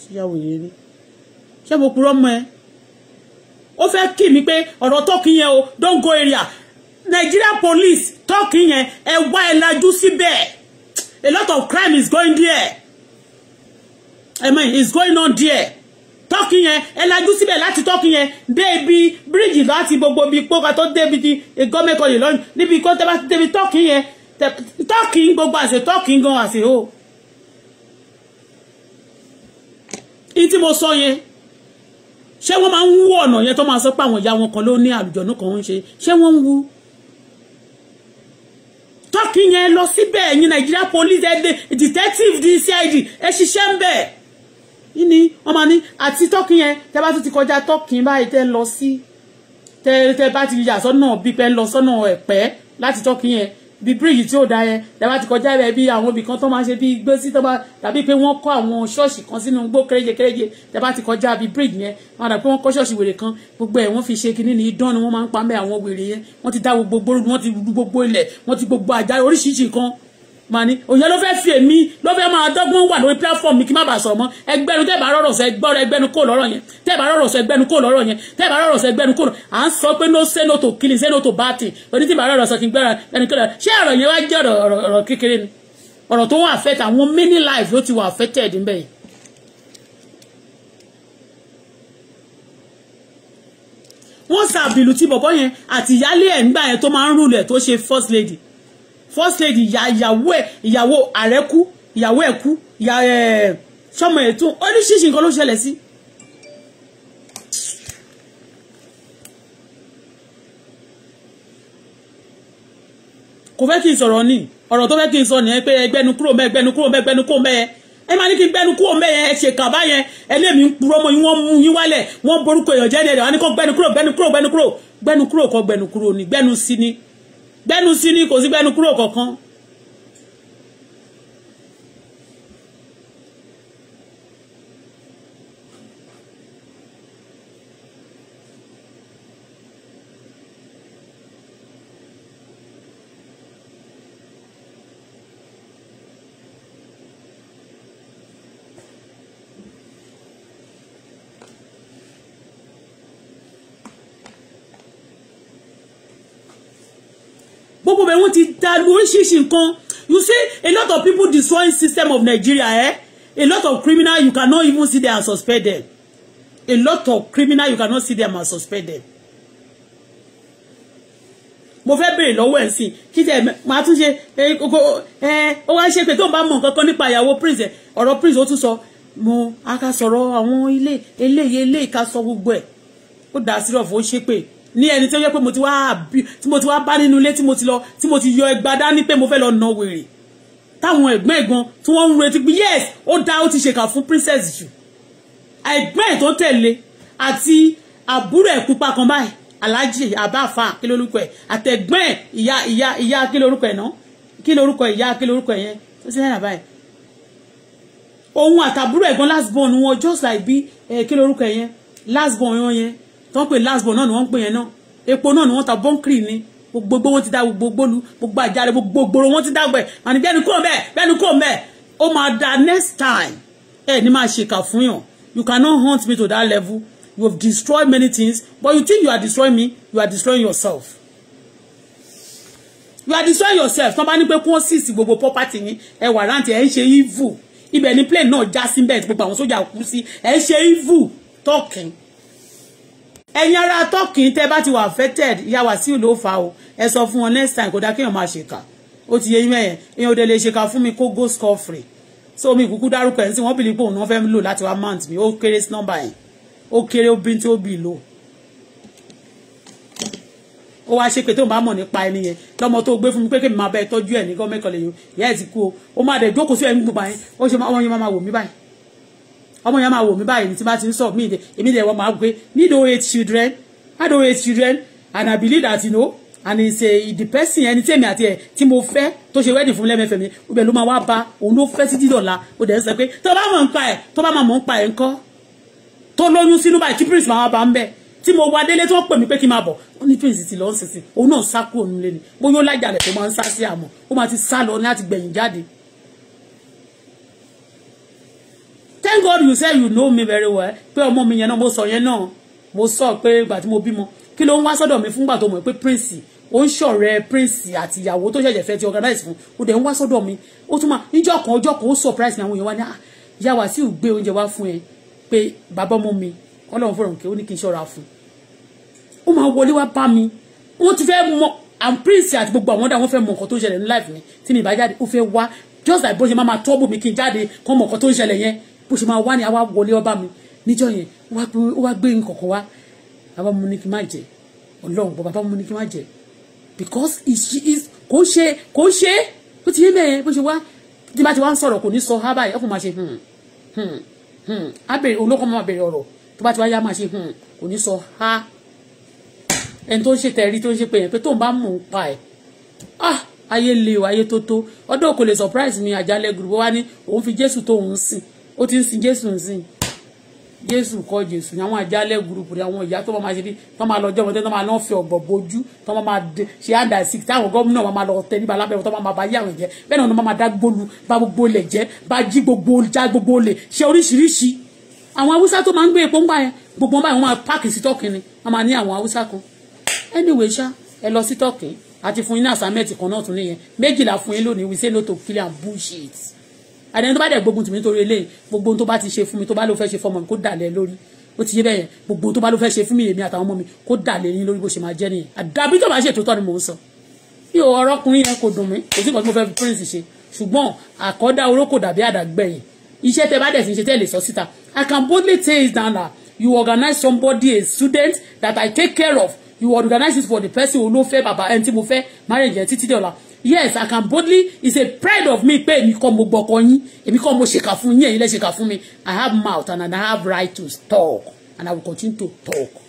síyàwó yẹn ni ṣé mo purọ́ mọ́ ẹ ó fẹ́ kí mi pé ọ̀rọ̀ tọ́kì yẹn o don go area Nigeria police tọ́kì yẹn ẹ wá ẹ lajú síbẹ̀ a lot of crime is going there I mean it's going on there. Talking yẹn ẹ lajú síbẹ̀ láti tọ́kì yẹn dé ibi bíríìjì láti gbogbo ibi póka tó débi ti gọ́mẹ́kọ̀lì lọ́nà níbi kó tẹ́ bá ti débi tọ́kì yẹn tọ́kì gbogbo àṣẹ tọ́kì gan àṣẹ o. ní tí mo sọ yẹn ṣé wọ́n máa ń wú ọ̀nà yẹn tó máa sọ pé àwọn ìyá wọn kan ló ní àlùjọ̀nú kan ń ṣe ṣé wọ́n ń wú tọ́kì yẹn lọ síbẹ̀ Nigeria police detective DCID ẹ̀ ṣiṣẹ́ ń bẹ̀ ní wọ́n máa ní àti tọ́kì yẹn tẹ́ bá tún ti kọjá tọ́kì báyìí tẹ́ lọ sí tẹ́ tẹ́ bá ti yà sọ́nà bí pẹ́ lọ sọ́nà ẹ̀pẹ́ láti tọ́kì yẹn bí bíríìjì tí ò da yẹn tẹ́ bá ti kọjá ibẹ̀ bí àwọn ibì kan tó máa ṣe bí gbé sí tọ́ba tàbí pé wọ́n kọ́ àwọn ṣọ́ọ̀ṣì kan sínú gbó kéréje kéréje tẹ́ bá ti kọjá bí bíríìjì yẹn wọ́n dà pé wọ́n kọ́ ṣọ́ọ̀ṣì wèrè kan gbogbo ẹ̀ wọ́n fi ṣe kinní ní idán ni wọ́n máa ń pa mẹ́ àwọn wèrè yẹn wọ́n ti dá gbogbo gbòòrò wọ́n ti gbogbo ilẹ̀ wọ́n ti gbogbo àjà oríṣiríṣi kan màá ní òyìn ló fẹ́ fi èmi ló fẹ́ máa dọ́gbọ́n wà lórí platform mi kí má bàa sọ̀rọ̀ mọ́ ẹgbẹ́nu tẹ́ẹ̀ bá rọ̀rọ̀ sọ ẹgbọ́rọ̀ ẹgbẹ́nu kò lọ́rọ̀ yẹn tẹ́ẹ̀ bá rọ̀rọ̀ sọ ẹgbẹ́nu kò lọ́rọ̀ yẹn tẹ́ẹ̀ bá rọ̀rọ̀ sọ ẹgbẹ́nu kò à ń sọ pé no say no to killing say no to batting oní tí bá rọ̀rọ̀ sọ kí n gbẹ́ra ẹni kí lọ ṣé ọ̀rọ̀ yẹn wá jẹ́ ọ̀rọ̀ kékeré ni ọ̀rọ̀ tó wà affect àwọn many life ló ti wà affected níbẹ̀ yìí wọ́n sàbìlù tí bọ̀bọ́ yẹn àti ìyálé ẹ̀ ńgbà yẹn tó máa ń rúlẹ̀ tó ṣe first lady first lady ya ìyàwó ẹ̀ ìyàwó ààrẹ kú ìyàwó ẹ̀ kú ìyá ẹ̀ sọmọ ẹ̀ tún oríṣiríṣi nǹkan ló ṣẹlẹ̀ sí. kò fẹ́ kí n sọ̀rọ̀ ni ọ̀rọ̀ tó fẹ́ kí n sọ nìyẹn pé ẹgbẹ́nu kúrò mẹ́ ẹgbẹ́nu kúrò mẹ́ ẹgbẹ́nu kúrò mẹ́ ẹ máa ní kí n gbẹ́nu kúrò mẹ́ ẹ ṣe kàbá yẹn ẹlẹ́mìí ń purọ́ mọ́ yín wọ́n mú yín wálẹ̀ wọ́n borúkọ èèyàn jẹ́ ẹ̀dẹ̀ wọ́n á ní kó gbẹ́nu kúrò gbẹ́nu kúrò gbẹ́nu kúrò gbẹ́nu kúrò kọ́ gbẹ́nu kúrò ni gbẹ́nu sí ni gbẹnu sí ni kò sí gbẹnu kúrò kankan pé wọ́n ti da oríṣiríṣi nǹkan you see a lot of people destroying system of Nigeria eh a lot of criminal you cannot even see them and suspect them a lot of criminal you cannot see them and suspect them mo fẹ́ béèrè lọ́wọ́ ẹ̀ sí kí tẹ̀ máa tún ṣe ó wá ṣe pé tó ń bá mọ̀ nǹkan kan nípa ìyàwó prince ọ̀rọ̀ prince ó tún sọ mo aka sọ̀rọ̀ àwọn ilé eléyìí eléyìí ká sọ gbogbo ẹ̀ ó dà sí ọ̀fọ̀ ó ṣépè ní ẹni tó yẹ pé mo ti wá tí mo ti wá bá nínú ilé tí mo ti lọ tí mo ti yọ ẹgbàá dání pé mo fẹ́ lọ nà wèrè táwọn ẹ̀gbọ́n ẹ̀gbọ́n tí wọ́n ń retí pé yes ó dá ó ti ṣèkà fún princess jù ẹ̀gbọ́n ẹ̀ tó tẹ̀lé àti àbúrò ẹ̀ pupa kan báyìí alhaji abafa kí lorúkọ ẹ̀ àtẹ̀gbọ́n ẹ̀ ìyá ìyá ìyá kí lorúkọ ẹ̀ náà kí lorúkọ ìyá kí lorúkọ ẹ̀ yẹn tó ṣe náírà báyìí òun àtàbúrò ẹ̀gbọ́n last born wọn just like bí ẹ̀ eh, kí lorúkọ ẹ̀ yẹn last born yẹn tó ń pè last born náà ni wọ́n ń pè yẹn náà epo náà ni wọ́n ta bọ́ńkìrì ni gbogbo wọn ti dá gbogbo gbólu gbogbo àjálẹ gbogbo wọn ti dá gbẹ àní bẹ́ẹ̀ni kò mẹ bẹ́ẹ̀ni kò mẹ ó máa da next time ẹ ní máa ṣèkà fún yàn you cannot hunt me to that level you have destroyed many things but you think you are destroying me you are destroying yourself you are destroying yourself tán bá ní pé kí wọ́n sísì gbogbo property yín ẹ wà rántí ẹ ń ṣe evil ibẹ̀ ni plane náà já síbẹ̀ gbogbo àwọn sójà kú sí ẹ ń ṣe evil talking ẹ̀yin ara tọ́kì tẹ́ bá ti wà affected ìyá Wàsíù ló fà o ẹ sọ fún wọn next time kò dá kéèyàn máa ṣèkà ó ti yé yín mẹ́yẹn èèyàn ò dé lè ṣèkà fún mi kó go score free so mi kúkú dárúkọ ẹ̀ ń sìn wọ́n bìlí pé òun náà fẹ́ lò láti wá mount mi ó kéré sí nọ́mbà yẹn ó kéré ó bí tí ó bì lò ó wá ṣe pé tó ń bá mọ̀ nípa ẹni yẹn lọ́mọ tó gbé fún mi pé kí mi máa bẹ tọ́jú ẹ̀ ní gọ́mẹ́kọ̀lẹ̀ ìyá ẹ̀ ti kú o ó máa dẹ̀ jókòó sí ẹ̀ ń gbogbo àyẹn ó ṣe máa wọ́n yẹn máa wò mí báyìí ọmọ yẹn máa wò mí báyìí tí bá ti ń sọ mí èmi dẹ̀ wọ́n máa gbé me don hate children I don hate children and I believe that you know and it's a the person ẹni tèmi àti ẹ tí mo fẹ́ tó ṣe wedding fún lẹ́mẹ̀fẹ̀ mi ibẹ̀ ló máa wá ba òun ló fẹ́ sí dídọ̀la ó dẹ̀ sọ pé tó bá mọ̀ ń pa ẹ̀ tó bá máa mọ̀ ń pa ẹ̀ ńkọ́ tó lóyún sínú báyìí kí prince máa bá ń bẹ̀ tí mo wá délé tó pè mí pé kí n máa bọ̀ ó ní prince ti lọ ń sinsin òun náà sá kúrò nílé ni bóyá ó lájà rẹ̀ tó máa ń sá sí àmọ́ ó máa ti sá lọ ní láti gbẹ̀yìn jáde thank God you say you know me very well pé ọmọ mi yẹn náà mo sọ yẹn náà mo sọ pé ìgbà tí mo bímọ kí ló ń wá sọ́dọ̀ mi fúngbà tó mọ̀ pé prince ó ń ṣọ̀rẹ́ prince àti ìyàwó tó ṣẹ̀ṣẹ̀ fẹ́ ti organize fún ó dẹ̀ ń wá sọ́dọ̀ mi ó tún máa níjọ́ kan ọjọ́ kan ó surprise ní àwọn èèyàn wá ní ah, ìyá wa sì gbé oúnjẹ wá fún ẹ pé bàbá ọmọ mi ọlọ́run fọ̀rọ̀ nǹkan ó ní kí n ṣọ́ra fún ó máa wọlé wá bá mi wọ́n ti fẹ́ mọ àwọn prince àti gbogbo àwọn ọ̀dà wọn fẹ́ mọ nǹkan tó ń ṣẹlẹ̀ ní life mi tí mi bá jáde ó fẹ́ wá just like bó ṣe máa ma tọ́bù mi kí n jáde kọ́ mọ nǹkan tó ń ṣẹlẹ̀ yẹn bó ṣe máa wá ni àwa wọlé ọba mi níjọ́ yẹn ó wá gbé nǹkankan wá bàbá mu ní kí n má jẹ ọlọ́run bàbá mu ní kí n má jẹ because she is kò ń ṣe kò ń ṣe ó ti yé mẹ́rin bó ṣe wá tí bá ti wá ń sọ̀rọ̀ kò ní sọ hábà yìí ó fún ma ṣe hmm, hmm, hmm. abèrè olókọ́ máa bèrè ọ̀rọ̀ tó bá ti wá yá máa ṣe kò ní sọ há ẹni tó ń ṣe tẹ̀rí tó ń ṣe pé yẹn pé tóun bá mú un pa ẹ̀ ah ayé le o ayé tó tó ọdún kò lè surprise mi àjálẹ̀ gbogbo wa ní òun fi jésù tóun sìn ó ti ń sin jésù ń sìn jésù kọ jésù ní àwọn àjálẹ̀ gúrùpù ní àwọn ìyá tó máa ṣe bí tó máa lọ jẹ́ ọmọdé tó máa lọ́ fi ọ̀gbọ̀ bojú tó máa ṣe àdá síkì táwọn gómìnà máa lọ tẹ níbà lábẹ́ tó máa bá yé àwọn jẹ́ bẹ́ẹ̀ náà ló máa dá gbólu bá gbogbo olè jẹ́ bá jí gbogbo já gbogbo olè ṣe oríṣiríṣi àwọn haúsá tó máa ń gbé epo ń gbà yẹn gbogbo wọn báyìí wọn máa páàkì sí tọ́kì wọn máa ní àwọn haúsá kan anyway ṣá ẹ lọ sí tọ́kì àti fún yín ní àsámẹ́ẹ̀tì kan náà tún níyẹn méjìlá fún yín lónìí we say no to kill and bullshit àdéhùn tó bá dẹ̀ gbógun tì mí nítorí eléyìí gbogbo ohun tó bá ti ṣe fún mi tó bá ló fẹ́ ṣe fọmọ mi kó dà lé lórí ó ti yé bẹ́ẹ̀ gbogbo ohun tó bá ló fẹ́ ṣe fún mi èmi àtàwọn ọmọ mi kó dà lé yín lórí bó ṣe máa jẹ́ nìyẹn àdàbí tó bá ṣe tó tọ́ ni mò ń sọ bí ọ̀rọ̀kùnrin yẹn kò dùn mí kò sí nǹkan tí mo fẹ́ fi prince ṣe ṣùgbọ́n àkọ́dá orókò dàbí àdàgbẹ̀yìn iṣẹ́ tẹ bá dẹ̀ fi ṣe tẹ́ lè sọ síta I can boldly tell you that you organize somebody a student that I take care of you organize it for the person who no fẹ́ bàbá ẹni tí mo fẹ́ marriage yẹn títí dọ̀la yes i can boldly it's a pride of me pé èmi kọ́ mo gbọ́kọ yín èmi kọ́ mo ṣèkà fún yín ẹ̀yin lẹ́ ṣèkà fún mi i have mouth and i have right to talk and i will continue to talk